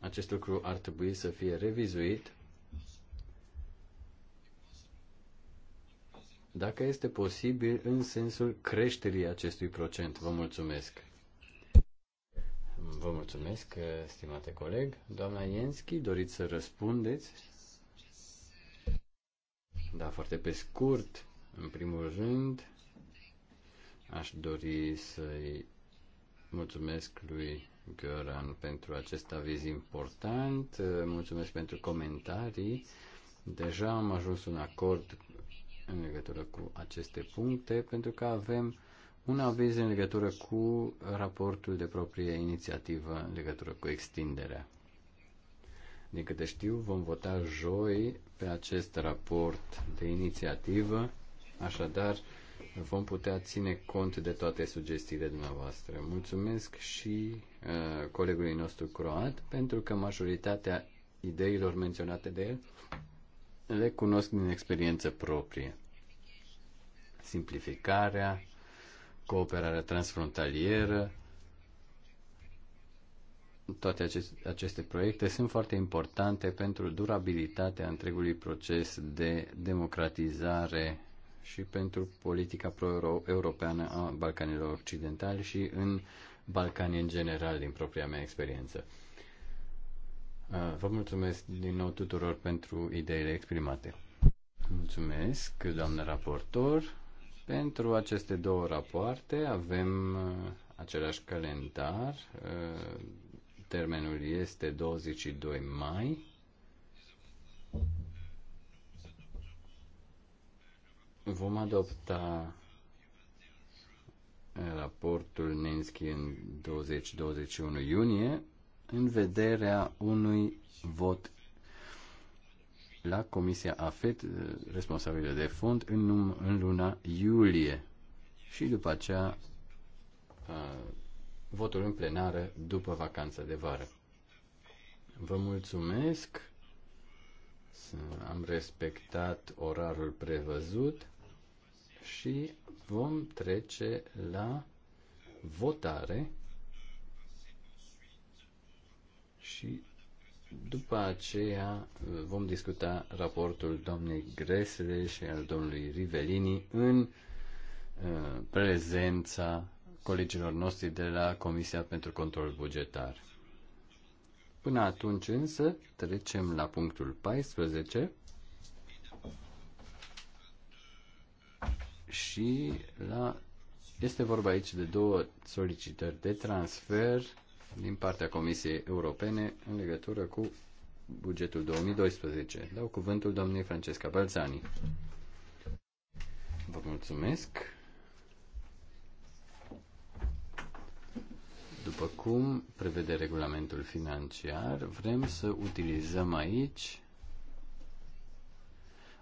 acest lucru ar trebui să fie revizuit dacă este posibil în sensul creșterii acestui procent. Vă mulțumesc. Vă mulțumesc, stimate coleg. Doamna Jenski doriți să răspundeți? Da, foarte pe scurt. În primul rând, aș dori să-i mulțumesc lui Göran pentru acest aviz important. Mulțumesc pentru comentarii. Deja am ajuns un acord în legătură cu aceste puncte pentru că avem un aviz în legătură cu raportul de proprie inițiativă în legătură cu extinderea. Din câte știu, vom vota joi pe acest raport de inițiativă, așadar vom putea ține cont de toate sugestiile dumneavoastră. Mulțumesc și uh, colegului nostru croat pentru că majoritatea ideilor menționate de el le cunosc din experiență proprie. Simplificarea, cooperarea transfrontalieră. Toate aceste, aceste proiecte sunt foarte importante pentru durabilitatea întregului proces de democratizare și pentru politica pro-europeană a Balcanilor Occidentali și în Balcanii în general, din propria mea experiență. Uh, vă mulțumesc din nou tuturor pentru ideile exprimate. Mulțumesc, doamnă raportor. Pentru aceste două rapoarte avem uh, același calendar. Uh, termenul este 22 mai. Vom adopta uh, raportul Nenski în 20-21 iunie în vederea unui vot la Comisia AFET, eh, responsabilă de fond, în, în luna iulie. Și după aceea eh, votul în plenară după vacanța de vară. Vă mulțumesc. Am respectat orarul prevăzut și vom trece la votare și după aceea uh, vom discuta raportul domnului Gresle și al domnului Rivelini în uh, prezența colegilor noștri de la Comisia pentru Control Bugetar. Până atunci însă trecem la punctul 14 și la, este vorba aici de două solicitări de transfer din partea Comisiei Europene în legătură cu bugetul 2012. Dau cuvântul doamnei Francesca Balzani. Vă mulțumesc. După cum prevede regulamentul financiar, vrem să utilizăm aici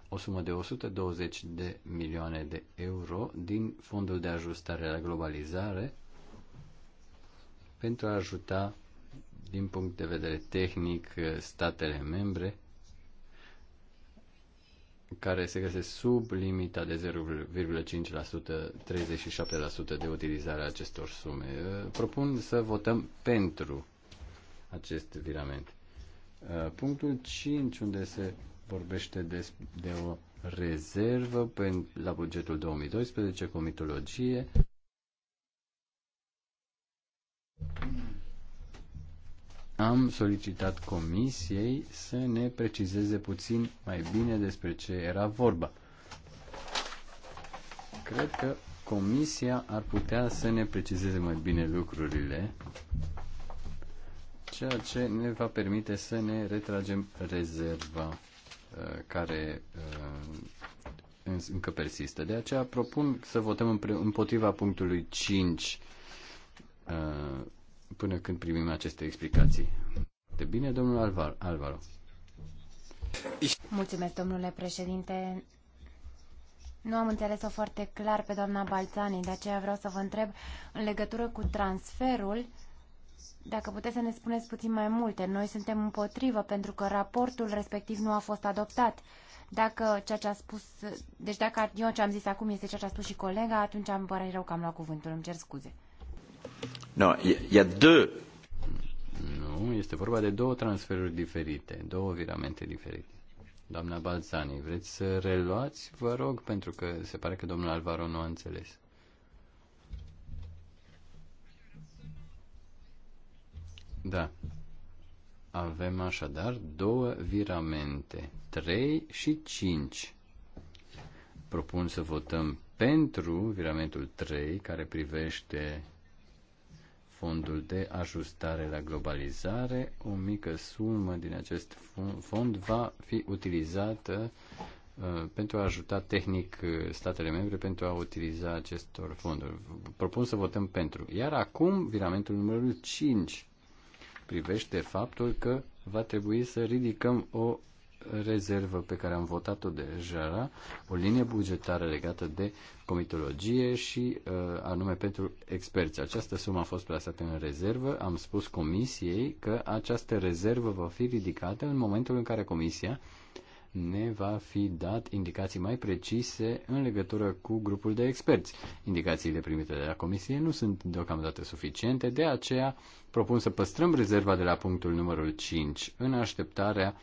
o sumă de 120 de milioane de euro din fondul de ajustare la globalizare pentru a ajuta din punct de vedere tehnic statele membre care se găsesc sub limita de 0,5%, 37% de utilizare a acestor sume. Uh, propun să votăm pentru acest virament. Uh, punctul 5, unde se vorbește de, de o rezervă pe, la bugetul 2012, comitologie. Am solicitat comisiei să ne precizeze puțin mai bine despre ce era vorba. Cred că comisia ar putea să ne precizeze mai bine lucrurile, ceea ce ne va permite să ne retragem rezerva uh, care uh, încă persistă. De aceea propun să votăm împotriva punctului 5 până când primim aceste explicații. De bine, domnul Alvar, Alvaro. Mulțumesc, domnule președinte. Nu am înțeles-o foarte clar pe doamna Balțani, de aceea vreau să vă întreb în legătură cu transferul, dacă puteți să ne spuneți puțin mai multe. Noi suntem împotrivă pentru că raportul respectiv nu a fost adoptat. Dacă ceea ce a spus, deci dacă eu ce am zis acum este ceea ce a spus și colega, atunci am părere rău că am luat cuvântul, îmi cer scuze no, e, e de... Nu, este vorba de două transferuri diferite, două viramente diferite. Doamna Balzani, vreți să reluați? Vă rog, pentru că se pare că domnul Alvaro nu a înțeles. Da. Avem așadar două viramente, 3 și 5. Propun să votăm pentru viramentul 3, care privește fondul de ajustare la globalizare. O mică sumă din acest fond va fi utilizată uh, pentru a ajuta tehnic uh, statele membre pentru a utiliza acestor fonduri. Propun să votăm pentru. Iar acum, viramentul numărul 5 privește faptul că va trebui să ridicăm o rezervă pe care am votat-o deja, o linie bugetară legată de comitologie și uh, anume pentru experți. Această sumă a fost plasată în rezervă. Am spus comisiei că această rezervă va fi ridicată în momentul în care comisia ne va fi dat indicații mai precise în legătură cu grupul de experți. Indicațiile primite de la Comisie nu sunt deocamdată suficiente, de aceea propun să păstrăm rezerva de la punctul numărul 5 în așteptarea uh,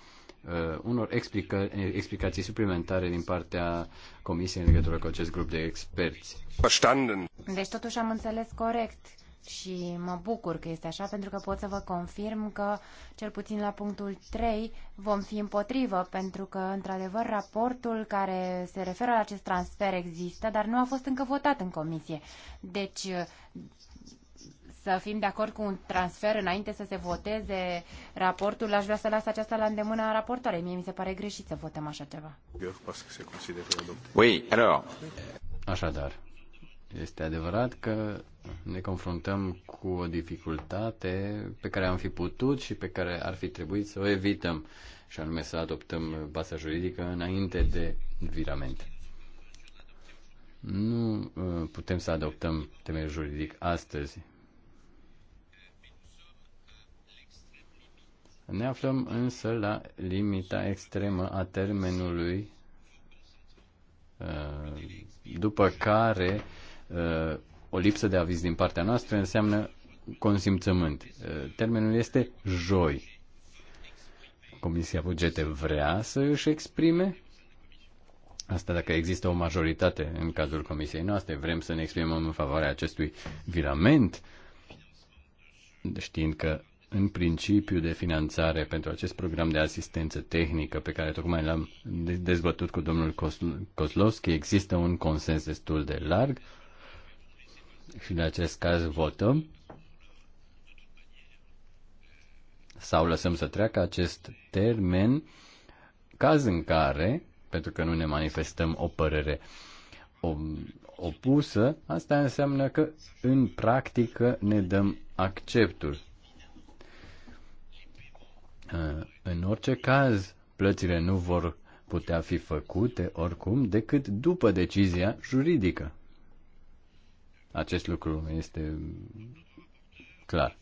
uh, unor explica- explicații suplimentare din partea Comisiei în legătură cu acest grup de experți. Verstanden. Deci totuși am înțeles corect și mă bucur că este așa pentru că pot să vă confirm că cel puțin la punctul 3 vom fi împotrivă pentru că într-adevăr raportul care se referă la acest transfer există, dar nu a fost încă votat în comisie. Deci să fim de acord cu un transfer înainte să se voteze raportul, aș vrea să las aceasta la îndemâna raportoarei. Mie mi se pare greșit să votăm așa ceva. Oui, alors. Așadar, este adevărat că ne confruntăm cu o dificultate pe care am fi putut și pe care ar fi trebuit să o evităm, și anume să adoptăm baza juridică înainte de virament. Nu uh, putem să adoptăm temeiul juridic astăzi. Ne aflăm însă la limita extremă a termenului uh, după care uh, o lipsă de aviz din partea noastră înseamnă consimțământ. Uh, termenul este joi. Comisia Bugete vrea să își exprime Asta dacă există o majoritate în cazul comisiei noastre, vrem să ne exprimăm în favoarea acestui virament, știind că în principiu de finanțare pentru acest program de asistență tehnică pe care tocmai l-am dezbătut cu domnul Kozlovski. Există un consens destul de larg și în acest caz votăm sau lăsăm să treacă acest termen caz în care, pentru că nu ne manifestăm o părere opusă, asta înseamnă că în practică ne dăm acceptul în orice caz, plățile nu vor putea fi făcute oricum decât după decizia juridică. Acest lucru este clar.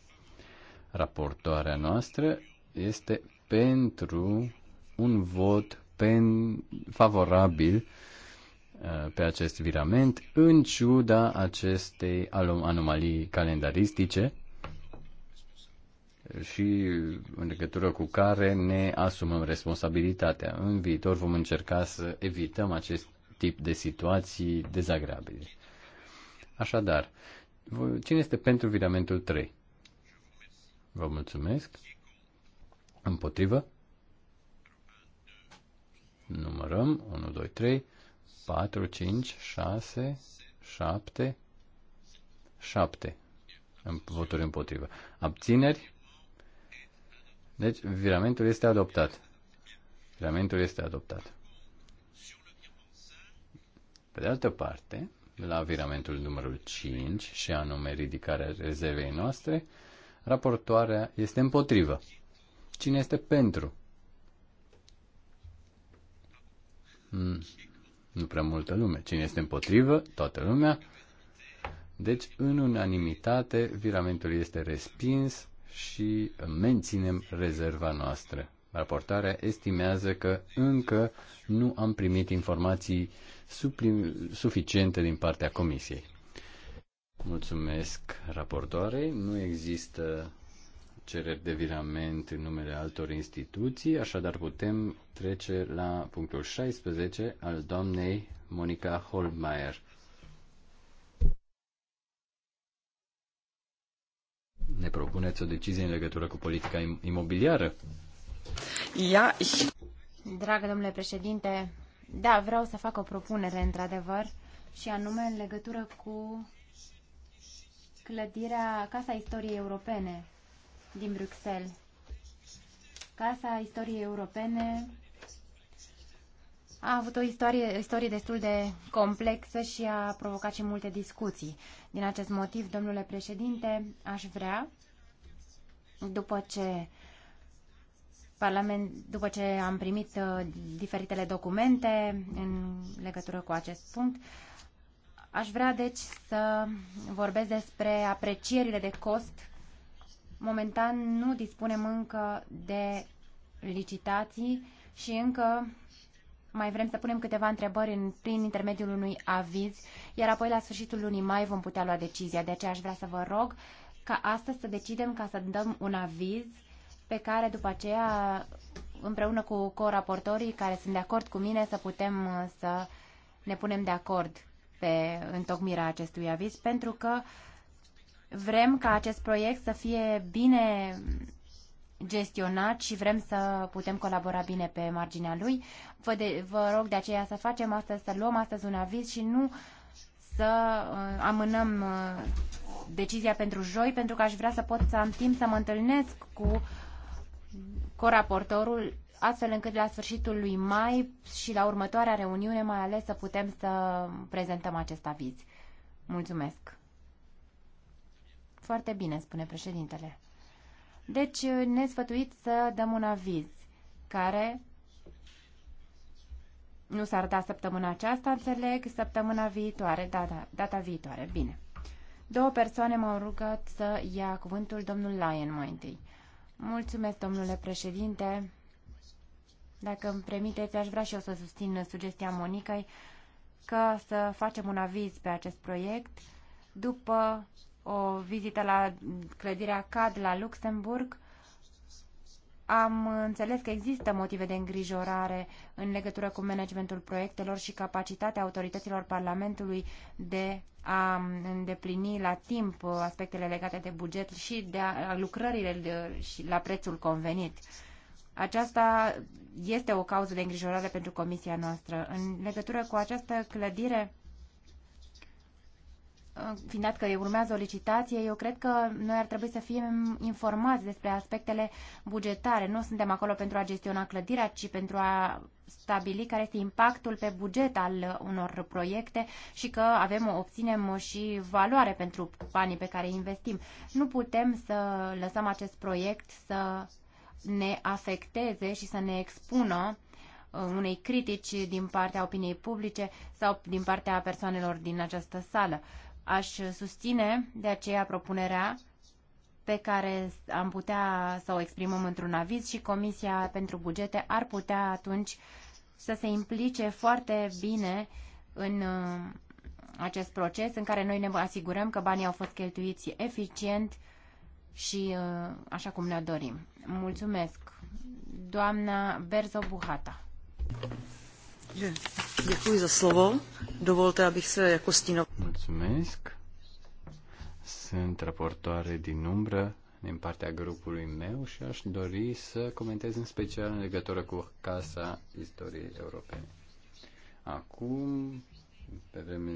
Raportoarea noastră este pentru un vot pen favorabil uh, pe acest virament, în ciuda acestei anomalii calendaristice și în legătură cu care ne asumăm responsabilitatea. În viitor vom încerca să evităm acest tip de situații dezagreabile. Așadar, cine este pentru viramentul 3? Vă mulțumesc. Împotrivă? Numărăm 1, 2, 3, 4, 5, 6, 7, 7 voturi împotrivă. Abțineri? Deci, viramentul este adoptat. Viramentul este adoptat. Pe de altă parte, la viramentul numărul 5, și anume ridicarea rezervei noastre, raportoarea este împotrivă. Cine este pentru? Mm, nu prea multă lume. Cine este împotrivă? Toată lumea. Deci, în unanimitate, viramentul este respins și menținem rezerva noastră. Raportarea estimează că încă nu am primit informații suficiente din partea Comisiei. Mulțumesc raportoarei. Nu există cereri de virament în numele altor instituții, așadar putem trece la punctul 16 al doamnei Monica Holmeier ne propuneți o decizie în legătură cu politica imobiliară. Ia. Dragă domnule președinte, da, vreau să fac o propunere, într-adevăr, și anume în legătură cu clădirea Casa Istoriei Europene din Bruxelles. Casa Istoriei Europene a avut o istorie, istorie destul de complexă și a provocat și multe discuții. Din acest motiv, domnule președinte, aș vrea, după ce, parlament, după ce am primit uh, diferitele documente în legătură cu acest punct, aș vrea deci să vorbesc despre aprecierile de cost. Momentan nu dispunem încă de licitații și încă mai vrem să punem câteva întrebări în, prin intermediul unui aviz, iar apoi la sfârșitul lunii mai vom putea lua decizia. De aceea aș vrea să vă rog ca astăzi să decidem ca să dăm un aviz pe care după aceea, împreună cu co-raportorii care sunt de acord cu mine, să putem uh, să ne punem de acord pe întocmirea acestui aviz, pentru că vrem ca acest proiect să fie bine gestionat și vrem să putem colabora bine pe marginea lui. Vă, de, vă rog de aceea să facem astăzi, să luăm astăzi un aviz și nu să uh, amânăm uh, decizia pentru joi, pentru că aș vrea să pot să am timp să mă întâlnesc cu coraportorul, astfel încât la sfârșitul lui mai și la următoarea reuniune mai ales să putem să prezentăm acest aviz. Mulțumesc! Foarte bine, spune președintele. Deci ne sfătuit să dăm un aviz care nu s-ar da săptămâna aceasta, înțeleg, săptămâna viitoare, da, da, data viitoare, bine. Două persoane m-au rugat să ia cuvântul domnul Lyon mai întâi. Mulțumesc, domnule președinte. Dacă îmi permiteți, aș vrea și eu să susțin sugestia Monicai că să facem un aviz pe acest proiect după o vizită la clădirea CAD la Luxemburg, am înțeles că există motive de îngrijorare în legătură cu managementul proiectelor și capacitatea autorităților Parlamentului de a îndeplini la timp aspectele legate de buget și de a, lucrările de, și la prețul convenit. Aceasta este o cauză de îngrijorare pentru comisia noastră. În legătură cu această clădire, fiind dat că urmează o licitație, eu cred că noi ar trebui să fim informați despre aspectele bugetare. Nu suntem acolo pentru a gestiona clădirea, ci pentru a stabili care este impactul pe buget al unor proiecte și că avem, obținem și valoare pentru banii pe care îi investim. Nu putem să lăsăm acest proiect să ne afecteze și să ne expună uh, unei critici din partea opiniei publice sau din partea persoanelor din această sală. Aș susține de aceea propunerea pe care am putea să o exprimăm într-un aviz și Comisia pentru Bugete ar putea atunci să se implice foarte bine în uh, acest proces în care noi ne asigurăm că banii au fost cheltuiți eficient și uh, așa cum ne dorim. Mulțumesc, doamna Berzo Buhata. Děkuji za slovo. Dovolte, abych se jako stínová. Mulțumesc. Sunt raportoare din umbră din partea grupului meu și aș dori să comentez în special în legătură cu Casa Istoriei Europene. Acum, pe vreme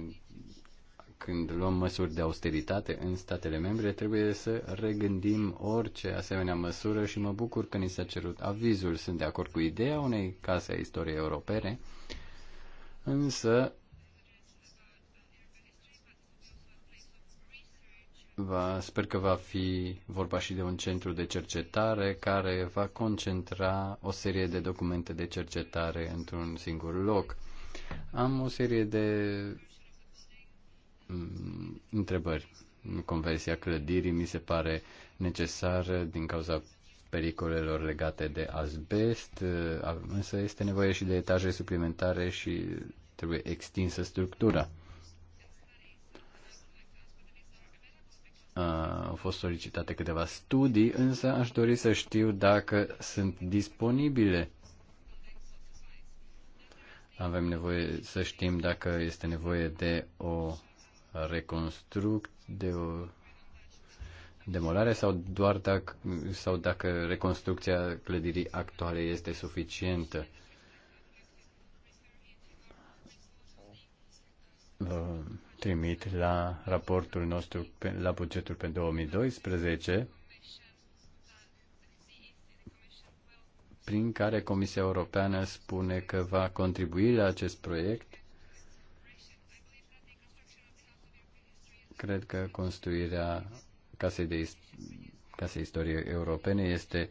când luăm măsuri de austeritate în statele membre, trebuie să regândim orice asemenea măsură și mă bucur că ni s-a cerut avizul. Sunt de acord cu ideea unei case a istoriei europene, însă va, sper că va fi vorba și de un centru de cercetare care va concentra o serie de documente de cercetare într-un singur loc. Am o serie de mm, întrebări. Conversia clădirii mi se pare necesară din cauza pericolelor legate de asbest, uh, însă este nevoie și de etaje suplimentare și trebuie extinsă structura. Au fost solicitate câteva studii, însă aș dori să știu dacă sunt disponibile. Avem nevoie să știm dacă este nevoie de o reconstruct, de o demolare sau doar dacă, sau dacă reconstrucția clădirii actuale este suficientă. Vă trimit la raportul nostru la bugetul pe 2012 prin care Comisia Europeană spune că va contribui la acest proiect. Cred că construirea Casei, de, case istorie Europene este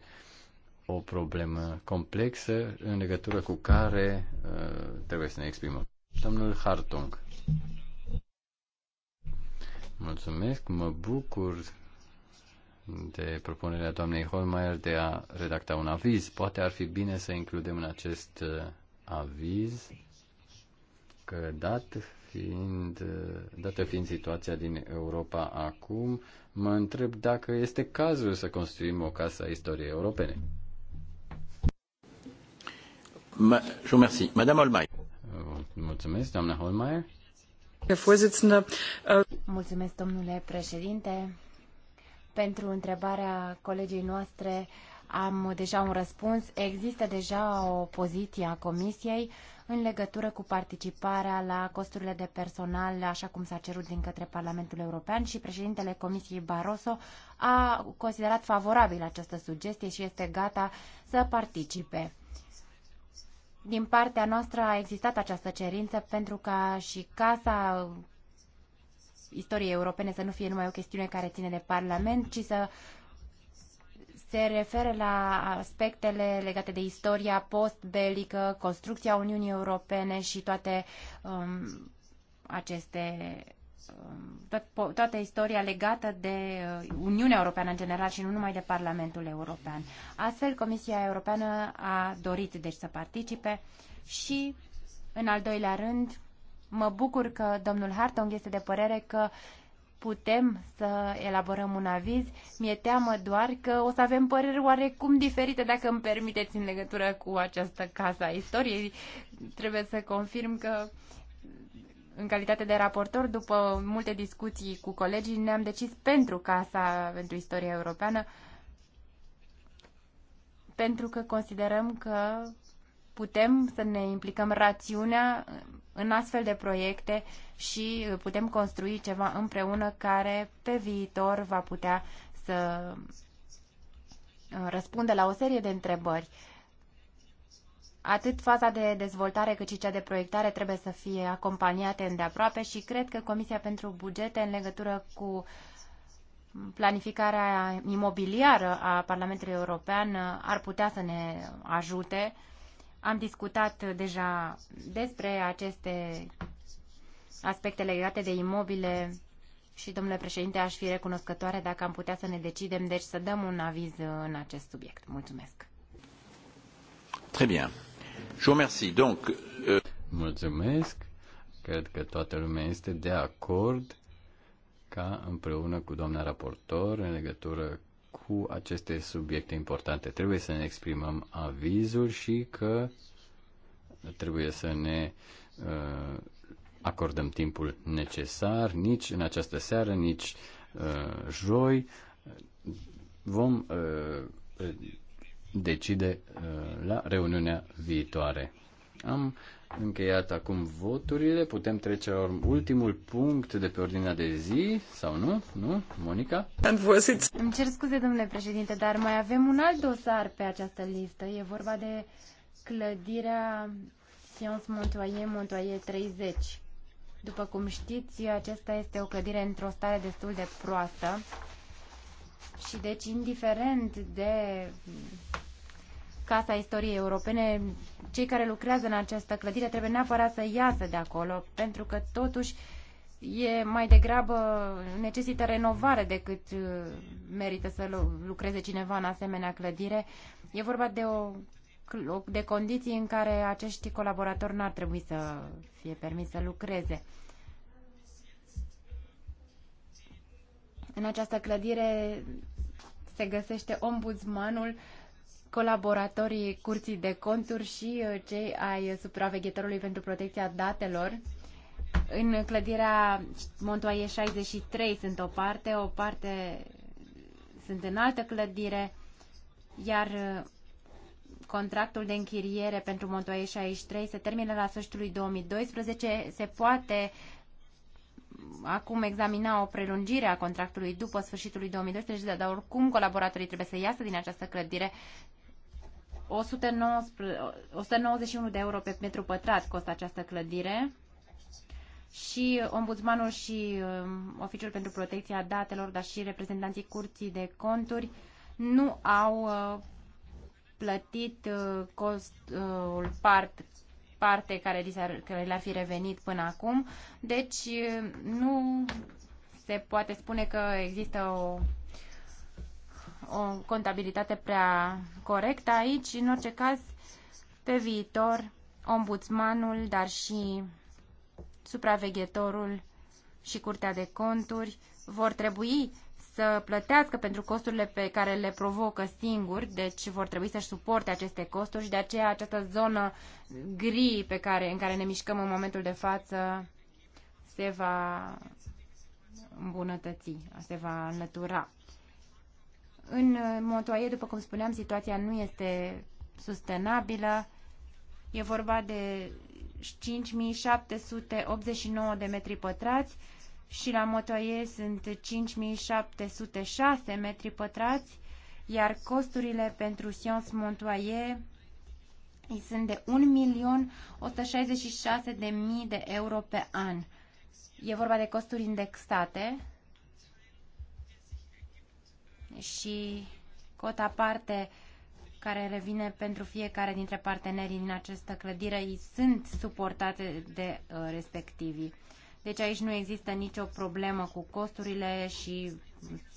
o problemă complexă în legătură cu care uh, trebuie să ne exprimăm. Domnul Hartung. Mulțumesc, mă bucur de propunerea doamnei Holmeier de a redacta un aviz. Poate ar fi bine să includem în acest uh, aviz că dat fiind, uh, dată fiind situația din Europa acum, Mă întreb dacă este cazul să construim o casă a istoriei europene. Ma, je merci. Madame Holmeier. Mulțumesc, doamna Holmeier. Uh, mulțumesc, domnule președinte. Pentru întrebarea colegii noastre am deja un răspuns. Există deja o poziție a Comisiei în legătură cu participarea la costurile de personal, așa cum s-a cerut din către Parlamentul European și președintele Comisiei Barroso a considerat favorabil această sugestie și este gata să participe. Din partea noastră a existat această cerință pentru ca și Casa istoriei europene să nu fie numai o chestiune care ține de Parlament, ci să se referă la aspectele legate de istoria postbelică, construcția Uniunii Europene și toate um, aceste um, toată istoria legată de uh, Uniunea Europeană în general și nu numai de Parlamentul European. Astfel, Comisia Europeană a dorit deci să participe și, în al doilea rând, mă bucur că domnul Hartong este de părere că putem să elaborăm un aviz. Mi-e teamă doar că o să avem păreri oarecum diferite, dacă îmi permiteți, în legătură cu această casă a istoriei. Trebuie să confirm că în calitate de raportor, după multe discuții cu colegii, ne-am decis pentru Casa pentru Istoria Europeană, pentru că considerăm că putem să ne implicăm rațiunea în astfel de proiecte și uh, putem construi ceva împreună care pe viitor va putea să uh, răspunde la o serie de întrebări. Atât faza de dezvoltare cât și cea de proiectare trebuie să fie acompaniate îndeaproape și cred că Comisia pentru Bugete în legătură cu planificarea imobiliară a Parlamentului European uh, ar putea să ne ajute am discutat deja despre aceste aspecte legate de imobile și, domnule președinte, aș fi recunoscătoare dacă am putea să ne decidem, deci să dăm un aviz în acest subiect. Mulțumesc. Très bien. Je vous remercie. Donc, euh... Mulțumesc. Cred că toată lumea este de acord ca împreună cu doamna raportor în legătură cu aceste subiecte importante. Trebuie să ne exprimăm avizul și că trebuie să ne uh, acordăm timpul necesar, nici în această seară, nici uh, joi. Vom uh, decide uh, la reuniunea viitoare. Am încheiat acum voturile. Putem trece la ultimul punct de pe ordinea de zi, sau nu? Nu? Monica? Îmi cer scuze, domnule președinte, dar mai avem un alt dosar pe această listă. E vorba de clădirea Sciences Montoyer, Montoyer 30. După cum știți, acesta este o clădire într-o stare destul de proastă și deci indiferent de Casa Istoriei Europene, cei care lucrează în această clădire trebuie neapărat să iasă de acolo, pentru că totuși e mai degrabă necesită renovare decât uh, merită să lucreze cineva în asemenea clădire. E vorba de o de condiții în care acești colaboratori n-ar trebui să fie permis să lucreze. În această clădire se găsește ombudsmanul colaboratorii Curții de Conturi și uh, cei ai supraveghetorului pentru protecția datelor. În clădirea Montoaie 63 sunt o parte, o parte sunt în altă clădire, iar uh, contractul de închiriere pentru Montoaie 63 se termină la sfârșitul lui 2012. Se poate mm, acum examina o prelungire a contractului după sfârșitul lui 2012, dar oricum colaboratorii trebuie să iasă din această clădire 191 de euro pe metru pătrat costă această clădire și ombudsmanul și um, Oficiul pentru Protecția Datelor, dar și reprezentanții Curții de Conturi nu au uh, plătit uh, costul part, parte care, ar care le-ar fi revenit până acum. Deci uh, nu se poate spune că există o o contabilitate prea corectă aici. În orice caz, pe viitor, ombudsmanul, dar și supraveghetorul și Curtea de Conturi vor trebui să plătească pentru costurile pe care le provocă singuri, deci vor trebui să-și suporte aceste costuri și de aceea această zonă gri pe care, în care ne mișcăm în momentul de față se va îmbunătăți, se va înlătura. În uh, Montoie, după cum spuneam, situația nu este sustenabilă. E vorba de 5789 de metri pătrați și la Motoie sunt 5706 metri pătrați, iar costurile pentru Sions Montoie sunt de 1.166.000 de euro pe an. E vorba de costuri indexate și cota parte care revine pentru fiecare dintre partenerii din această clădire sunt suportate de uh, respectivii. Deci aici nu există nicio problemă cu costurile și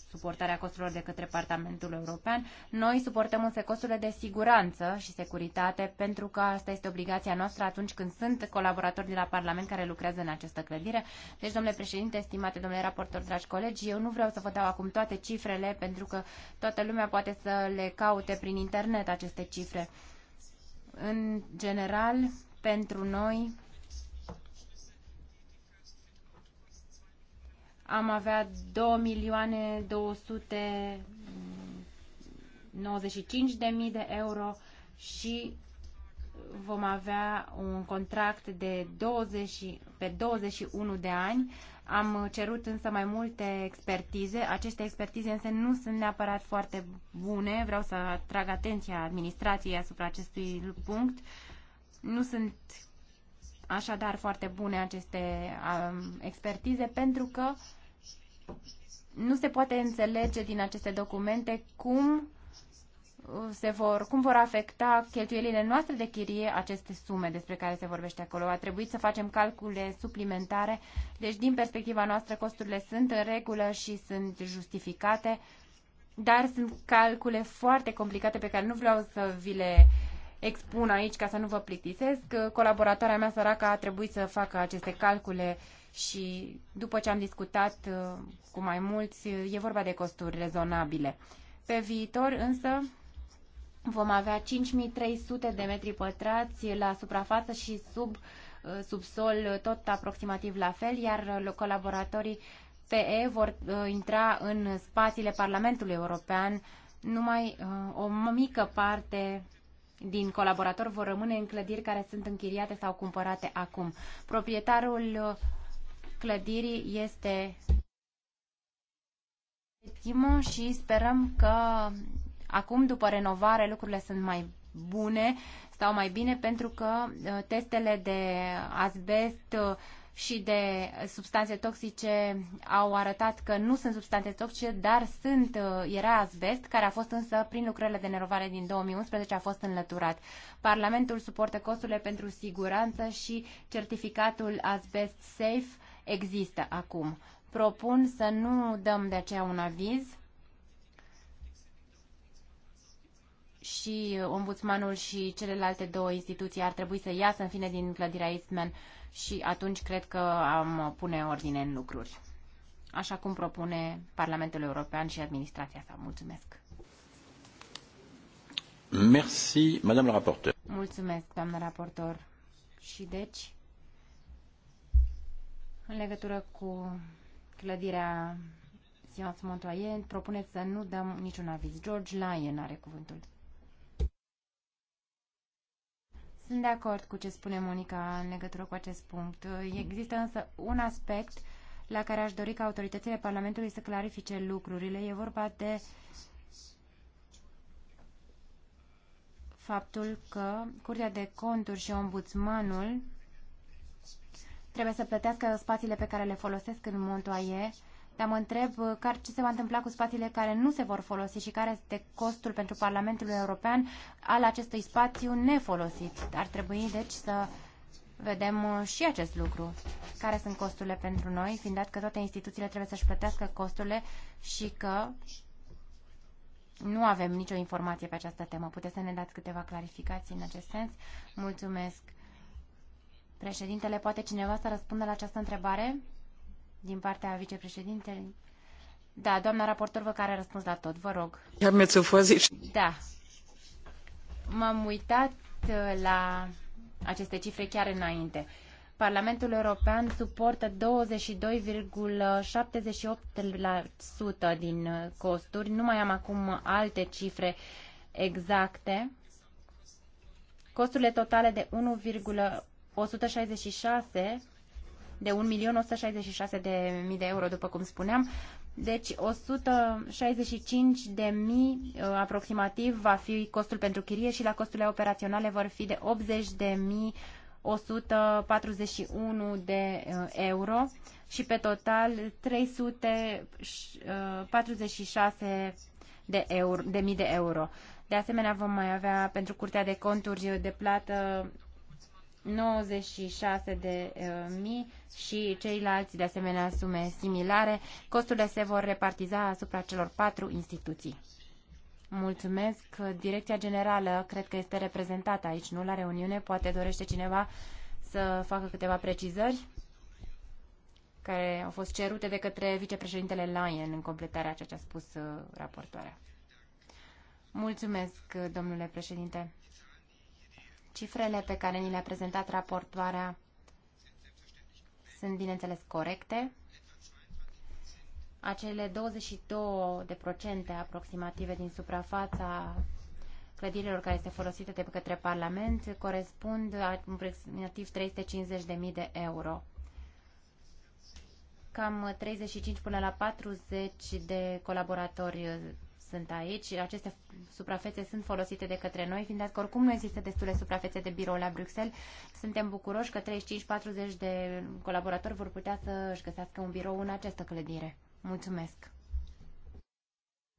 suportarea costurilor de către Parlamentul European. Noi suportăm însă costurile de siguranță și securitate, pentru că asta este obligația noastră atunci când sunt colaboratori de la Parlament care lucrează în această clădire. Deci, domnule președinte, estimate domnule raportor, dragi colegi, eu nu vreau să vă dau acum toate cifrele, pentru că toată lumea poate să le caute prin internet aceste cifre. În general, pentru noi, am avea 2 milioane 295 de mii de euro și vom avea un contract de 20, pe 21 de ani. Am cerut însă mai multe expertize. Aceste expertize însă nu sunt neapărat foarte bune. Vreau să atrag atenția administrației asupra acestui punct. Nu sunt așadar foarte bune aceste um, expertize pentru că uh, nu se poate înțelege din aceste documente cum uh, se vor, cum vor afecta cheltuielile noastre de chirie aceste sume despre care se vorbește acolo. A trebuit să facem calcule suplimentare, deci din perspectiva noastră costurile sunt în regulă și sunt justificate, dar sunt calcule foarte complicate pe care nu vreau să vi le expun aici ca să nu vă plictisesc. Colaboratoarea mea săracă a trebuit să facă aceste calcule uh, și după ce am discutat uh, cu mai mulți, uh, e vorba de costuri rezonabile. Pe viitor însă vom avea 5300 de metri pătrați la suprafață și sub uh, subsol tot aproximativ la fel, iar colaboratorii PE vor intra în spațiile Parlamentului European. Numai o mică parte din colaboratori vor rămâne în clădiri care sunt închiriate sau cumpărate acum. Proprietarul clădirii este Timo și sperăm că acum, după renovare, lucrurile sunt mai bune, sau mai bine pentru că uh, testele de asbest uh, și de substanțe toxice au arătat că nu sunt substanțe toxice, dar sunt, uh, era asbest, care a fost însă prin lucrările de nerovare din 2011 a fost înlăturat. Parlamentul suportă costurile pentru siguranță și certificatul asbest safe există acum. Propun să nu dăm de aceea un aviz și ombudsmanul și celelalte două instituții ar trebui să iasă în fine din clădirea Eastman și atunci cred că am pune ordine în lucruri, așa cum propune Parlamentul European și administrația sa. Mulțumesc! Merci, Madame la raporteur. Mulțumesc, doamnă raportor. Și deci, în legătură cu clădirea Sionț Montoyen, propuneți să nu dăm niciun aviz. George Lyon are cuvântul. Sunt de acord cu ce spune Monica în legătură cu acest punct. Există însă un aspect la care aș dori ca autoritățile Parlamentului să clarifice lucrurile. E vorba de faptul că Curtea de Conturi și Ombudsmanul trebuie să plătească spațiile pe care le folosesc în Montoie, dar mă întreb uh, ce se va întâmpla cu spațiile care nu se vor folosi și care este costul pentru Parlamentul European al acestui spațiu nefolosit. Ar trebui, deci, să vedem uh, și acest lucru. Care sunt costurile pentru noi, fiind dat că toate instituțiile trebuie să-și plătească costurile și că nu avem nicio informație pe această temă. Puteți să ne dați câteva clarificații în acest sens? Mulțumesc! Președintele, poate cineva să răspundă la această întrebare din partea vicepreședintelui? Da, doamna raportor, vă care a răspuns la tot, vă rog. Iar mi Da. M-am uitat uh, la aceste cifre chiar înainte. Parlamentul European suportă 22,78% din uh, costuri. Nu mai am acum alte cifre exacte. Costurile totale de 166 de 1.166.000 de mii de euro, după cum spuneam. Deci 165 de mii uh, aproximativ va fi costul pentru chirie și la costurile operaționale vor fi de 80 de mii 141 de uh, euro și pe total 346 uh, de, euro, de mii de euro. De asemenea, vom mai avea pentru Curtea de Conturi de plată 96.000 de uh, mii și ceilalți de asemenea sume similare. Costurile se vor repartiza asupra celor patru instituții. Mulțumesc. Direcția Generală cred că este reprezentată aici, nu la reuniune. Poate dorește cineva să facă câteva precizări care au fost cerute de către vicepreședintele Lyon în completarea ceea ce a spus uh, raportoarea. Mulțumesc, domnule președinte. Cifrele pe care ni le-a prezentat raportoarea sunt, bineînțeles, corecte. Acele 22 de procente aproximative din suprafața clădirilor care este folosite de către Parlament corespund aproximativ 350.000 de euro. Cam 35 până la 40 de colaboratori sunt aici. Aceste suprafețe sunt folosite de către noi, fiind că oricum nu există destule suprafețe de birou la Bruxelles. Suntem bucuroși că 35-40 de colaboratori vor putea să își găsească un birou în această clădire. Mulțumesc!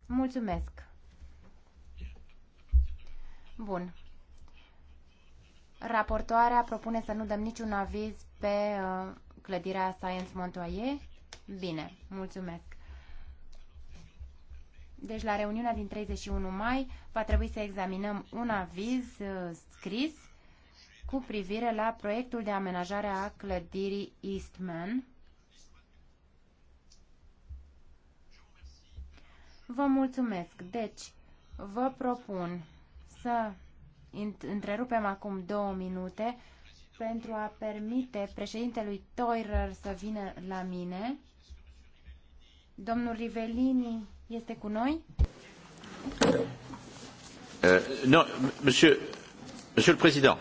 Mulțumesc! Bun. Raportoarea propune să nu dăm niciun aviz pe uh, clădirea Science Montoyer. Bine, mulțumesc. Deci la reuniunea din 31 mai va trebui să examinăm un aviz uh, scris cu privire la proiectul de amenajare a clădirii Eastman. Vă mulțumesc. Deci, vă propun să întrerupem acum două minute pentru a permite președintelui Toirer să vină la mine. Domnul Rivelini este cu noi? Uh, non, monsieur, monsieur le président,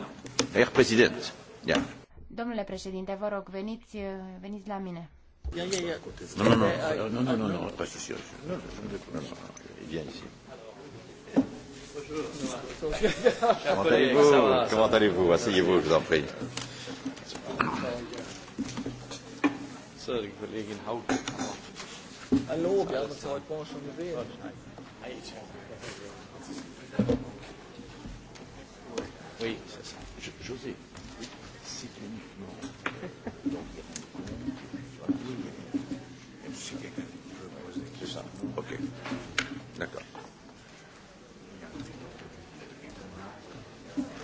herr président. Yeah. Domnule președinte, vă rog, veniți, veniți la mine. Nu, nu, nu, nu, nu, nu, nu, nu, nu, nu, nu, nu, Comment allez-vous Comment allez-vous Asseyez-vous, je vous en prie. So, Han låg där och sa ett barn som du vet. Oui, c'est ça. Je, José, si uniquement donc si quelqu'un peut poser. C'est ça. Ok. D'accord.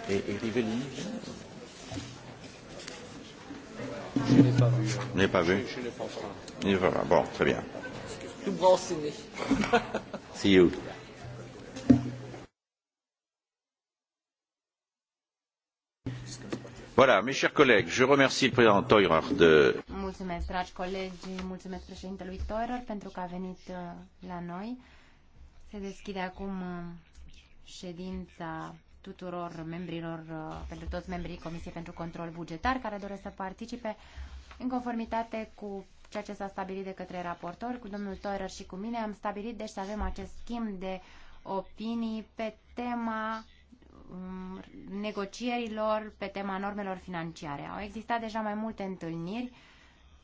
Et, et Rivelli Je n'ai pas vu. Je n'ai pas vu. Je, je n'ai pas vu. Bon, très bien. Du brauchst sie nicht. See you. Voilà, mes chers collègues, je remercie le président Teurer de... Mulțumesc, dragi colegi, mulțumesc președintelui Teurer pentru că a venit uh, la noi. Se deschide acum uh, ședința tuturor membrilor, uh, pentru toți membrii Comisiei pentru Control Bugetar care doresc să participe în conformitate cu ceea ce s-a stabilit de către raportori, cu domnul Toirer și cu mine. Am stabilit deci să avem acest schimb de opinii pe tema um, negocierilor pe tema normelor financiare. Au existat deja mai multe întâlniri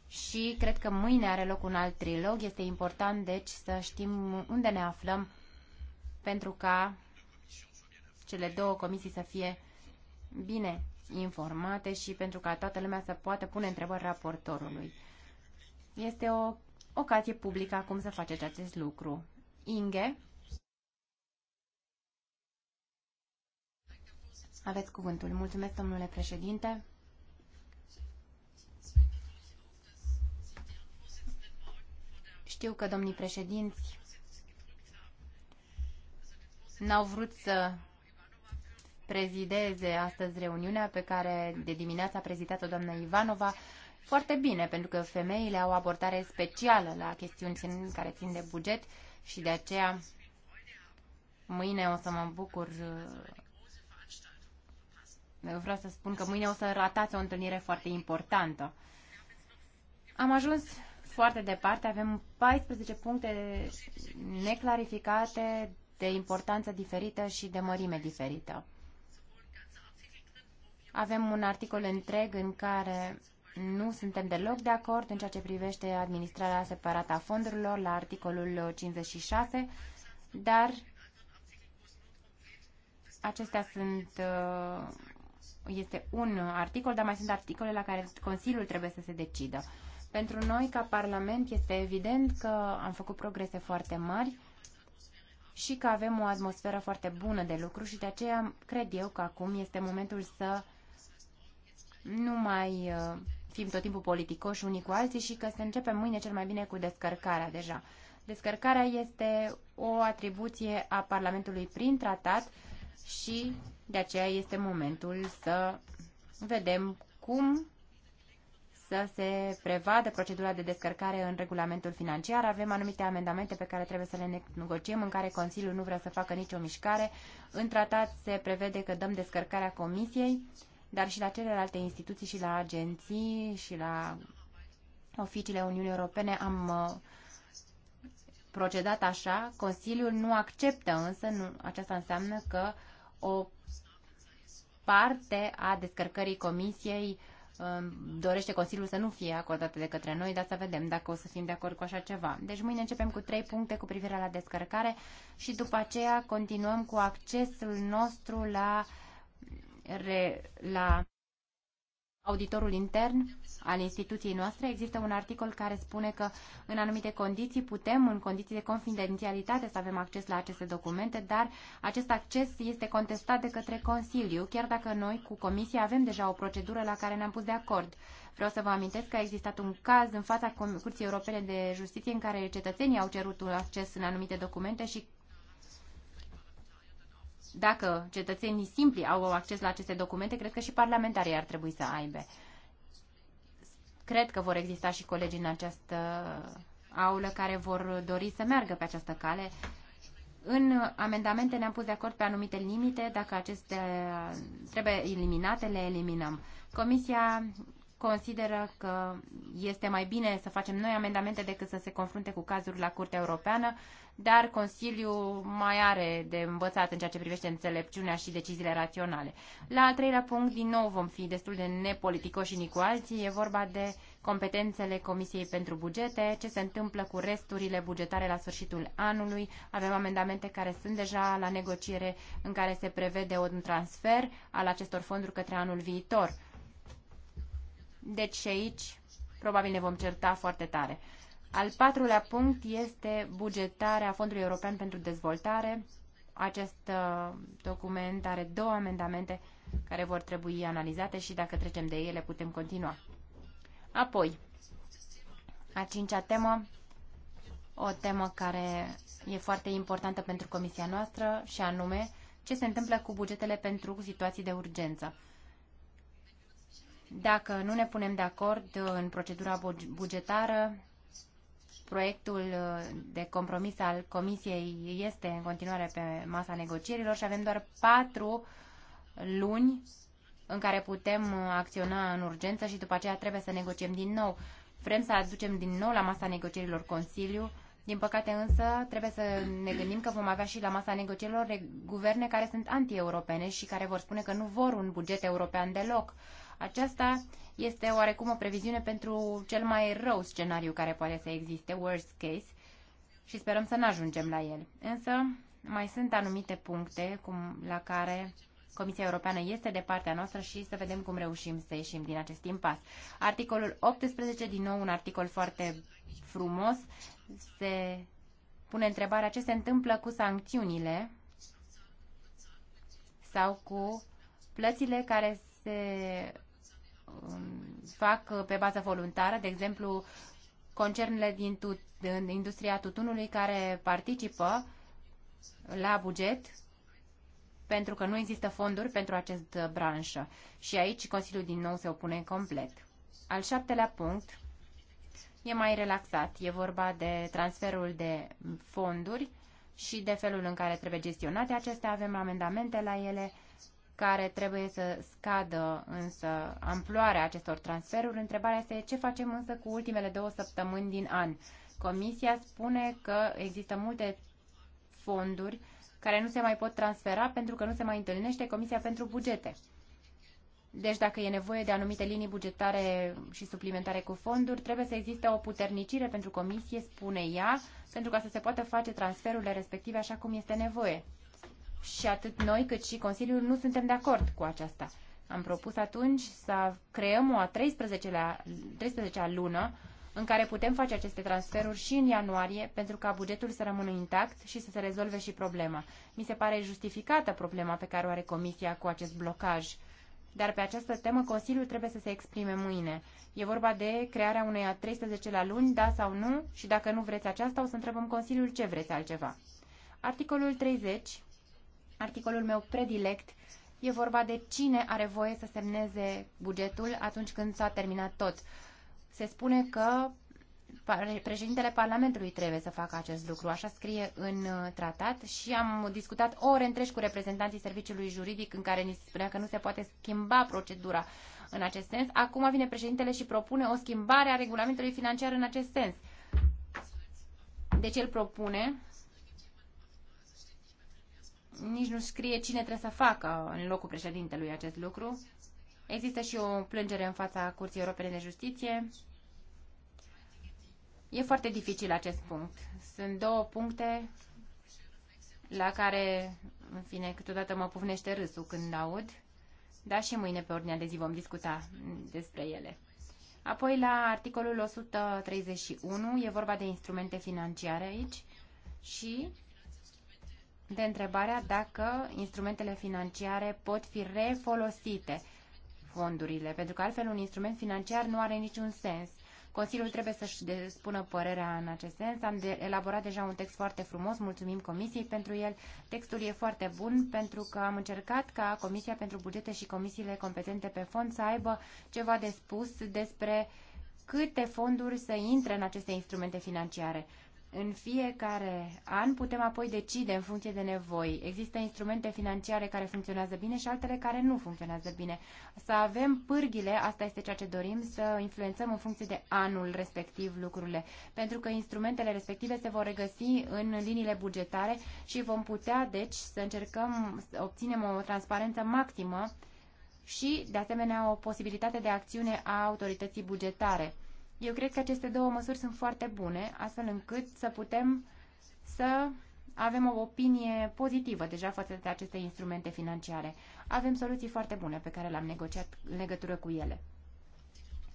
și cred că mâine are loc un alt trilog. Este important, deci, să știm unde ne aflăm pentru ca cele două comisii să fie bine informate și pentru ca toată lumea să poată pune întrebări raportorului. Este o ocazie publică acum să faceți acest lucru. Inge, aveți cuvântul. Mulțumesc, domnule președinte. Știu că domnii președinți n-au vrut să prezideze astăzi reuniunea pe care de dimineața a prezidat-o doamna Ivanova, foarte bine, pentru că femeile au o abordare specială la chestiuni care țin de buget și de aceea mâine o să mă bucur eu uh, vreau să spun că mâine o să ratați o întâlnire foarte importantă. Am ajuns foarte departe, avem 14 puncte neclarificate de importanță diferită și de mărime diferită. Avem un articol întreg în care nu suntem deloc de acord în ceea ce privește administrarea separată a fondurilor la articolul 56, dar acestea sunt uh, este un articol, dar mai sunt articole la care Consiliul trebuie să se decidă. Pentru noi, ca Parlament, este evident că am făcut progrese foarte mari și că avem o atmosferă foarte bună de lucru și de aceea cred eu că acum este momentul să nu mai uh, fim tot timpul politicoși unii cu alții și că se începe mâine cel mai bine cu descărcarea deja. Descărcarea este o atribuție a Parlamentului prin tratat și de aceea este momentul să vedem cum să se prevadă procedura de descărcare în regulamentul financiar. Avem anumite amendamente pe care trebuie să le negociem, în care Consiliul nu vrea să facă nicio mișcare. În tratat se prevede că dăm descărcarea Comisiei dar și la celelalte instituții și la agenții și la oficiile Uniunii Europene am uh, procedat așa. Consiliul nu acceptă însă, nu, aceasta înseamnă că o parte a descărcării comisiei um, dorește Consiliul să nu fie acordată de către noi, dar să vedem dacă o să fim de acord cu așa ceva. Deci mâine începem cu trei puncte cu privire la descărcare și după aceea continuăm cu accesul nostru la uh, re, la auditorul intern al instituției noastre, există un articol care spune că în anumite condiții putem, în condiții de confidențialitate, să avem acces la aceste documente, dar acest acces este contestat de către Consiliu, chiar dacă noi cu Comisia avem deja o procedură la care ne-am pus de acord. Vreau să vă amintesc că a existat un caz în fața Curții Europene de Justiție în care cetățenii au cerut un acces în anumite documente și dacă cetățenii simpli au acces la aceste documente, cred că și parlamentarii ar trebui să aibă. Cred că vor exista și colegi în această aulă care vor dori să meargă pe această cale. În amendamente ne-am pus de acord pe anumite limite, dacă aceste trebuie eliminate, le eliminăm. Comisia consideră că este mai bine să facem noi amendamente decât să se confrunte cu cazuri la Curtea Europeană, dar Consiliul mai are de învățat în ceea ce privește înțelepciunea și deciziile raționale. La al treilea punct, din nou vom fi destul de nepoliticoși și cu alții, e vorba de competențele Comisiei pentru Bugete, ce se întâmplă cu resturile bugetare la sfârșitul anului. Avem amendamente care sunt deja la negociere în care se prevede un transfer al acestor fonduri către anul viitor. Deci și aici probabil ne vom certa foarte tare. Al patrulea punct este bugetarea Fondului European pentru Dezvoltare. Acest uh, document are două amendamente care vor trebui analizate și dacă trecem de ele putem continua. Apoi, a cincea temă, o temă care e foarte importantă pentru comisia noastră și anume ce se întâmplă cu bugetele pentru situații de urgență. Dacă nu ne punem de acord în procedura bugetară, proiectul uh, de compromis al Comisiei este în continuare pe masa negocierilor și avem doar patru luni în care putem uh, acționa în urgență și după aceea trebuie să negociem din nou. Vrem să aducem din nou la masa negocierilor Consiliu. Din păcate însă trebuie să ne gândim că vom avea și la masa negocierilor guverne care sunt anti-europene și care vor spune că nu vor un buget european deloc. Aceasta este oarecum o previziune pentru cel mai rău scenariu care poate să existe, worst case, și sperăm să nu ajungem la el. Însă mai sunt anumite puncte cum, la care Comisia Europeană este de partea noastră și să vedem cum reușim să ieșim din acest impas. Articolul 18, din nou un articol foarte frumos, se pune întrebarea ce se întâmplă cu sancțiunile sau cu plățile care se Um, fac uh, pe bază voluntară, de exemplu, concernele din, tu, din industria tutunului care participă la buget pentru că nu există fonduri pentru acest uh, branșă. Și aici Consiliul din nou se opune complet. Al șaptelea punct e mai relaxat. E vorba de transferul de fonduri și de felul în care trebuie gestionate acestea. Avem amendamente la ele care trebuie să scadă însă amploarea acestor transferuri. Întrebarea este ce facem însă cu ultimele două săptămâni din an. Comisia spune că există multe fonduri care nu se mai pot transfera pentru că nu se mai întâlnește Comisia pentru Bugete. Deci dacă e nevoie de anumite linii bugetare și suplimentare cu fonduri, trebuie să existe o puternicire pentru comisie, spune ea, pentru ca să se poată face transferurile respective așa cum este nevoie și atât noi cât și Consiliul nu suntem de acord cu aceasta. Am propus atunci să creăm o a 13-a 13 lună în care putem face aceste transferuri și în ianuarie pentru ca bugetul să rămână intact și să se rezolve și problema. Mi se pare justificată problema pe care o are Comisia cu acest blocaj. Dar pe această temă Consiliul trebuie să se exprime mâine. E vorba de crearea unei a 13 la luni, da sau nu, și dacă nu vreți aceasta, o să întrebăm Consiliul ce vreți altceva. Articolul 30 articolul meu predilect. E vorba de cine are voie să semneze bugetul atunci când s-a terminat tot. Se spune că președintele Parlamentului trebuie să facă acest lucru, așa scrie în uh, tratat și am discutat ore întregi cu reprezentanții serviciului juridic în care ni se spunea că nu se poate schimba procedura în acest sens. Acum vine președintele și propune o schimbare a regulamentului financiar în acest sens. Deci el propune nici nu scrie cine trebuie să facă în locul președintelui acest lucru. Există și o plângere în fața Curții Europene de Justiție. E foarte dificil acest punct. Sunt două puncte la care, în fine, câteodată mă pufnește râsul când aud, dar și mâine pe ordinea de zi vom discuta despre ele. Apoi, la articolul 131, e vorba de instrumente financiare aici și de întrebarea dacă instrumentele financiare pot fi refolosite fondurile, pentru că altfel un instrument financiar nu are niciun sens. Consiliul trebuie să-și spună părerea în acest sens. Am de- elaborat deja un text foarte frumos, mulțumim Comisiei pentru el. Textul e foarte bun pentru că am încercat ca Comisia pentru Bugete și comisiile competente pe fond să aibă ceva de spus despre câte fonduri să intre în aceste instrumente financiare în fiecare an putem apoi decide în funcție de nevoi. Există instrumente financiare care funcționează bine și altele care nu funcționează bine. Să avem pârghile, asta este ceea ce dorim, să influențăm în funcție de anul respectiv lucrurile. Pentru că instrumentele respective se vor regăsi în liniile bugetare și vom putea, deci, să încercăm să obținem o transparență maximă și, de asemenea, o posibilitate de acțiune a autorității bugetare eu cred că aceste două măsuri sunt foarte bune, astfel încât să putem să avem o opinie pozitivă deja față de aceste instrumente financiare. Avem soluții foarte bune pe care le-am negociat în legătură cu ele.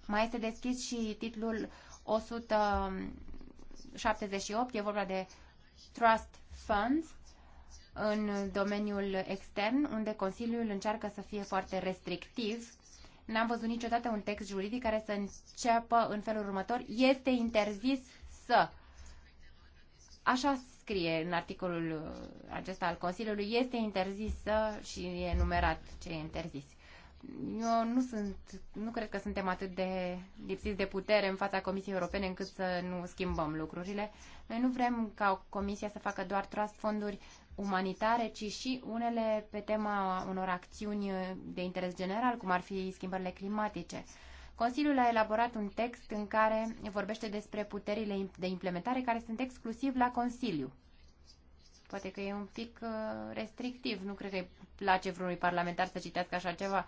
Mai este deschis și titlul 178, e vorba de Trust Funds în domeniul extern, unde Consiliul încearcă să fie foarte restrictiv N-am văzut niciodată un text juridic care să înceapă în felul următor. Este interzis să. Așa scrie în articolul uh, acesta al Consiliului. Este interzis să și e numerat ce e interzis. Eu nu sunt, nu cred că suntem atât de lipsiți de putere în fața Comisiei Europene încât să nu schimbăm lucrurile. Noi nu vrem ca Comisia să facă doar trust fonduri umanitare, ci și unele pe tema unor acțiuni de interes general, cum ar fi schimbările climatice. Consiliul a elaborat un text în care vorbește despre puterile de implementare care sunt exclusiv la Consiliu. Poate că e un pic uh, restrictiv, nu cred că îi place vreunui parlamentar să citească așa ceva.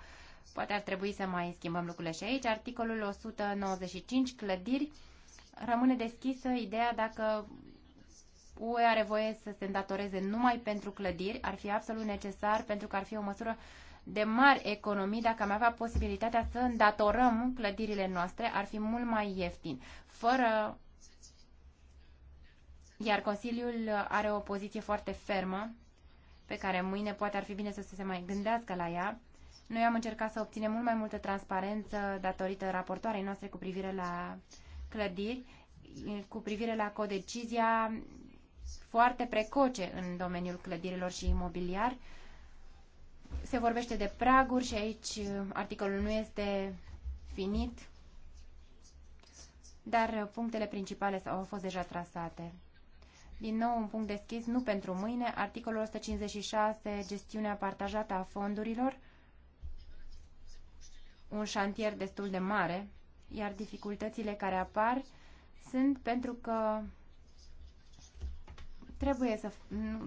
Poate ar trebui să mai schimbăm lucrurile și aici. Articolul 195, clădiri, rămâne deschisă ideea dacă UE are voie să se îndatoreze numai pentru clădiri, ar fi absolut necesar pentru că ar fi o măsură de mari economii dacă am avea posibilitatea să îndatorăm clădirile noastre, ar fi mult mai ieftin. Fără iar Consiliul are o poziție foarte fermă, pe care mâine poate ar fi bine să se mai gândească la ea. Noi am încercat să obținem mult mai multă transparență datorită raportoarei noastre cu privire la clădiri, cu privire la codecizia foarte precoce în domeniul clădirilor și imobiliar. Se vorbește de praguri și aici uh, articolul nu este finit, dar uh, punctele principale au fost deja trasate. Din nou un punct deschis, nu pentru mâine, articolul 156, gestiunea partajată a fondurilor, un șantier destul de mare, iar dificultățile care apar sunt pentru că trebuie să,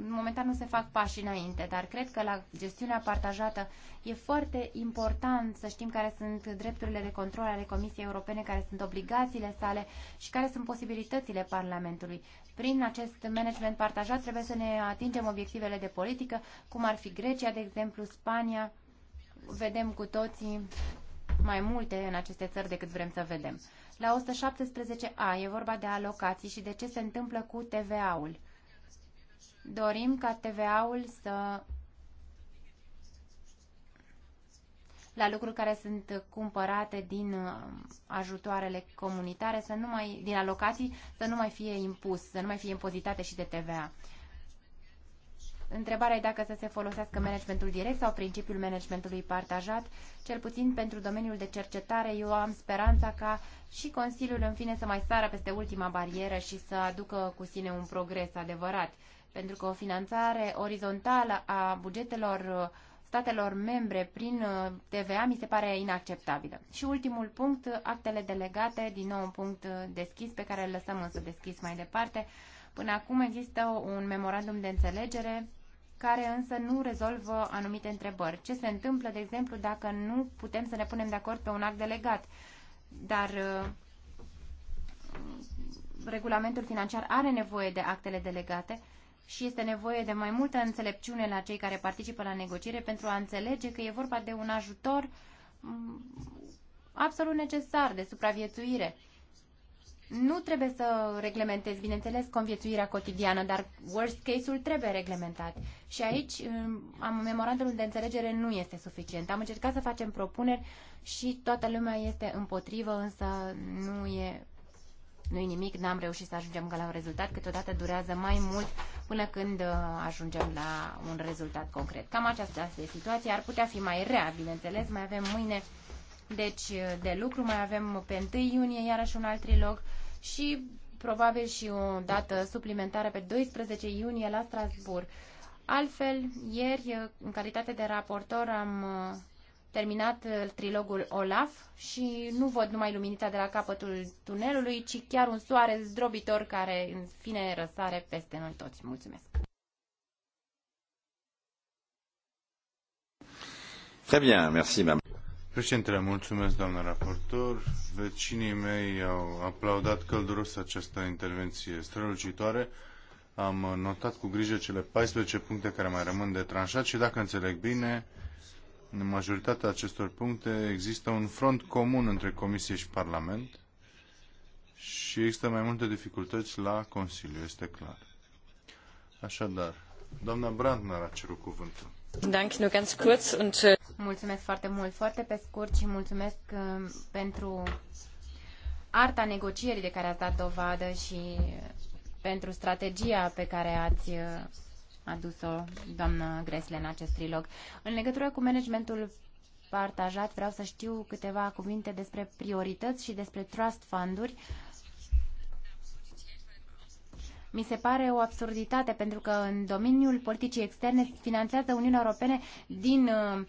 momentan nu se fac pași înainte, dar cred că la gestiunea partajată e foarte important să știm care sunt drepturile de control ale Comisiei Europene, care sunt obligațiile sale și care sunt posibilitățile Parlamentului. Prin acest management partajat trebuie să ne atingem obiectivele de politică, cum ar fi Grecia, de exemplu, Spania. Vedem cu toții mai multe în aceste țări decât vrem să vedem. La 117a e vorba de alocații și de ce se întâmplă cu TVA-ul. Dorim ca TVA-ul să la lucruri care sunt cumpărate din uh, ajutoarele comunitare, să nu mai, din alocații, să nu mai fie impus, să nu mai fie impozitate și de TVA. Întrebarea e dacă să se folosească managementul direct sau principiul managementului partajat. Cel puțin pentru domeniul de cercetare, eu am speranța ca și Consiliul, în fine, să mai sară peste ultima barieră și să aducă cu sine un progres adevărat pentru că o finanțare orizontală a bugetelor uh, statelor membre prin uh, TVA mi se pare inacceptabilă. Și ultimul punct, uh, actele delegate, din nou un punct deschis pe care îl lăsăm însă deschis mai departe. Până acum există un memorandum de înțelegere care însă nu rezolvă anumite întrebări. Ce se întâmplă, de exemplu, dacă nu putem să ne punem de acord pe un act delegat? Dar regulamentul financiar are nevoie de actele delegate și este nevoie de mai multă înțelepciune la cei care participă la negociere pentru a înțelege că e vorba de un ajutor mm, absolut necesar de supraviețuire. Nu trebuie să reglementezi, bineînțeles, conviețuirea cotidiană, dar worst case-ul trebuie reglementat. Și aici mm, am, memorandumul de înțelegere nu este suficient. Am încercat să facem propuneri și toată lumea este împotrivă, însă nu e nu-i nimic, n-am reușit să ajungem la un rezultat, câteodată durează mai mult până când uh, ajungem la un rezultat concret. Cam aceasta este situația, ar putea fi mai rea, bineînțeles, mai avem mâine, deci uh, de lucru, mai avem pe 1 iunie iarăși un alt trilog și probabil și o dată suplimentară pe 12 iunie la Strasbourg. Altfel, ieri, uh, în calitate de raportor, am terminat uh, trilogul Olaf și nu văd numai luminița de la capătul tunelului, ci chiar un soare zdrobitor care în fine răsare peste noi toți. Mulțumesc! Très bien, merci, Președintele, mulțumesc, doamnă raportor. Vecinii mei au aplaudat călduros această intervenție strălucitoare. Am notat cu grijă cele 14 puncte care mai rămân de tranșat și, dacă înțeleg bine, în majoritatea acestor puncte există un front comun între Comisie și Parlament și există mai multe dificultăți la Consiliu, este clar. Așadar, doamna Brandner a cerut cuvântul. Uh, mulțumesc foarte mult, foarte pe scurt și mulțumesc uh, pentru arta negocierii de care ați dat dovadă și uh, pentru strategia pe care ați adus-o doamna Gresle în acest trilog. În legătură cu managementul partajat, vreau să știu câteva cuvinte despre priorități și despre trust funduri. Mi se pare o absurditate pentru că în domeniul politicii externe finanțează Uniunea Europene din uh,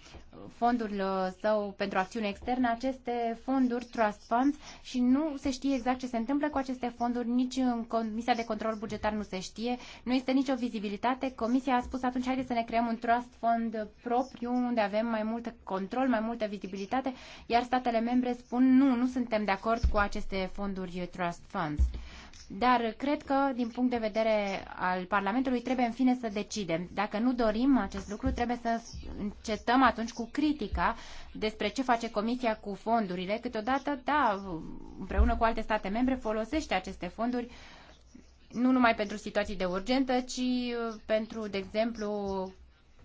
fondul uh, său pentru acțiune externă aceste fonduri, trust funds, și nu se știe exact ce se întâmplă cu aceste fonduri, nici în Comisia de Control Bugetar nu se știe, nu este nicio vizibilitate. Comisia a spus atunci, haideți să ne creăm un trust fund propriu, unde avem mai mult control, mai multă vizibilitate, iar statele membre spun, nu, nu suntem de acord cu aceste fonduri trust funds. Dar cred că, din punct de vedere al Parlamentului, trebuie în fine să decidem. Dacă nu dorim acest lucru, trebuie să încetăm atunci cu critica despre ce face Comisia cu fondurile. Câteodată, da, împreună cu alte state membre, folosește aceste fonduri nu numai pentru situații de urgență, ci uh, pentru, de exemplu,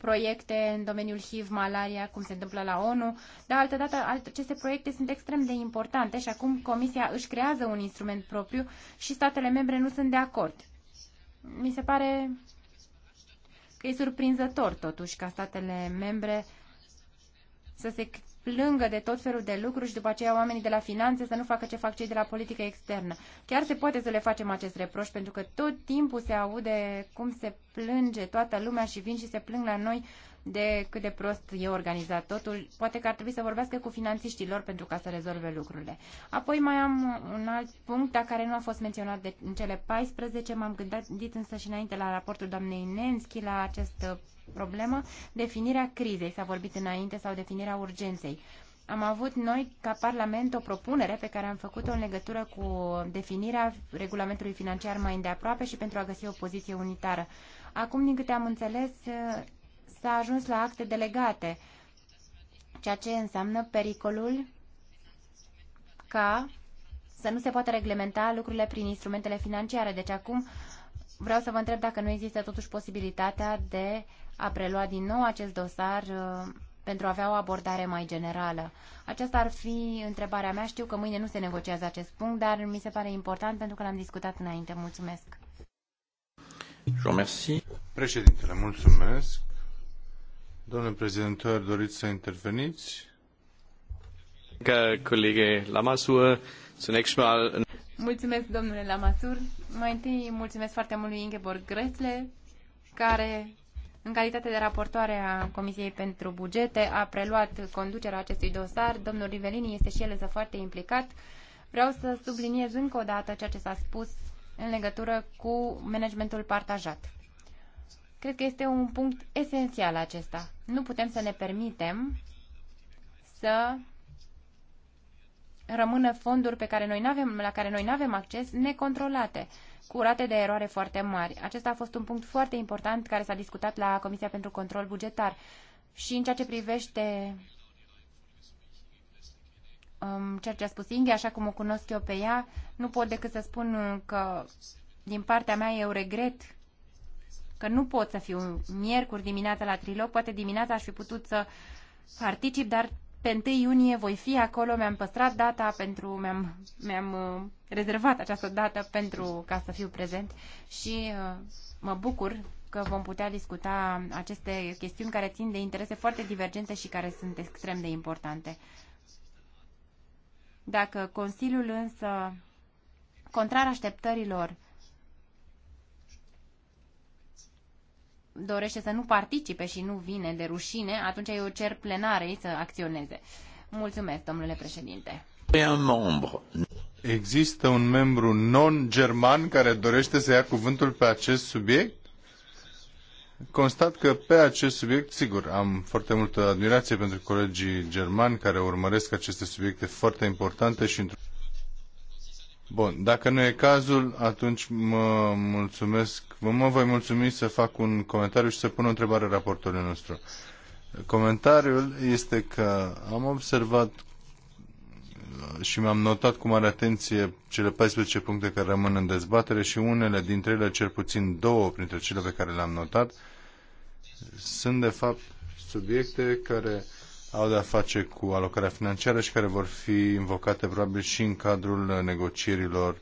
proiecte în domeniul HIV, malaria, cum se întâmplă la ONU, dar altădată aceste proiecte sunt extrem de importante și acum Comisia își creează un instrument propriu și statele membre nu sunt de acord. Mi se pare că e surprinzător totuși ca statele membre să se plângă de tot felul de lucruri și după aceea oamenii de la finanțe să nu facă ce fac cei de la politică externă. Chiar se poate să le facem acest reproș, pentru că tot timpul se aude cum se plânge toată lumea și vin și se plâng la noi de cât de prost e organizat totul. Poate că ar trebui să vorbească cu finanțiștii lor pentru ca să rezolve lucrurile. Apoi mai am un alt punct, dar care nu a fost menționat de, în cele 14. M-am gândit însă și înainte la raportul doamnei Nenski la această uh, problemă. Definirea crizei, s-a vorbit înainte, sau definirea urgenței. Am avut noi, ca Parlament, o propunere pe care am făcut-o în legătură cu definirea regulamentului financiar mai îndeaproape și pentru a găsi o poziție unitară. Acum, din câte am înțeles, uh, s-a ajuns la acte delegate, ceea ce înseamnă pericolul ca să nu se poată reglementa lucrurile prin instrumentele financiare. Deci acum vreau să vă întreb dacă nu există totuși posibilitatea de a prelua din nou acest dosar uh, pentru a avea o abordare mai generală. Aceasta ar fi întrebarea mea. Știu că mâine nu se negociază acest punct, dar mi se pare important pentru că l-am discutat înainte. Mulțumesc. Președintele, mulțumesc. Domnule prezidentor, doriți să interveniți? Ca colege Lamasur, zunächst mal... Mulțumesc, domnule Lamasur. Mai întâi mulțumesc foarte mult lui Ingeborg Gresle, care, în calitate de raportoare a Comisiei pentru Bugete, a preluat conducerea acestui dosar. Domnul Rivelini este și el însă foarte implicat. Vreau să subliniez încă o dată ceea ce s-a spus în legătură cu managementul partajat. Cred că este un punct esențial acesta. Nu putem să ne permitem să rămână fonduri pe care noi avem, la care noi nu avem acces necontrolate, cu rate de eroare foarte mari. Acesta a fost un punct foarte important care s-a discutat la Comisia pentru Control Bugetar. Și în ceea ce privește um, ceea ce a spus Inghe, așa cum o cunosc eu pe ea, nu pot decât să spun că din partea mea eu regret că nu pot să fiu miercuri dimineața la trilog, poate dimineața aș fi putut să particip, dar pe 1 iunie voi fi acolo, mi-am păstrat data pentru, mi-am, mi-am uh, rezervat această dată pentru ca să fiu prezent și uh, mă bucur că vom putea discuta aceste chestiuni care țin de interese foarte divergente și care sunt extrem de importante. Dacă Consiliul însă, contrar așteptărilor, dorește să nu participe și nu vine de rușine, atunci eu cer plenarei să acționeze. Mulțumesc, domnule președinte. Există un membru non-german care dorește să ia cuvântul pe acest subiect? Constat că pe acest subiect, sigur, am foarte multă admirație pentru colegii germani care urmăresc aceste subiecte foarte importante și într Bun, dacă nu e cazul, atunci mă mulțumesc, mă voi mulțumi să fac un comentariu și să pun o întrebare raportorului nostru. Comentariul este că am observat și mi-am notat cu mare atenție cele 14 puncte care rămân în dezbatere și unele dintre ele, cel puțin două printre cele pe care le-am notat, sunt de fapt subiecte care au de-a face cu alocarea financiară și care vor fi invocate probabil și în cadrul negocierilor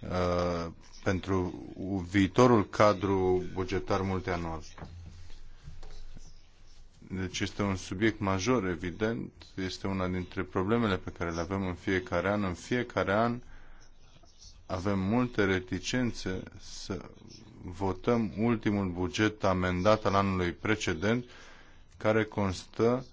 uh, pentru viitorul cadru bugetar multianual. Deci este un subiect major, evident, este una dintre problemele pe care le avem în fiecare an. În fiecare an avem multe reticențe să votăm ultimul buget amendat al anului precedent, care constă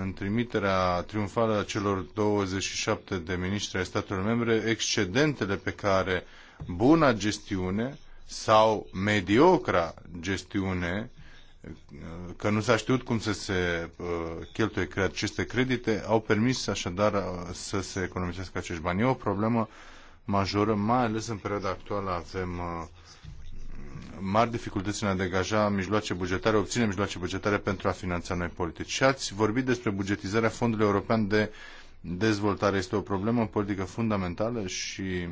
în trimiterea triumfală a celor 27 de miniștri ai statelor membre excedentele pe care buna gestiune sau mediocra gestiune că nu s-a știut cum să se uh, cheltuie aceste credite, au permis așadar uh, să se economisească acești bani. E o problemă majoră, mai ales în perioada actuală avem uh, mari dificultăți în a degaja mijloace bugetare, obține mijloace bugetare pentru a finanța noi politici. Și ați vorbit despre bugetizarea Fondului European de Dezvoltare. Este o problemă politică fundamentală și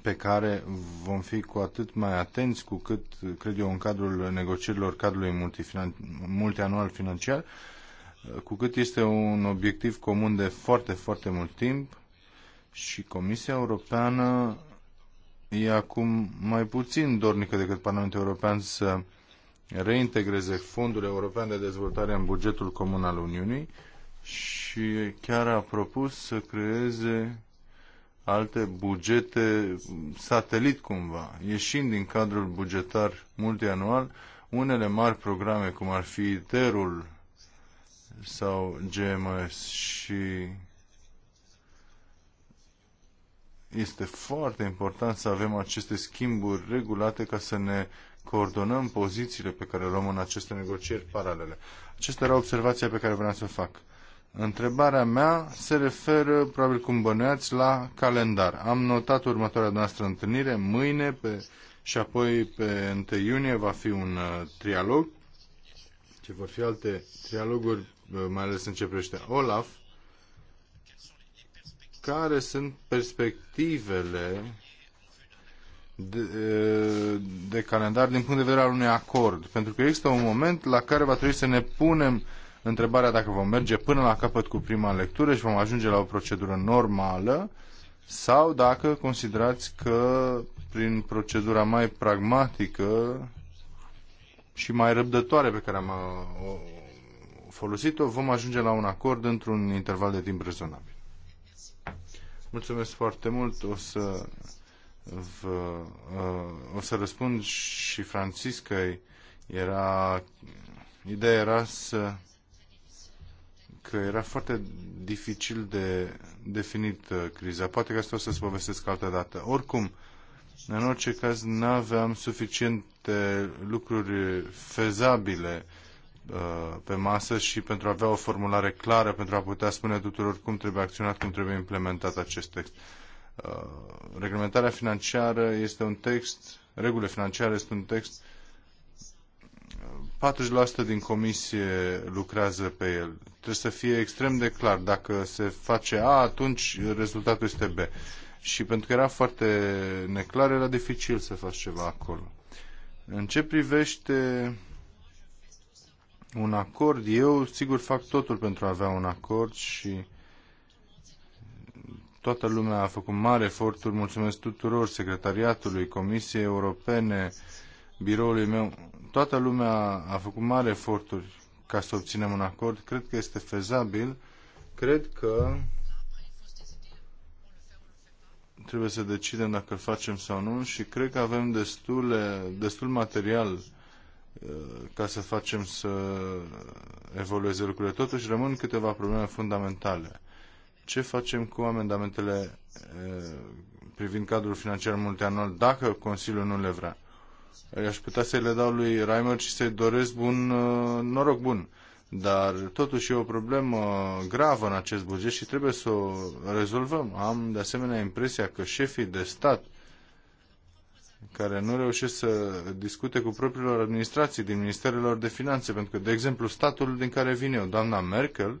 pe care vom fi cu atât mai atenți cu cât, cred eu, în cadrul negocierilor cadrului multianual financiar, cu cât este un obiectiv comun de foarte, foarte mult timp și Comisia Europeană e acum mai puțin dornică decât Parlamentul European să reintegreze Fondul European de Dezvoltare în bugetul comun al Uniunii și chiar a propus să creeze alte bugete satelit cumva, ieșind din cadrul bugetar multianual, unele mari programe cum ar fi ITER-ul sau GMS și Este foarte important să avem aceste schimburi regulate ca să ne coordonăm pozițiile pe care le luăm în aceste negocieri paralele. Acesta era observația pe care vreau să o fac. Întrebarea mea se referă, probabil cum bănuiați, la calendar. Am notat următoarea noastră întâlnire, mâine pe, și apoi pe 1 iunie va fi un uh, trialog, ce vor fi alte trialoguri, uh, mai ales în ce privește Olaf, care sunt perspectivele de, de calendar din punct de vedere al unui acord. Pentru că există un moment la care va trebui să ne punem întrebarea dacă vom merge până la capăt cu prima lectură și vom ajunge la o procedură normală sau dacă considerați că prin procedura mai pragmatică și mai răbdătoare pe care am uh, folosit-o, vom ajunge la un acord într-un interval de timp rezonabil. Mulțumesc foarte mult. O să, vă, uh, o să răspund și Franciscăi. Era, ideea era să că era foarte dificil de definit uh, criza. Poate că asta o să-ți povestesc altă dată. Oricum, în orice caz, nu aveam suficiente lucruri fezabile Uh, pe masă și pentru a avea o formulare clară, pentru a putea spune tuturor cum trebuie acționat, cum trebuie implementat acest text. Uh, reglementarea financiară este un text, regulile financiare este un text 40% din comisie lucrează pe el. Trebuie să fie extrem de clar. Dacă se face A, atunci rezultatul este B. Și pentru că era foarte neclar, era dificil să faci ceva acolo. În ce privește un acord. Eu, sigur, fac totul pentru a avea un acord și toată lumea a făcut mari eforturi. Mulțumesc tuturor, Secretariatului, Comisiei Europene, biroului meu. Toată lumea a făcut mari eforturi ca să obținem un acord. Cred că este fezabil. Cred că trebuie să decidem dacă îl facem sau nu și cred că avem destule, destul material Uh, ca să facem să evolueze lucrurile. Totuși rămân câteva probleme fundamentale. Ce facem cu amendamentele uh, privind cadrul financiar multianual dacă Consiliul nu le vrea? I-aș putea să le dau lui Reimer și să-i doresc bun, uh, noroc bun. Dar totuși e o problemă gravă în acest buget și trebuie să o rezolvăm. Am de asemenea impresia că șefii de stat care nu reușesc să discute cu propriilor administrații din ministerelor de finanțe, pentru că, de exemplu, statul din care vin eu, doamna Merkel,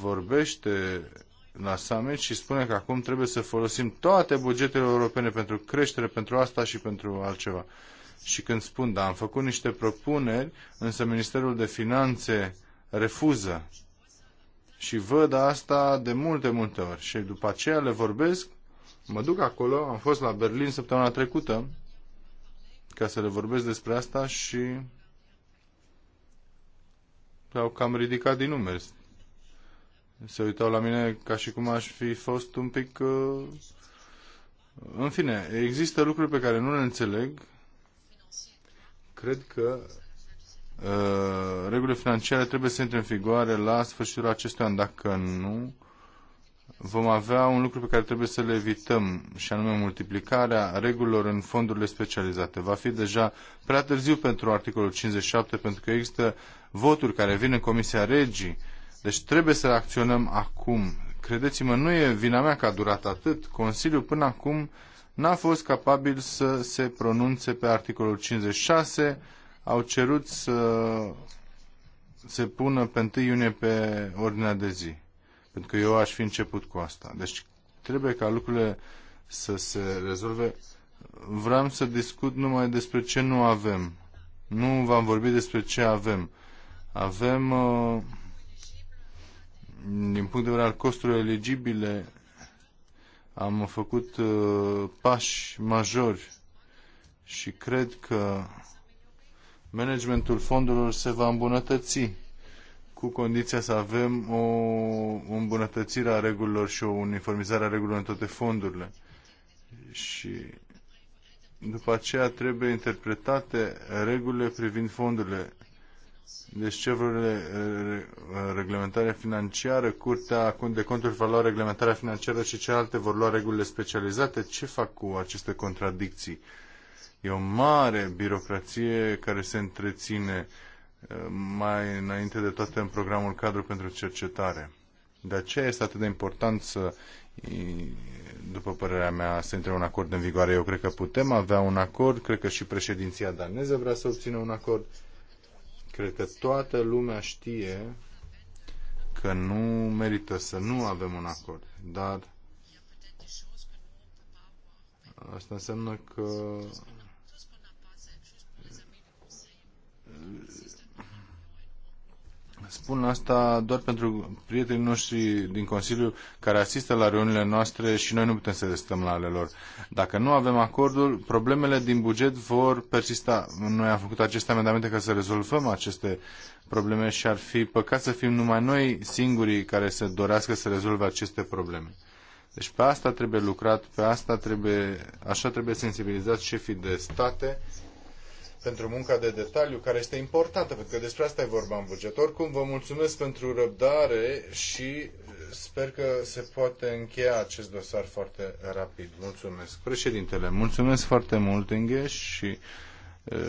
vorbește la summit și spune că acum trebuie să folosim toate bugetele europene pentru creștere, pentru asta și pentru altceva. Și când spun, da, am făcut niște propuneri, însă Ministerul de Finanțe refuză. Și văd asta de multe, multe ori. Și după aceea le vorbesc Mă duc acolo, am fost la Berlin săptămâna trecută ca să le vorbesc despre asta și au cam ridicat din numeri. Se uitau la mine ca și cum aș fi fost un pic... Uh... În fine, există lucruri pe care nu le înțeleg. Cred că uh, regulile financiare trebuie să intre în vigoare la sfârșitul acestui an. Dacă nu, vom avea un lucru pe care trebuie să l evităm, și anume multiplicarea regulilor în fondurile specializate. Va fi deja prea târziu pentru articolul 57, pentru că există voturi care vin în Comisia Regii. Deci trebuie să acționăm acum. Credeți-mă, nu e vina mea că a durat atât. Consiliul până acum n-a fost capabil să se pronunțe pe articolul 56. Au cerut să se pună pe 1 iunie pe ordinea de zi. Pentru că eu aș fi început cu asta. Deci trebuie ca lucrurile să se rezolve. Vreau să discut numai despre ce nu avem. Nu v-am vorbit despre ce avem. Avem, uh, din punct de vedere al costurilor eligibile, am făcut uh, pași majori și cred că managementul fondurilor se va îmbunătăți cu condiția să avem o îmbunătățire a regulilor și o uniformizare a regulilor în toate fondurile. Și după aceea trebuie interpretate regulile privind fondurile. Deci cerurile reglementare financiară, Curtea de Conturi va lua reglementarea financiară și celelalte vor lua regulile specializate. Ce fac cu aceste contradicții? E o mare birocrație care se întreține mai înainte de toate în programul cadru pentru cercetare. De aceea este atât de important să, după părerea mea, să intre un acord în vigoare. Eu cred că putem avea un acord, cred că și președinția daneză vrea să obțină un acord. Cred că toată lumea știe că nu merită să nu avem un acord, dar asta înseamnă că Spun asta doar pentru prietenii noștri din Consiliu care asistă la reuniunile noastre și noi nu putem să stăm la ale lor. Dacă nu avem acordul, problemele din buget vor persista. Noi am făcut aceste amendamente ca să rezolvăm aceste probleme și ar fi păcat să fim numai noi singurii care să dorească să rezolve aceste probleme. Deci pe asta trebuie lucrat, pe asta trebuie, așa trebuie sensibilizați șefii de state pentru munca de detaliu, care este importantă, pentru că despre asta e vorba în buget. Oricum, vă mulțumesc pentru răbdare și sper că se poate încheia acest dosar foarte rapid. Mulțumesc. Președintele, mulțumesc foarte mult, Engheș, și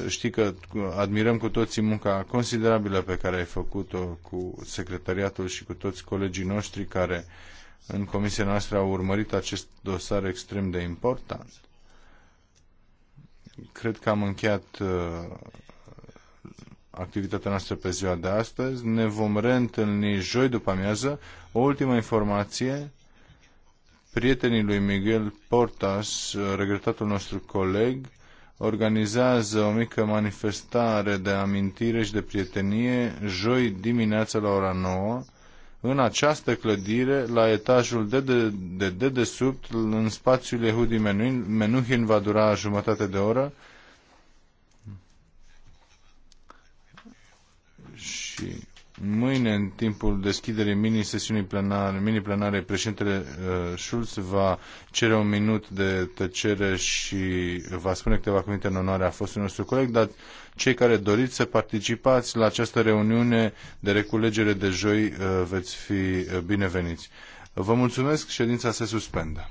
știi că admirăm cu toții munca considerabilă pe care ai făcut-o cu secretariatul și cu toți colegii noștri care în comisia noastră au urmărit acest dosar extrem de important. Cred că am încheiat uh, activitatea noastră pe ziua de astăzi. Ne vom reîntâlni joi după amiază. O ultimă informație. Prietenii lui Miguel Portas, uh, regretatul nostru coleg, organizează o mică manifestare de amintire și de prietenie joi dimineața la ora 9 în această clădire, la etajul de dedesubt, de, de, dedesubt, în spațiul Yehudi Menuhin, Menuhin va dura jumătate de oră. Și Mâine, în timpul deschiderii mini-sesiunii plenare, mini-plenare, președintele uh, Schulz va cere un minut de tăcere și va spune câteva cuvinte în onoarea fostului nostru coleg, dar cei care doriți să participați la această reuniune de reculegere de joi uh, veți fi uh, bineveniți. Vă mulțumesc, ședința se suspendă.